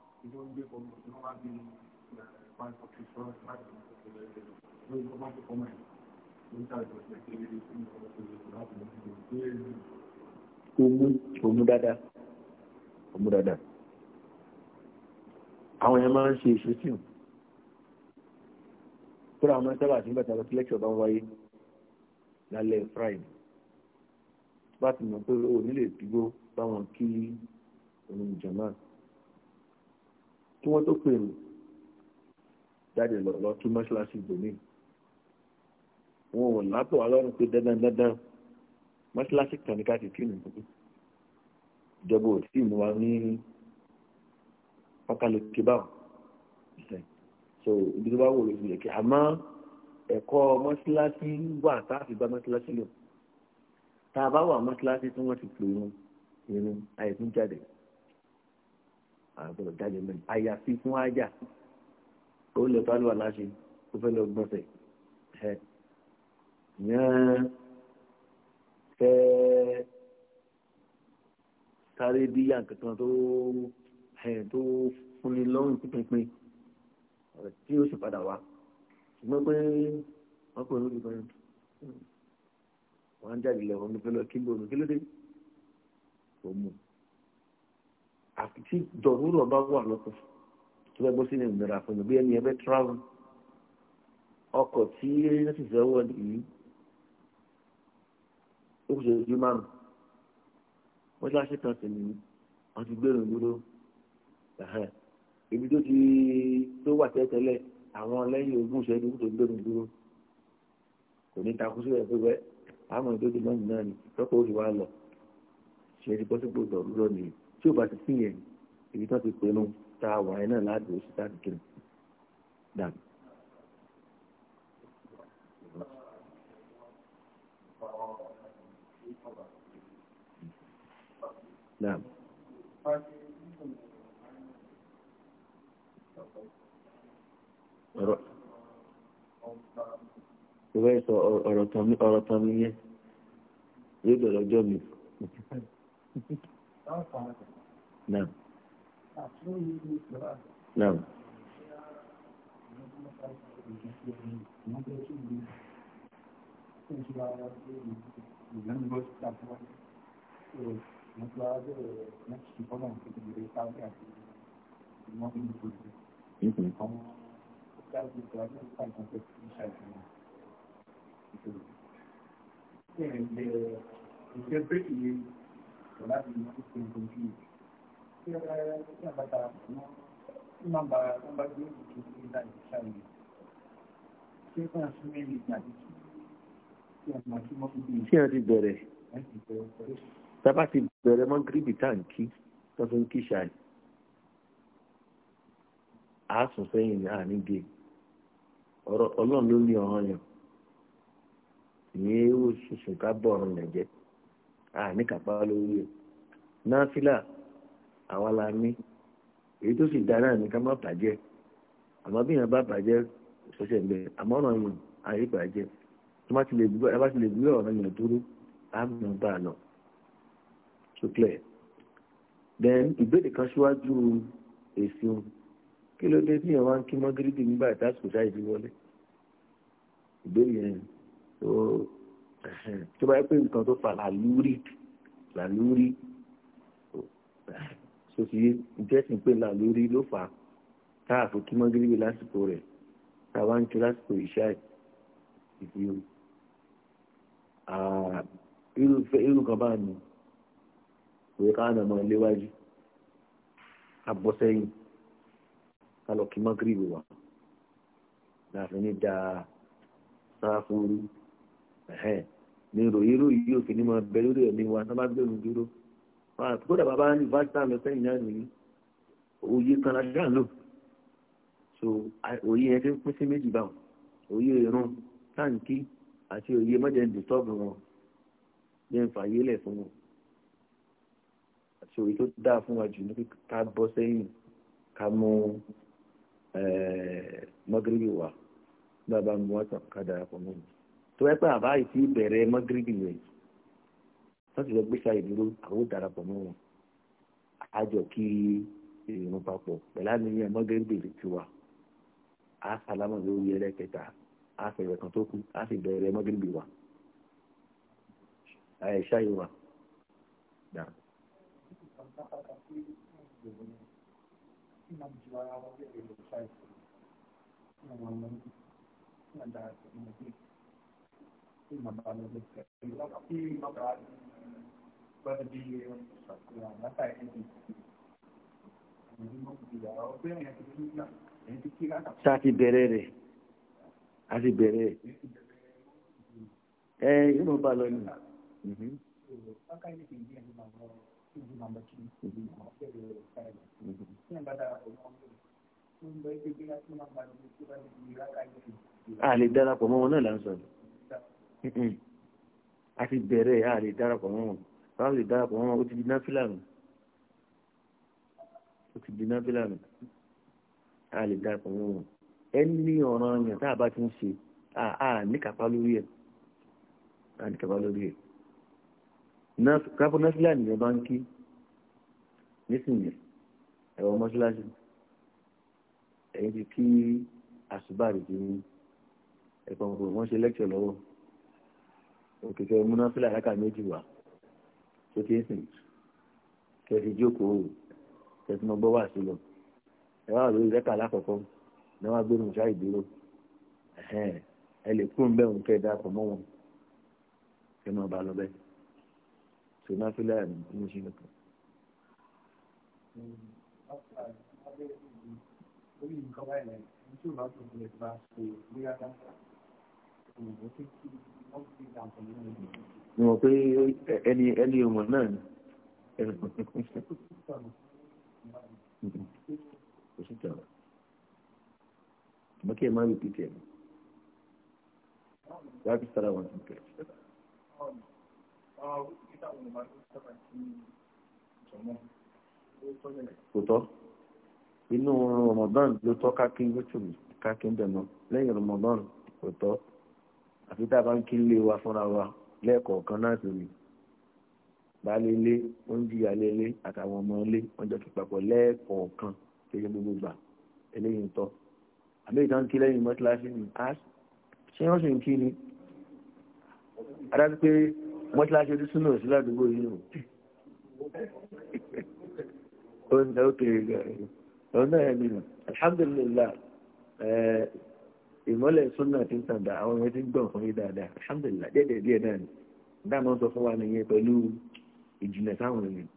ìjọ ń gbé ọmọ tí wọ́n bá bí five of six five five of six ọ̀rẹ́ ẹ̀rọ lórí ọmọ tó kọ́ máa ń ń tàbí ọ̀sẹ̀ kéré fún ọmọ tó lè kọ́ láti dada àwọn èèyàn máa ń ṣe èso tí ò kúrò àwọn sábà tí nígbà tí lọ sí lẹ́kṣọ̀ bá ń wáyé lálẹ́ friday bá ti mọ̀ pé o nílè dúró báwọn kí orin jama kí wọ́n tó pèrò jáde lọ lọ tún mọ́ṣáláṣí ìgbòmí wọn ò látọ̀ alọ́run pé dandan dandan mọ́ṣáláṣí kan ní káàkiri kí nìkan ìjọba ò tí mú wa ní pákáleke báwọn so ibi tó bá wò lóṣù yẹ kí àmọ́ ẹ̀kọ́ mọ́ṣáláṣí wà táàfin bá mọ́ṣáláṣí lò tá a bá wà mọ́ṣáláṣí tí wọ́n ti pè irun irun àìsàn jáde àgbọ̀dọ̀ jáde mẹ́rin àyàfi fún ájà ó lè tọ́lú wà láṣẹ ó fẹ́ lọ gbọ́nsẹ̀ ẹ̀ yán fẹ́ sáré bí yàǹkì kan tó tó fúnni lọ́rùn pínpín tí ó sì padà wá ṣùgbọ́n pé wọ́n pè lórí kan wọ́n á jáde lọ wọ́n kí lóòrùn kí ló dé kò mú un àti tí dọ̀rúrọ̀ bá wà lọ́kọ̀ tó bẹ́ bọ́ sínú ìnira fún mi bí ẹni ẹbẹ́ travel ọkọ̀ tí nọ́ọ̀sì sẹ́wọ́ yìí ó kù ṣojú márùn wọ́n ṣáṣẹ́ kan sì ní wọ́n ti gbèrò dúró ibi tó ti tó wà tẹ́tẹ́lẹ̀ àwọn lẹ́yìn ogún ìṣẹ́jú tó gbèrò dúró kò ní takú sílẹ̀ pé wẹ́ àwọn ìdójú náà nìyí tọ́kọ̀ ó sì lọ ṣe é ti bọ́ sípò dọ̀rúrọ̀ tí ò bá ti sí yẹn èyí tó ti pinnu tá a wà ẹ náà láti oṣù tá a ti kiri dàbí. Naam. Ọ̀rọ̀ tán mi yẹ. Yóò dọ̀rọ̀ ọjọ́ mi. نعم نعم Thank you kò láti mọ tó ṣe nǹkan bí i tí ẹ bá ní àbáta àpamọ́ tí máa bá tó bá gbé òkè sí ìlà ìṣàlẹ̀ tí ó kàn sí mẹ́rin ìgbàdí tí ẹ máa kí mọ́ fún bí i. tí ẹ ti bẹ̀rẹ̀ tábà ti bẹ̀rẹ̀ mọ́ gíríbì táǹkì tó fi ń kí ṣáà àásùn sẹ́yìn ní àníge ọ̀rọ̀ ọlọ́run ló ní ọ̀hán yẹn ìyẹn ó ṣùṣù ká bọ̀ ọ̀run lẹ̀jẹ̀ àní kàpá lórí ẹ̀ náfìlà àwa la ní èyí tó sì dá náà ní ká má bàjẹ́ àmọ́ bí yẹn bá bàjẹ́ ṣẹṣẹ ń bẹ àmọ́ ọ̀nà yìí àyè bàjẹ́ tó bá ti lè gbé ọ̀nà yẹn dúró àmì náà bá tó clear then ìbéèrè kan ṣíwájú èsì òun kí ló dé tí yẹn wá ń kí mọ́gírídì nígbà ìtàkùn ṣáà ìdíwọlé ìbéèrè yẹn tó tó bá yẹ pé nǹkan tó fà làlúrí làlúrí sòsì ìjẹ́sìn pé làlúrí ló fà táà fún kí mọ́gíríbì lásìkò rẹ̀ táwa ń kí lásìkò ìṣá ìfi irú kan bá ní òye káwọn ọmọ léwájú abọ́sẹ́yìn ká lọ kí mọ́gíríbì wà láàfin ní dáa sáfúrú ẹ̀hẹ́n ni ròyìn ròyìn yóò fi ní mọ bẹ lórí ẹ̀mí wa tó bá gbẹ̀rù dúró kódà bàbá ní vásítà mi sẹ́yìn náà nìyí òye kan la dá lò so òye yẹn ti ń pín sí méjì báwọn òye irun táǹkì àti òye mọ́jẹ̀ ń dìtọ́ọ̀bù wọn ní ìfàyè lẹ̀ fún wọn àti òye tó dáa fún wa jù ní ká bọ́ sẹ́yìn ká mú mọ́gírí wa bàbá mu wá tàn ká darapọ̀ mọ́ mi tó yẹ pé àbá yìí ti bẹ̀rẹ̀ mọ́gíríbì rẹ̀ wọ́n ti lọ gbé sáyé dúró àwọn darapọ̀ mọ́ wọn àjọ kí ìrìn papọ̀ pẹ̀lú àníyàn mọ́gíríbì rẹ̀ ti wà á sálámà lórí ẹlẹ́kẹta á fẹ̀rẹ̀ kan tó kù á sì bẹ̀rẹ̀ mọ́gíríbì wa àyẹ̀ṣá yìí wà. Thank you tá a ti bẹ̀rẹ̀ rẹ̀ a ti bẹ̀rẹ̀ ẹ yóò mọ̀ bá lọ ní. Mhm. a lè darapọ̀ mọ́ wọn náà là sọ̀rọ̀ a ti bẹ̀rẹ̀ a lè darapọ̀ mọ́ wọn bá lè darapọ̀ mọ́ wọn ó ti di náfìlà nù ó ti di náfìlà nù a lè darapọ̀ mọ́ wọn ẹni ọ̀ràn yẹn tá a bá ti ń ṣe a níkàpá lórí ẹ̀ a níkàpá lórí ẹ̀ kápọ̀ náfìlà nìyẹn bá ń kí nísìnyẹn ẹ̀wọ̀n mọ́ṣáláṣí ẹ̀yìn ti kí àṣùbà rèé ní ẹ̀kọ́ wọn ṣe lẹ́kṣọ̀ lọ́wọ́ òkè fẹ́ múná fílà láka méjì wá tó ti ń sìn kẹfì jókòó kẹfì mọ gbọ́wọ́ àti lọ ẹ wá lórí rẹ́kà lákọ̀ọ́kọ́ ní wọ́n á gbé nùsá ìdúró ẹ lè kún bẹ́ẹ̀ òun kẹ́ ẹ dáàpọ̀ mọ́ wọn ẹ máa bá lọ bẹ́ẹ̀ tó ná fílà ẹ̀ ní ṣe nìkan. Orí nǹkan mo mọ̀ pé ẹni ẹni ọmọ náà ni ẹni kò sí tọ̀rọ̀ mo kí ẹ máa rí pété ẹ̀ láti sára wọn sí pẹ̀lú. Kò tọ́ inú Ramadan ló tọ́ kákín lóṣù kákín dẹ̀nà lẹ́yìn Ramadan kò tọ́ àfi tá a ń kí lé wa fúnra wa lẹ́ẹ̀kọ̀ọ̀kan náà sì ni baálé lé oúnjìyà lélé àtàwọn ọmọ lé oúnjẹ kí papọ̀ lẹ́ẹ̀kọ̀ọ̀kan kéye gbogbo gbà eléyìí ń tọ́ àbí ìtàn kí lẹ́yìn mọ́tíláṣí ni a ṣé wọ́n sì ń kí ni adájú pé mọ́tíláṣí ti súnà sí ládùúgbò yìí o oúnjẹ (laughs) ó kéré gan-an ẹ̀mí nà alhamdulilayi ìmọ́lẹ̀ súnà ti ń tàǹdà àwọn ẹni tí ń gbọ̀n fún yín dáadáa alhamdulillah díẹ̀ díẹ̀ náà ni dáàmú sọ fún wa nìyẹn pẹ̀lú ìjìnlẹ̀ sáwọn èèyàn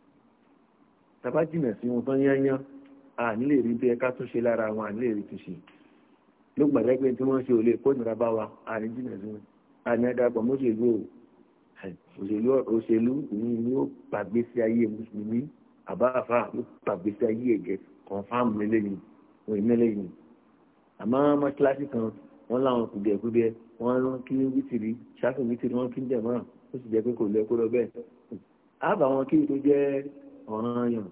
tàbá jìnà sí wọn tán yányán à nílè rí bí ẹka tún ṣe lára wọn à nílè rí tún ṣe ló gbàdá pé tí wọ́n ṣe ò lè kó nira bá wa à ní jìnà sí wọn à ní adarapọ̀ mọ́ṣèlú òṣèlú òṣèlú ni yóò pàgbé sí ayé mùsùlùmí àbáfà ló pàgbé sí ayé ẹ̀jẹ̀ kọ̀ǹfàmù lélẹ́yìn òyìnbó lẹ́yìn àmọ́ mọ́ṣáláṣí kan wọ́n láwọn kùdìẹ̀kùdìẹ̀ wọ́n ń kí wítìrí ṣáfù wítìrí wọ́n kí ń jẹ̀mọ́ ó sì jẹ́ pé kò lẹ́kọ́ lọ bẹ́ẹ̀. àbá wọn kí tó jẹ́ ọ̀ràn yàn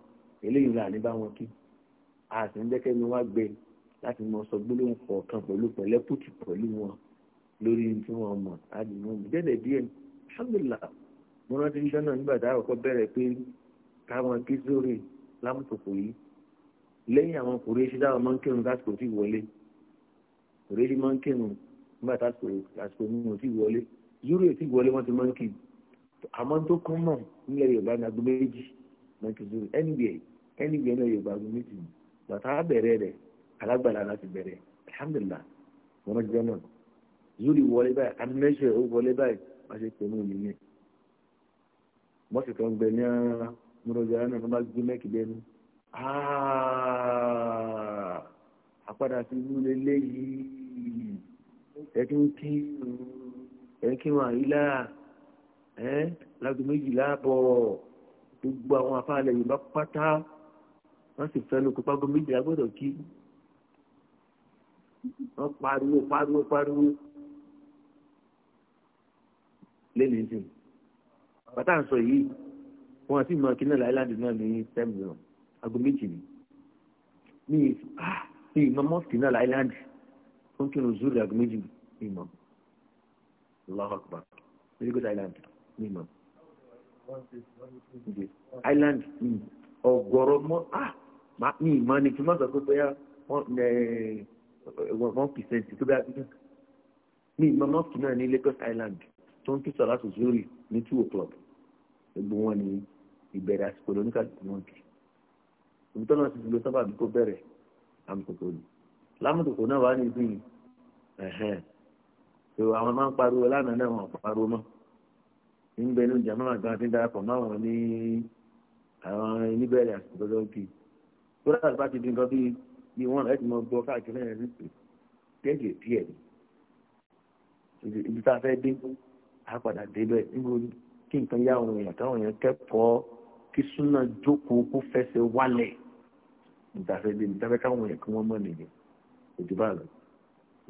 eléyìí là ní bá wọn kí a ń jẹ́kẹ́ ni wọ́n gbé láti mọ sọ gbólóhùn kọ̀ọ̀kan pẹ̀lú pẹ̀lẹ́pùtù pẹ̀lú wọn lórí tí wọ́n mọ̀ á dì mọ́ mi jẹ́lẹ̀ díẹ̀ alhamdulilah mo rántí a kọ́kọ́ bẹ̀rẹ̀ pé káwọn kí sórí lámùtòkò yìí lẹ́yìn àwọn kòrèṣí táwọn máa ń kírun lásìkò tí wọlé òrèlè máa ń kírun nígbà tásìkò àsìkò nínú ò tí wọlé yúrò ètí wọlé wọn ti máa ń kí àmọ́ tó kán mọ̀ nílẹ̀ yorùbá ní agbó méjì mẹ́tò zoro ẹnìgbẹ́ ẹnìgbẹ́ náà yorùbá agbó méjì bàtà bẹ̀rẹ̀ rẹ̀ alágbàlá láti bẹ̀rẹ̀ alhamdulilah wọn ti bẹ́ẹ̀ náà zoro wọlé báyìí amẹ́sẹ̀ ó wọlé báyìí wọ́n ṣe pẹ̀lú òní ní wọ́n sì kàn gbẹ ní múrọ̀jà náà wọ́n bá gbé mẹ́kì lẹ́nu aaa àpadà sí inú lélẹ́ yìí ẹtí ń kí ẹn kí wọn àyílá ẹ lágbo méjìlá bọ̀ gbogbo àwọn afáàlẹ̀ yorùbá pátá wọ́n sì fẹ́ lóko pàgọ́ méjìlá gbọ́dọ̀ kí wọ́n pariwo pariwo pariwo lẹ́nu ìsìn bàtà ń sọ yìí wọn àti ìmọ̀ akínà láìláàdì náà ní sẹ́mi náà aago méjì ni mi ah ìmọ̀ mọ́sìkì náà láìláńdì ó ń kírun zúrì àgọ́ méjì ìmọ̀ Allahu Akbar very good island ní ìmọ̀ island ọ̀gọ̀rọ̀ mọ́ ah ní ìmọ̀ ni tí wọ́n sọ pé bóyá one percent tó bá bí ní ìmọ̀ mọ́sìkì náà ní Lagos Island tó ń kí sọ̀rọ̀ àti zúrì ní two o'clock gbogbo wọn ni ìbẹ̀rẹ̀ àsìkò lóníkàlùkù wọn kì í. òbítọ́ náà ti dùn lọ sábà bí bẹ̀rẹ̀ lámùtòkò ni lámùtòkò náà wà ní ibi yìí ẹ̀hẹ́n tó àwọn máa ń pariwo lánàá náà wọn pariwo mọ́ ń bẹ ní ìjàmbá àgbà tí ń darapọ̀ mọ́ àwọn ní àwọn oníbẹ̀rẹ̀ àsìkò lọ́wọ́ kì í tó dáa bá ti di nǹkan bíi bíi wọn láti mọ gbọ́ káàkiri náà ní pè kéèké díẹ̀ ni ibi tá a fẹ́ dé a padà débẹ̀ níbo kí nǹkan yá àwọn èèyàn táwọn èèyàn kẹ́kọ̀ọ́ kí súnà jókòó kó fẹsẹ̀ wálẹ̀ ìtafẹ́ bí ìtafẹ́ káwọn èèyàn kí wọ́n mọ̀ nìyẹn òjò bá lọ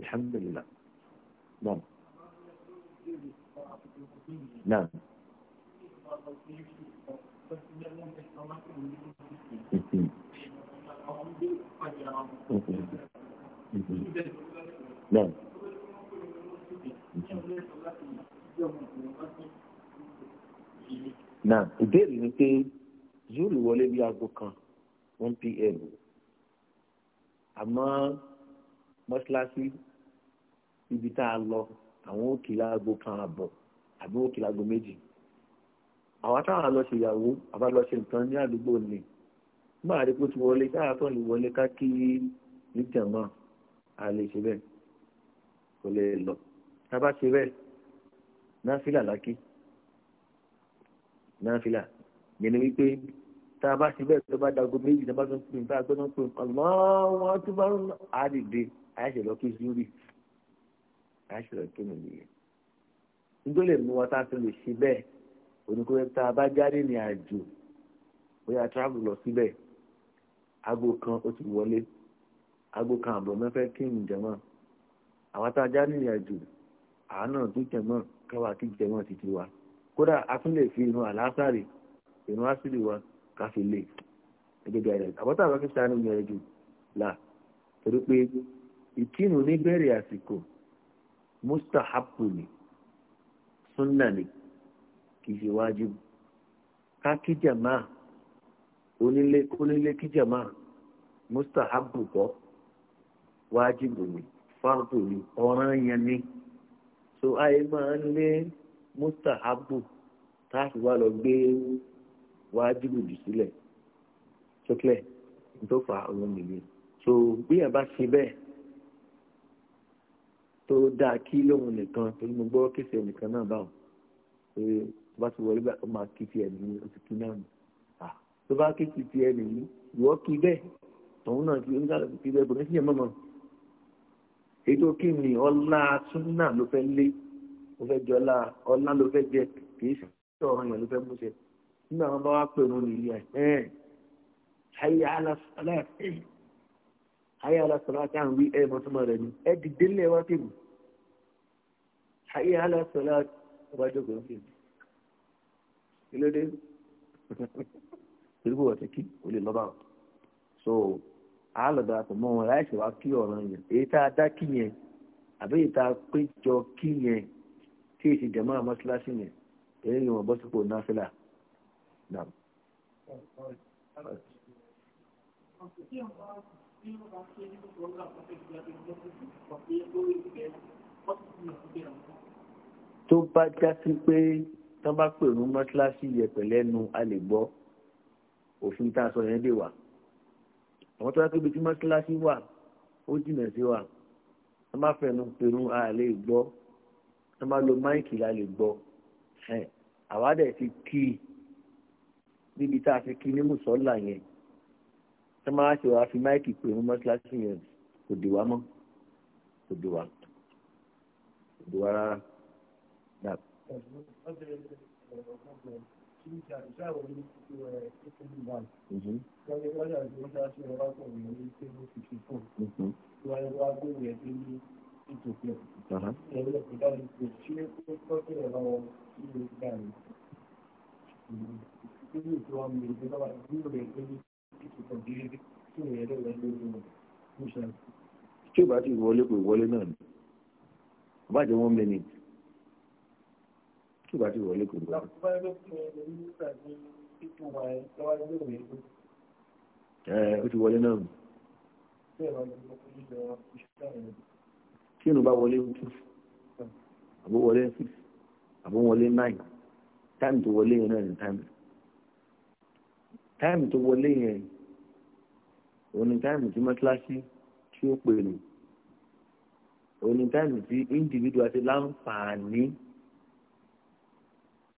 alhamdulillah náà náà. Náà. Náà, ìbéèrè ni pé yóò lè wọlé bí aago kan one pm àmọ́ mọ́ṣáláṣí ibi tá a lọ àwọn òkè láago kan àbọ̀ àbí òkè láago méjì àwọn táwọn lọ ṣe ìyàwó àbá lọ ṣe nǹkan ní àdúgbò ni máa rí kó ti wọlé sáà tó lè wọlé ká kí níjàmá a lè ṣe bẹ́ẹ̀ kò lè lọ tá ṣe bẹ́ẹ̀ náà fìlà lákì náà fìlà yẹn wípé tá a bá ṣe bẹ́ẹ̀ tó bá dago méjì tó bá tó ń pè bá gbọ́dọ̀ pè ọlọ́wọ́ tó bá ń àdìde àṣẹlọ kí zúrì àṣẹlọ kí nìyẹn nítorí lè mú wa tá a fi lè ṣe bẹ́ẹ̀ oníkóyẹ tá a bá jáde ní àjò bóyá travel lọ síbẹ̀ aago kan ó ti wọlé aago kan àbọ̀ mẹ́fẹ́ kí n jẹ̀mọ́ àwọn tá a jáde ní àjò àánà tó jẹ̀mọ́ káwa kí jẹ̀mọ́ ti ti wa kódà a tún lè fi irun àlásàrè irun àṣírí wa káfí lè gẹ́gẹ́ bí ayẹyẹ àbọ̀tà àwọn akẹ́kọ̀ọ́ ní ìyẹn jù là torí pé ìkíni oníbẹ̀rẹ̀ àsìkò mustahabu ni sunna ni kì í ṣe wájibu ká kí jàmá onílé onílé kí jàmá mustahabu kọ́ wájibu ni fardu ni ọ̀ràn yẹn ni so ayé máa ń lé mustahabu táàfù wa lọ gbé wájìbù jù sílẹ̀ ṣókílẹ̀ tó fa ọ̀rọ̀ nìyí so bí ẹ̀ bá ṣe bẹ́ẹ̀ tó dáa kí lóhun nìkan torí mo gbọ́ kéṣe nìkan náà báwọn pé tó bá ti wọlé bá máa kí ti ẹ̀mí oṣù kí náà nù tó bá kí ti ti ẹ̀mí yìí ìwọ́ kí bẹ́ẹ̀ tòun náà kí oníkàlùkù kí bẹ́ẹ̀ kò ní sí ẹ̀ mọ́mọ́ ètò kí ni ọlá súnà ló fẹ́ lé ló fẹ́ jọlá ọlá ló fẹ́ jẹ kì í sọ̀rọ̀ yẹn ló fẹ́ mú ṣe nínú àwọn bá wá pèrò nìyí ẹ ayé alásàlá ayé alásàlá tí à ń wí ẹ mọ́túnmọ́ rẹ ni ẹ dìde ńlẹ̀ wá pèrò ayé alásàlá ọba jókòó ń pèrò kí ló dé irúgbó ọ̀tẹ̀ kí kò lè lọ́ba ọ̀ so àálọ̀dà kò mọ wọn láìsí wá kí ọ̀ràn yẹn èyí tá a dá kí yẹn àbí èyí tá a péjọ kí yẹn tí èsì jẹ̀mọ́ àmọ́síláṣí yẹn èyí yẹn wọ́n bọ́ sípò náfìlà Naam. tó bá já sí pé tán bá pèrún mọ́tíláṣí yẹpẹ̀ lẹ́nu a lè gbọ́ òfin tá a sọ yẹn dè wà àwọn tó bá kébi tí mọ́tíláṣí wà ó jìnà sí wa tán bá fẹnu pèrún a lè gbọ́ tán bá lo máìkì la lè gbọ́ àwa ti kí i níbi tá a fi kí ní mùsọ́là yẹn tó máa ṣe wàá fi máìkì pè mú mọ́ṣáláṣí yẹn kò dè wá mọ́ kò dè wá kò dè wá rárá nínú ìtura mi ìjọba nínú rẹ̀ pé ìtìkọ̀ gírígí tí ìrìn ẹ̀rọ rẹ̀ lórí wọn ló ṣe. tí ó bá ti wọlé kò wọlé náà ni bá jẹ́ one minute tí ó bá ti wọlé kò wọlé. ẹ ó ti wọlé náà ni. kí ni bá wọlé two àbó wọlé six àbó wọlé táìmù tó wọlé yẹn náà ni táìmù táìmù tó wọlé yẹn òun ni táìmù tí mọ́tíláṣí tí ó pè nù òun ni táìmù tí individual ti láǹfààní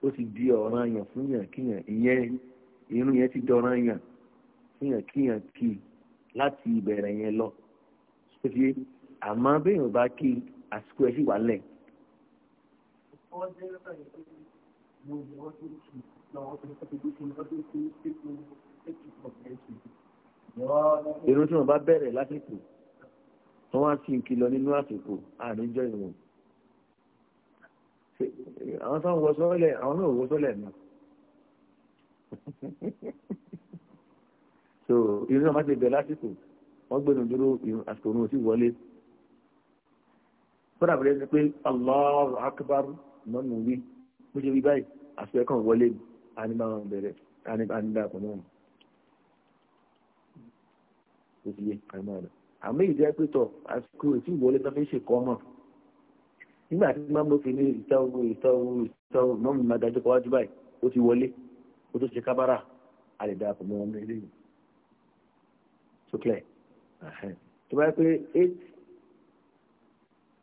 ó ti di ọ̀ràn yàn fún yàn kíyàn ìyẹn irun yẹn ti dọ̀ràn yàn fún yàn kíyàn kì láti ìbẹ̀rẹ̀ yẹn lọ sófìyé àmọ́ béèyàn bá kí àsìkò ẹ̀ sì wà lẹ̀. ọ̀dẹ́rẹ́bà yìí mo yẹ wọ́n tó kì í irun tí wọn bá bẹ̀rẹ̀ lásìkò wọn wá sí ìkìlọ̀ nínú àsìkò àríjọ ìwọ̀n àwọn tó ń wọ sọ́lẹ̀ àwọn náà wọ sọ́lẹ̀ náà (laughs) so irun náà má ti bẹ̀rẹ̀ lásìkò wọ́n gbẹ̀nu dúró àsìkò òun ò sì wọlé fúnra bẹ̀rẹ̀ pé Allahu Akbar mọ́nù wí bó ṣe wí báyìí àsìkò ẹ̀kan wọlé ni. àníbà wọn bẹ̀rẹ̀ àníbà pọ̀ náà ó ti a àníbà rẹ̀ àmì ìjẹ́ pé tọ̀ àsìkò ètí ìwọlé tó fi ń ṣèkọ́ mọ̀ nígbà tí máa fi ti wọlé ó tó ṣe kábàrà àlèdà pọ̀ mọ́ ọmọ ilé yìí sókè tó bá pé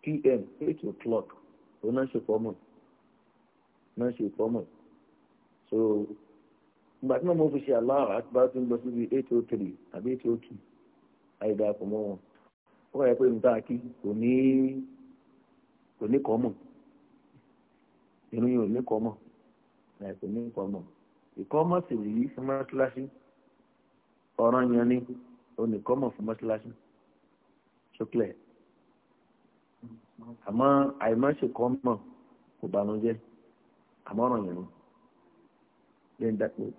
pm 8 o'clock so ìgbà tí mo fi ṣe aláwọ̀ àti bá tún lọ síbi eight oh three àbí eight oh two àìdá kò mọ́ wọn ó wáyé pé nǹkan àkí kò ní kò ní kọ́ mọ̀ irun yìí ò ní kọ́ mọ̀ ẹ̀ kò ní kọ́ mọ̀ ìkọ́mọ̀ sì yìí fún mọ́ṣáláṣí ọ̀ràn yẹn ni oníkọ́mọ̀ fún mọ́ṣáláṣí ṣókìlẹ̀ àmọ́ àìmọ́ṣe kọ́ mọ̀ kò bànújẹ́ àmọ́ ọ̀ràn yẹn ni during that week.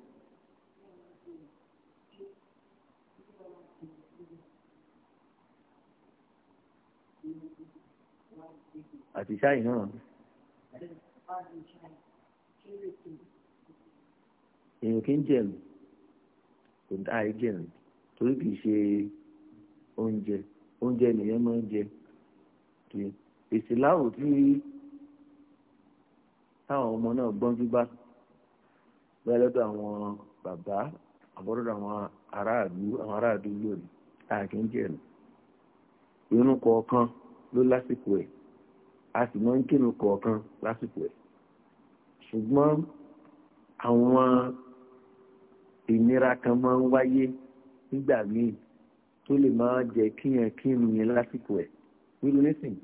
àti ṣáì náà. èèyàn kì í jẹun kò dáa jẹun torí kì í ṣe oúnjẹ oúnjẹ nìyẹn máa ń jẹ èsì láwò tí táwọn ọmọ náà gbọ́njú bá bẹ́ẹ̀ lọ́dọ̀ àwọn bàbá àbọ̀dọ̀ àwọn aráàlú àwọn aráàlú lónìí àkíńjẹ́ nù irun kọ̀ọ̀kan ló lásìkò ẹ̀ a sì máa ń kírun kọ̀ọ̀kan lásìkò ẹ̀ ṣùgbọ́n àwọn ìnira kan máa ń wáyé nígbà míì tó lè máa jẹ́ kíyàn kírun yẹn lásìkò ẹ̀ nínú nísìn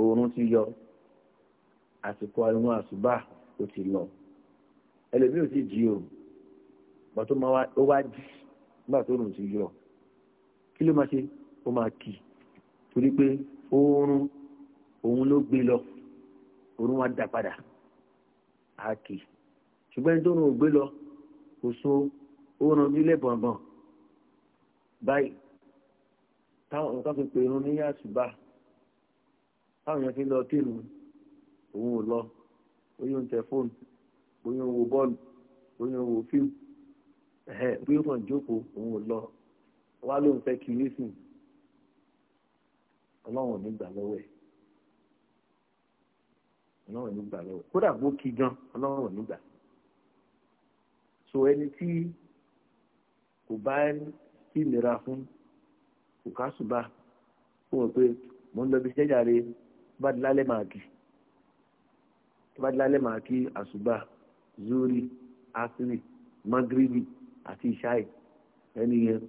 oòrùn ti yọ àsìkò àwọn àṣùbà ó ti lọ ẹlòmíì ò sì jí o gbà tó máa ó wá jí nígbà tó rùn sí yọ kí ló máa ṣe ó máa kì torí pé oorun òun ló gbé lọ oorun wá dá padà á kì ṣùgbọ́n ẹni tó rùn ò gbé lọ kò so oorun nílé bọ̀nbọ̀n báyìí táwọn nǹkan fi pè irun ní àṣùbà táwọn yẹn fi lọ kírun òun ò lọ ó yóò ń tẹ fóònù bóyá ń wo bọ́ọ̀lù bóyá ń wo fíìmù bóyá kàn jókòó òun ò lọ wá ló ń fẹ́ kí ilé sìn ọlọ́run ò ní gbà lọ́wọ́ ẹ̀ ọlọ́run ò ní gbà lọ́wọ́ kódà bó kí gan ọlọ́run ò ní gbà so ẹni tí kò bá sí ìnira fún kò ká ṣùgbà fún wọn pé mò ń lọ bí sẹ́jà rẹ bá di lálẹ́ máa kí bá di lálẹ́ máa kí àṣùgbà zuri asiri magribi àti ìṣáì ẹni yẹn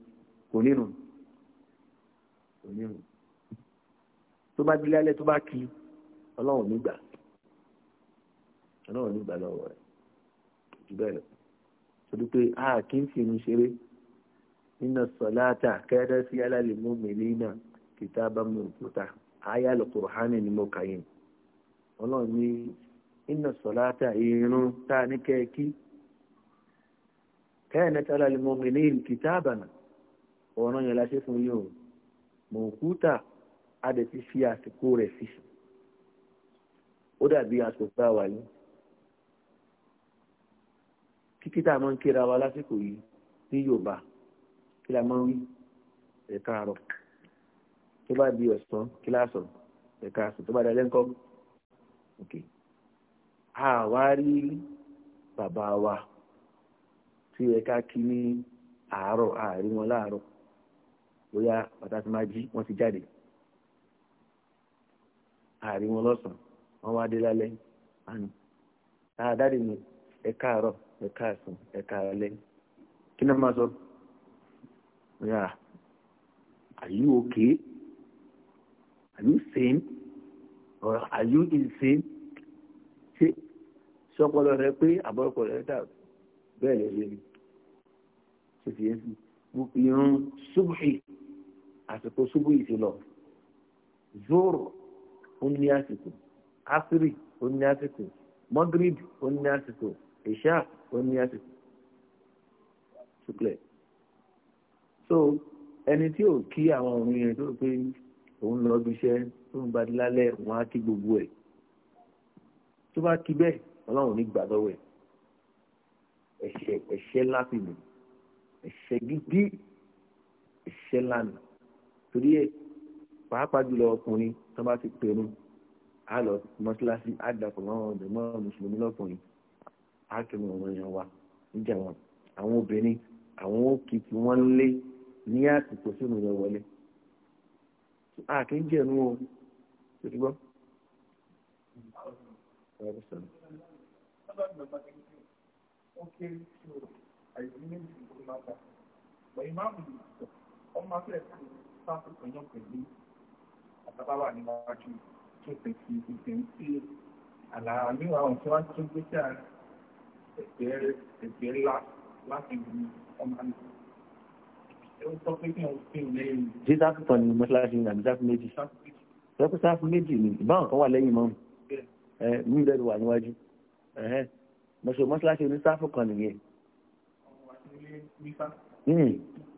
kò nínú kò nínú tó bá dílé alẹ́ tó bá kí ọlọ́run nígbà ọlọ́run nígbà lọ́wọ́ rẹ̀ jù bẹ́ẹ̀ lọ torí pé a kì í fi mi ṣeré nínú sọláàtà kẹ́rẹ́ sí alálẹ̀ mi nínà kìtà bá mi òkúta ayé alùpùpù hánì ni mo kà yín ọlọ́run ní inna sọ̀láta irun tá a ní kẹ́ẹ̀kí kẹ́ẹ̀nẹ́ tálà lè mọ mi ní kìtàbànà ọ̀ràn yẹn la ṣe fún yín o mọ̀ òkúta a dẹ̀ ti fi àsìkò rẹ̀ sí ó dàbí àsòpá wà yín kíkítà máa ń kíra wa lásìkò yìí ní yorùbá kí la máa ń wí ẹ̀ka àrọ̀ tó bá di ọ̀sán kí la sọ̀rọ̀ ẹ̀ka àsùn tó bá di alẹ́ ńkọ́ okay àwárí bàbá wa tí ó ká kí ní àárọ̀ àárín wọn láàárọ̀ bóyá pàtàkì máa jí wọ́n ti jáde àárín wọn lọ́sàn-án wá dé lálẹ́ àná àádáde ni ẹ káàárọ̀ ẹ káàsán ẹ káàlẹ́ kí náà máa sọ yà are you okay are you sane or are you insane ṣe sọ́pọ̀lọ́ rẹ pé àbọ̀rọ̀pọ̀ rẹ dà bẹ́ẹ̀ lè rí ṣe fi yẹn sí irun ṣubúhì àsìkò ṣubúhì ti lọ zoro ó ní àsìkò asiri ó ní àsìkò magrib ó ní àsìkò ìṣá ó ní àsìkò ṣùgbọ́n so ẹni tí ò kí àwọn òun yẹn tó pé òun lọ bí iṣẹ́ tó ń ba lálẹ́ wọn á kí gbogbo ẹ̀ tó bá kí bẹ́ẹ̀ ọlọ́run ní gbà lọ́wọ́ ẹ̀ ẹ̀ṣẹ̀ ẹ̀ṣẹ̀ ńlá sì nù ẹ̀ṣẹ̀ gidi ẹ̀ṣẹ̀ ńlá nù torí ẹ̀ pàápàá jùlọ ọkùnrin tó bá ti pẹ̀rù á lọ mọ́ṣáláṣí á dàpọ̀ mọ́ ọ̀dọ̀ mọ́ mùsùlùmí lọ́kùnrin á kẹ́mi ọ̀rọ̀ yẹn wa níjà wọn àwọn obìnrin àwọn òkè tí wọ́n ń lé ní àsìkò sínú yẹn wọlé a kì í jẹ̀nu o ṣe ti gbọ́ sọ́dọ̀ pàtàkì ó kéré tó àìsí méjì tó máa gbà pọ̀ ìmáàmù ìjọ ọmọ afẹ́ tó sáfù pẹ̀yàn pẹ̀lú àtàbáwà níwájú tó tẹ̀sí ìpè ń sí àlàáfíà àwọn tí wọ́n tún gbé sáà ẹ̀gbẹ́ ńlá láti wù ọmọ àlùkò. Jísáfù kan ni mọ́ṣáláṣí ní àbísáfù méjì. Sọ́kùsáfù méjì ni ìbáwọn kan wà lẹ́yìn mọ́. Ẹ mú ìdẹ́rù wà níwájú mọ̀ṣọ́ mọ́ṣáláṣí onísáfù kan nìyẹn hmm.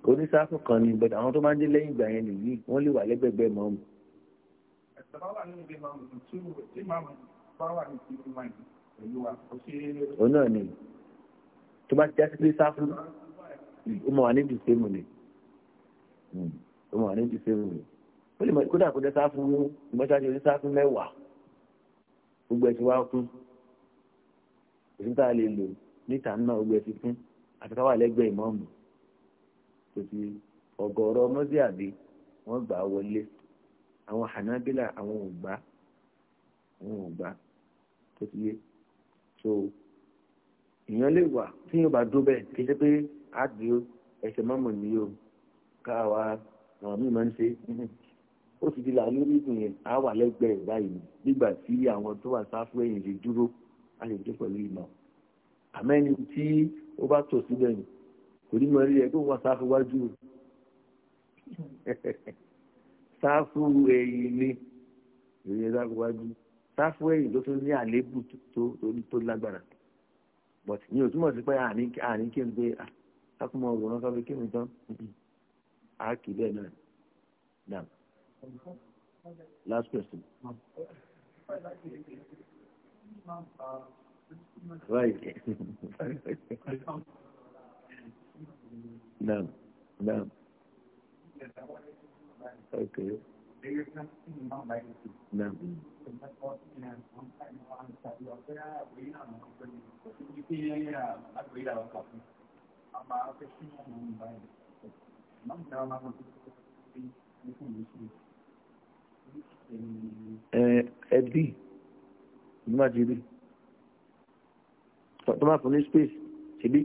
onísáfù kan ni bẹ̀rẹ̀ àwọn tó máa ń dé lẹ́yìn ìgbà yẹn nìyí wọ́n lè wà lẹ́gbẹ̀gbẹ̀ mọ́ mu. òun náà ni tó bá ti já sí pé sáfù ó mọ̀ wà ní dùsẹ́mù ni hmm. ó mọ̀ wà ní dùsẹ́mù ni ó lè mọ̀ kódà kó dẹ́ sáfù mọ́ṣáláṣí onísáfù mẹ́wàá gbogbo ẹ̀ ti wá kún òṣù tá a lè lò níta náà ó gbẹ ti kún àti káwá lẹ́gbẹ̀ẹ́ ìmọ̀ọ́mù tó ti ọ̀gọ̀ọ̀rọ̀ mọ́sí àbí wọ́n gbà á wọlé àwọn hànábílà àwọn ò àwọn ò gbà yé so èèyàn lè wà tí yóò bá dó kí ṣe pé á di ó ni yóò káwa àwọn míì máa ń ṣe ó sì ti là lórí ìdùn yẹn á wà lẹ́gbẹ̀ẹ́ báyìí nígbà tí àwọn tó wà sáfù ẹ̀yìn lè dúró a lè dé pẹ̀lú ìmọ̀ àmẹ́ni tí ó bá tò síbẹ̀ ni kò ní mọ rí ẹ pé wọ́n sáfù wájú (laughs) sáfù ẹ̀yìn ni ìròyìn sáfù wájú sáfù ẹ̀yìn ló tún ní àléébù tó lágbára but ní òtúmọ̀ sí pé àní kí n gbé àkúmọ̀ òwòrán sọ́fẹ́ kí n tán á kì bẹ́ẹ̀ náà dam last question. Right. نعم نعم اوكي نعم ẹbí ìlú má ti rí tó má fún ní space ṣèbí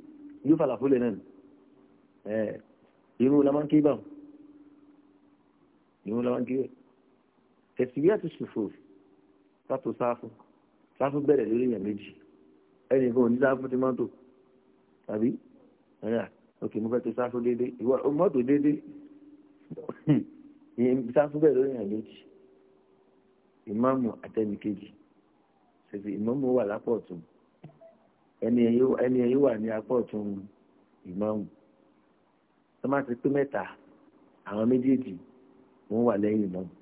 yóò fàlà fúlẹ̀ náà irú la máa ń kí bá irú la máa ń kí bẹ́ẹ̀ tẹ̀síbí àti ṣòfò sátò sáfù sáfù bẹ̀rẹ̀ lórí èèyàn méjì ẹnì kan ò ní sáfù ti máa tò tàbí ẹ̀yà òkè mo fẹ́ tó sáfù déédéé ìwọ mọ́tò déédéé (laughs) sáfù bẹ̀rẹ̀ lórí èèyàn méjì ìmáàmù àtẹnìkejì ṣèṣì ìmáàmù wà lápò ọ̀tún ẹni ẹ̀yìn wà ní apò ọ̀tún ìmáàmù tó má ti pé mẹ́ta àwọn méjèèjì wọ́n wà lẹ́yìn ìmáàmù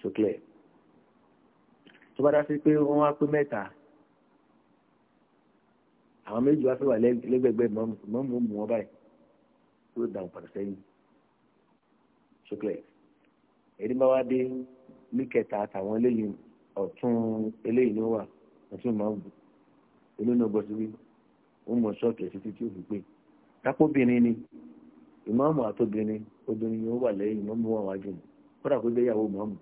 ṣókè tó bá dá sí pé wọ́n wá pé mẹ́ta àwọn méjì wá fẹ́ wà lẹ́gbẹ̀gbẹ́ mọ́mú mú wọn báyìí tó dàn padà sẹ́yìn ṣókè ẹni bá wá dé ní kẹta àtàwọn eléyìí ọ̀tún eléyìí ló wà ọ̀tún máa ń bù olóńgbò bọ́ sí wí ó o ṣọ́ọ̀kì ẹ̀sìn títí pé kápóbìnrin ni ìmáàmù àtòbìnrin obìnrin yóò wà lẹ́yìn wà wájú mi kódà kó jẹ́ ìyàwó ìmáàmù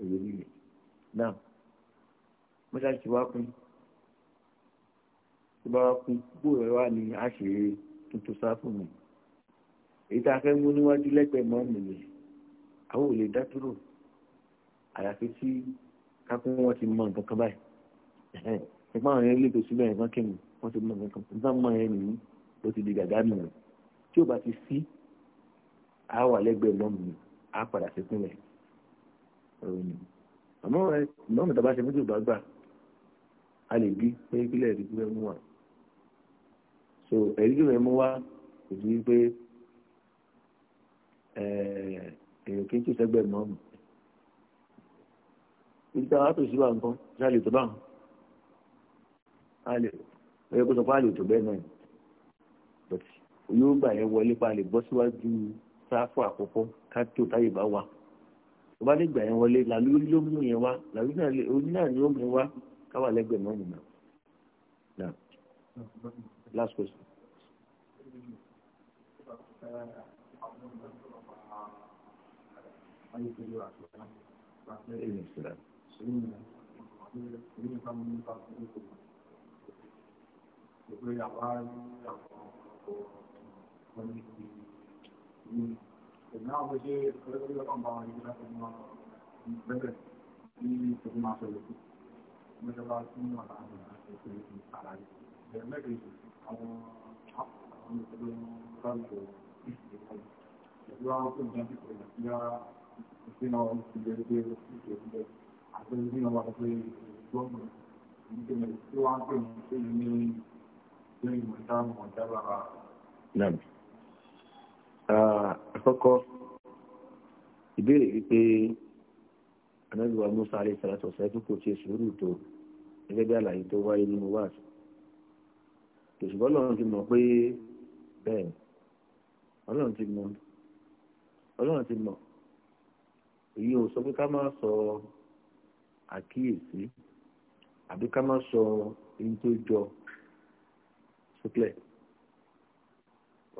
èyí nílẹ̀ náà mọ́ṣáláṣí ti wá pín bá wá pín a ṣe tuntun sáfù èyí tá a fẹ́ mú níwájú lẹ́gbẹ̀ẹ́ àyàfi tí kápẹ́ wọn ti mọ nǹkan kan báyìí nípa àwọn ẹni lẹ́tọ̀ọ́ síbẹ̀ nǹkan kẹ́mi wọ́n ti mọ nǹkan kan nípa àwọn ẹni yìí ló ti di gàgá mi tí ò bá ti sí a wà lẹ́gbẹ̀ẹ́ lọ́mù mi á padà sí pínlẹ̀ ọ̀rọ̀ ni àmọ́ ìnáwó tàbá ṣe méjì bá a lè bí pé ìpínlẹ̀ rí pé mú wa so ẹ̀rí rẹ̀ mú wa kò sí pé èèyàn kí n tún sẹ́gbẹ̀ẹ́ mọ́mù nígbà wàá tó síbà nǹkan ṣe àlè tó bá wọn àlè ẹ̀yẹ kó sọ fún àlè tó bẹ́ẹ̀ náà but yóò gbà yẹn wọlé pa àlè bọ́ síwájú sáfù àkọ́kọ́ kátó táyè bá wa tó bá lè gbà yẹn wọlé làlúrí ló mú yẹn wá làlúrí náà oní náà mú wá káwà lẹ́gbẹ̀ẹ́ náà nìyẹn. last question. Thank you. 今年，今年他们他们那个，一个月发一两万多，嗯，然后那些那个那个上班的那个什么，嗯，没得，你自己拿收入，没得话，另外打点，就是打点，没没得，他们差，他们这种高头，嗯，然后就等于说，呀，电脑、手机这些都。àti ìdí wọn wà pé gbọ́mù ìdílé tí wọ́n ń pè ní sí ní ilé ìmọ̀ta mọ̀ta bàbá. Nàbì. Àkọ́kọ́, ìbéèrè wípé Anábìwá Musa Alé Sàlátọ̀ Sẹ́kù kò ṣe sùúrù tó gẹ́gẹ́ bí àlàyé tó wáyé nínú wáàsí. Òṣùgbọ́n lọ́run ti mọ̀ pé bẹ́ẹ̀ Ọlọ́run ti mọ̀ Ọlọ́run ti mọ̀ èyí ò sọ pé ká máa sọ ọ́. àkíyèsí àbí ká má sọ ohun tó jọ sípìlẹ̀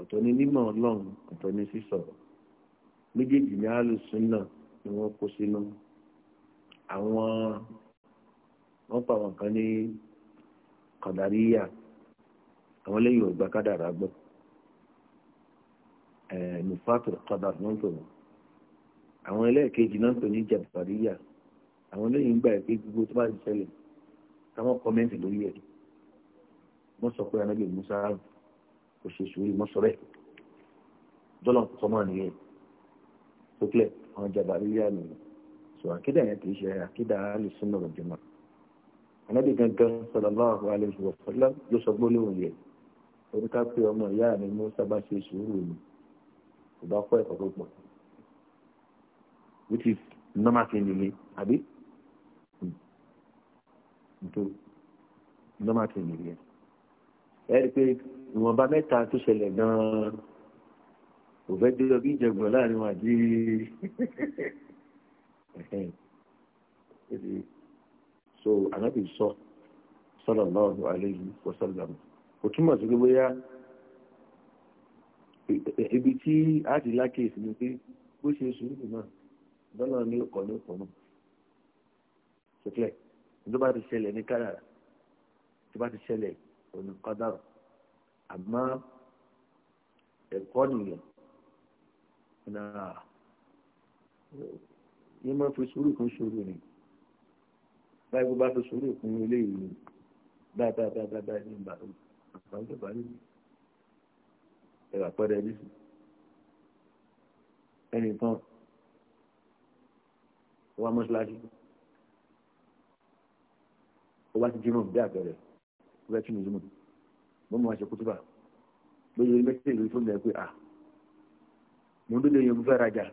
ọ̀tọ̀ ni mímọ̀ ọlọ́run ọ̀tọ̀ ni sísọ̀rọ̀ méjèèjì ní alùsùn náà ni wọ́n kó sínú àwọn wọ́n pa àwọn kan ní kàdáríyà àwọn lẹ́yìn ọ̀gbà kádàrá gbọ́ nùfàtò kádàrá náà tó wọn àwọn ẹlẹ́ẹ̀kejì náà tó ní àwọn olóyìn gbà pé gbogbo tó bá ti ṣẹlẹ̀ táwọn kọ́mẹ́ǹtì lórí ẹ̀ wọ́n sọ pé anábì musa kò ṣe sùúrù mọ́ sọ́rẹ́ dọ́là tó mọ́ nìyẹn tó kílẹ̀ àwọn jàmbá rí yá nìyẹn sọ àkídà yẹn kì í ṣe àkídà alùsùn lọ́rọ̀ jùmọ̀ anábì gangan sallallahu alaihi wa sallam ló sọ gbólóhùn yẹn oníká pé ọmọ ìyá mi musa bá ṣe sùúrù mi kò bá kọ́ ẹ̀kọ́ tó pọ̀ which is normal thing nìyẹn àbí do normal thing nìyẹn ẹ rí i pé ìwọ̀nba mẹ́ta tó ṣẹlẹ̀ gan-an kò fẹ́ dé lọ bí ìjẹ̀gbọ̀n láàrin wọn àti (laughs) so anabi sọ sọlọ lọrọ aleyhi wasallam kò túmọ̀ sí pé bóyá ibi tí a ti lákèsí ni pé bó ṣe sùúrù náà dọ́là ní ọkọ̀ ní ọkọ̀ náà ṣe clear tó bá ti ṣẹlẹ̀ ní kádàrà tó bá ti ṣẹlẹ̀ òní kádàrà àmọ́ ẹ̀kọ́ nìyẹn náà yẹn máa fi sùúrù kún sùúrù ni báyìí bó bá fi sùúrù kún ilé ìlú báyìí báyìí báyìí báyìí ní ìbàdàn àwọn tó bá rí ẹ̀rọ àpẹẹrẹ ẹbí sí ẹnìkan wọ́n á mọ́ṣáláṣí ó wá sí jimoh bí àpẹẹrẹ ó fẹ́ kí ni jimoh mo mọ̀ àṣẹ kútúbà lóye mẹ́tẹ́lẹ̀ lórí fóònù ẹ̀ pé à mo ń dúró yẹn mo fẹ́ rajà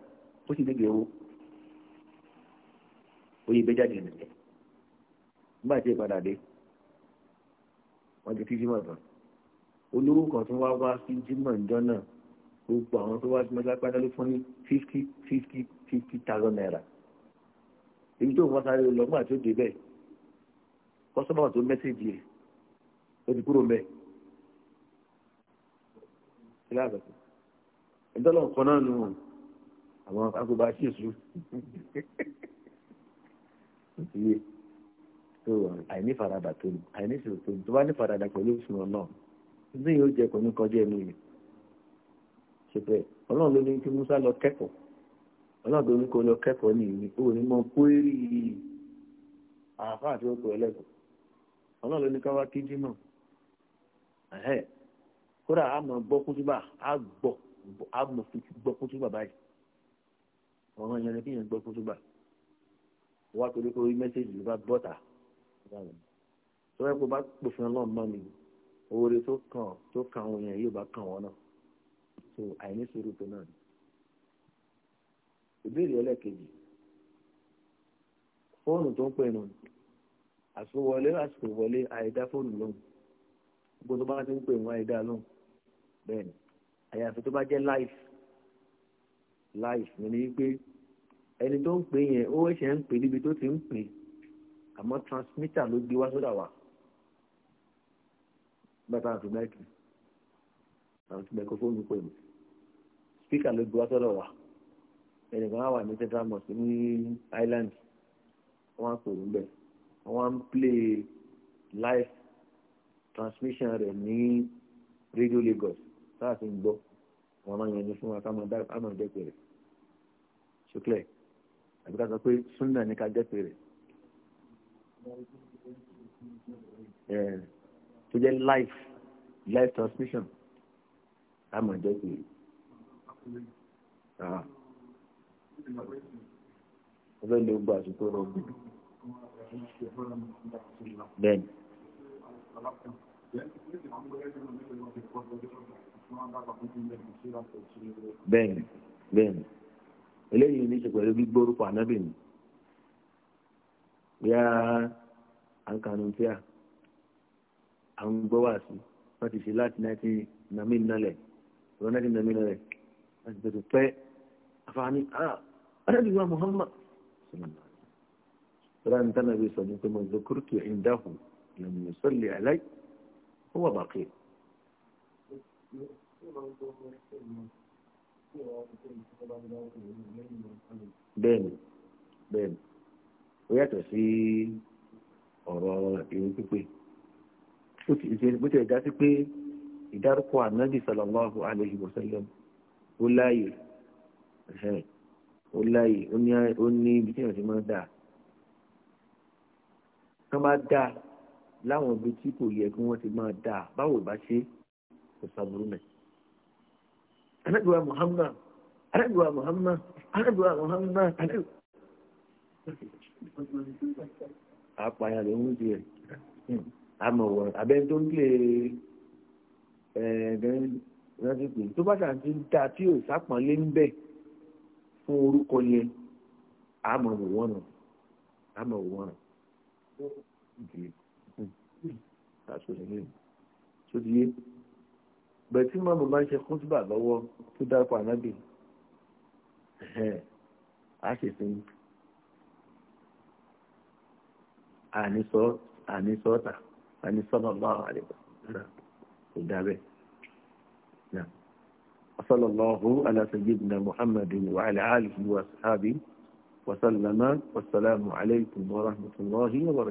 ó sì dégbè owó oyè bẹ́ẹ̀ jáde nìyẹn nígbà tí ìpadà dé wọ́n ti kí jimoh tán olówó kan tó wá wá sí jimoh ìjọ náà gbogbo àwọn tó wá sí mọ́tò apáta ló fún ní fifty fifty fifty thousand naira èyí tó wọ́n sáré lọ́gbà tó dé bẹ́ẹ̀ kọ́sọ́mà tó mẹ́sẹ̀jì ẹ̀ ó ti kúrò mẹ́ẹ̀. ilé àgbàkù ìdọ́lọ̀ kan náà nù àwọn agbóba ṣèṣù ìyẹ tó àìní farada tó ní àìní sòrò tó ní tó bá ní farada pẹ̀lú òṣùwọ̀n náà ní yóò jẹ kò ní kọjá ẹnu yìí ṣùgbọ́n ọlọ́run ló ní kí musa lọ kẹ́kọ̀ọ́ ọlọ́run ló ní kó lọ kẹ́kọ̀ọ́ ní ìlú ó ní mọ kó rí kọ ẹlẹ́kọ̀ọ́ ọlọ́run ló ní ká wá kí jímọ̀ ẹ̀hẹ́ kódà a mọ̀ gbọ́ kútúbà a gbọ́ a mọ̀ fi gbọ́ kútúbà báyìí ọ̀rọ̀ yẹn ni kí yẹn gbọ́ kútúbà wá torí pé orí mẹ́sẹ̀gì ló bá bọ́ta sọ́wọ́n kó bá pòfin ọlọ́run mọ́ mi oore tó kàn tó kàn wọn yẹn yóò bá kàn wọn náà so àìní sùúrù tó náà ni ìbéèrè ẹlẹ́kejì fóònù tó ń pè nù àsìkò wọlé àsìkò wọlé àìdá fóònù lóhùn gbogbo tó bá ti ń pè wọn àìdá lóhùn bẹ́ẹ̀ àyàfi tó bá jẹ́ life life mi ni pé ẹni tó ń pè yẹn ó ṣe ń pè níbi tó ti ń pè àmọ́ transmitter ló gbé wá sódà wá bàtà àti mẹ́kì àti pè mí speaker ló gbé wá sódà wá ẹnìkan wà ní central mosque ní island wọ́n á pè mí bẹ́ẹ̀ wọ́n ń play live transmission rẹ̀ ní radio Lagos táà fi ń gbọ́ wọn máa yanjú fún wa káwọn àmọ̀ dẹ́pẹ̀ rẹ̀ ṣókè àbí ká sọ pé sunna ní ká dẹ́pẹ̀ rẹ̀ tó jẹ́ live live transmission àmọ̀ dẹ́pẹ̀ rẹ̀ ọlọ́ọ̀lẹ́ ó gbà àsìkò rọ̀gbìn bẹ́ẹ̀ni. bẹ́ẹ̀ni bẹ́ẹ̀ni eléyìí ní ṣe pẹ̀lú gbígbórúkọ ànábì ni bí a à ń kanu tí a à ń gbọ́ wá sí wọ́n ṣe láti náìtì nàmí nálẹ̀ ìwọ́n náìtì nàmí nálẹ̀ wọ́n ti pẹ́ afáàní ah ọ̀rẹ́bí wa Muhammad tọ́lá ní tánà bí sọ ní pé mo zokuru tó ń dáhùn ìlànà ìsọ̀lẹ̀ aláì ó wà bàkẹ́. bẹ́ẹ̀ni bẹ́ẹ̀ni ó yàtọ̀ sí ọ̀rọ̀ ìrìn pípé bó ti ẹ̀dá sí pé ìdárúkọ ànábì sallallahu alayhi wa sallam ó láàyè ó láàyè ó ní ibi tí ti máa ń kán bá dá láwọn ibi tí kò yẹ kí wọ́n ti máa dá báwo bá ṣe kò sàbúrú mẹ́. anábìwá muhammad anábìwá muhammad anábìwá muhammad anábìwá. apààyàn ló ń wí díẹ̀ àmọ̀wọ̀ abẹ́ni tó ń lè rántí pé tó bá ṣàǹtí dáa tí ò sápọ̀nlé ń bẹ̀ fún orúkọ yẹn àmọ̀wọ̀ wọ́n nù àmọ̀wọ̀ sódìyé bẹ̀tí mọ́mù bá ń ṣe kún síbà lọ́wọ́ tó dárúkọ ànábì àṣìṣin àníṣọ́ta àníṣọ́nà bá àrẹ̀bà kò dábẹ́ وصلى الله على سيدنا محمد وعلى آله وأصحابه وسلم والسلام عليكم ورحمة الله وبركاته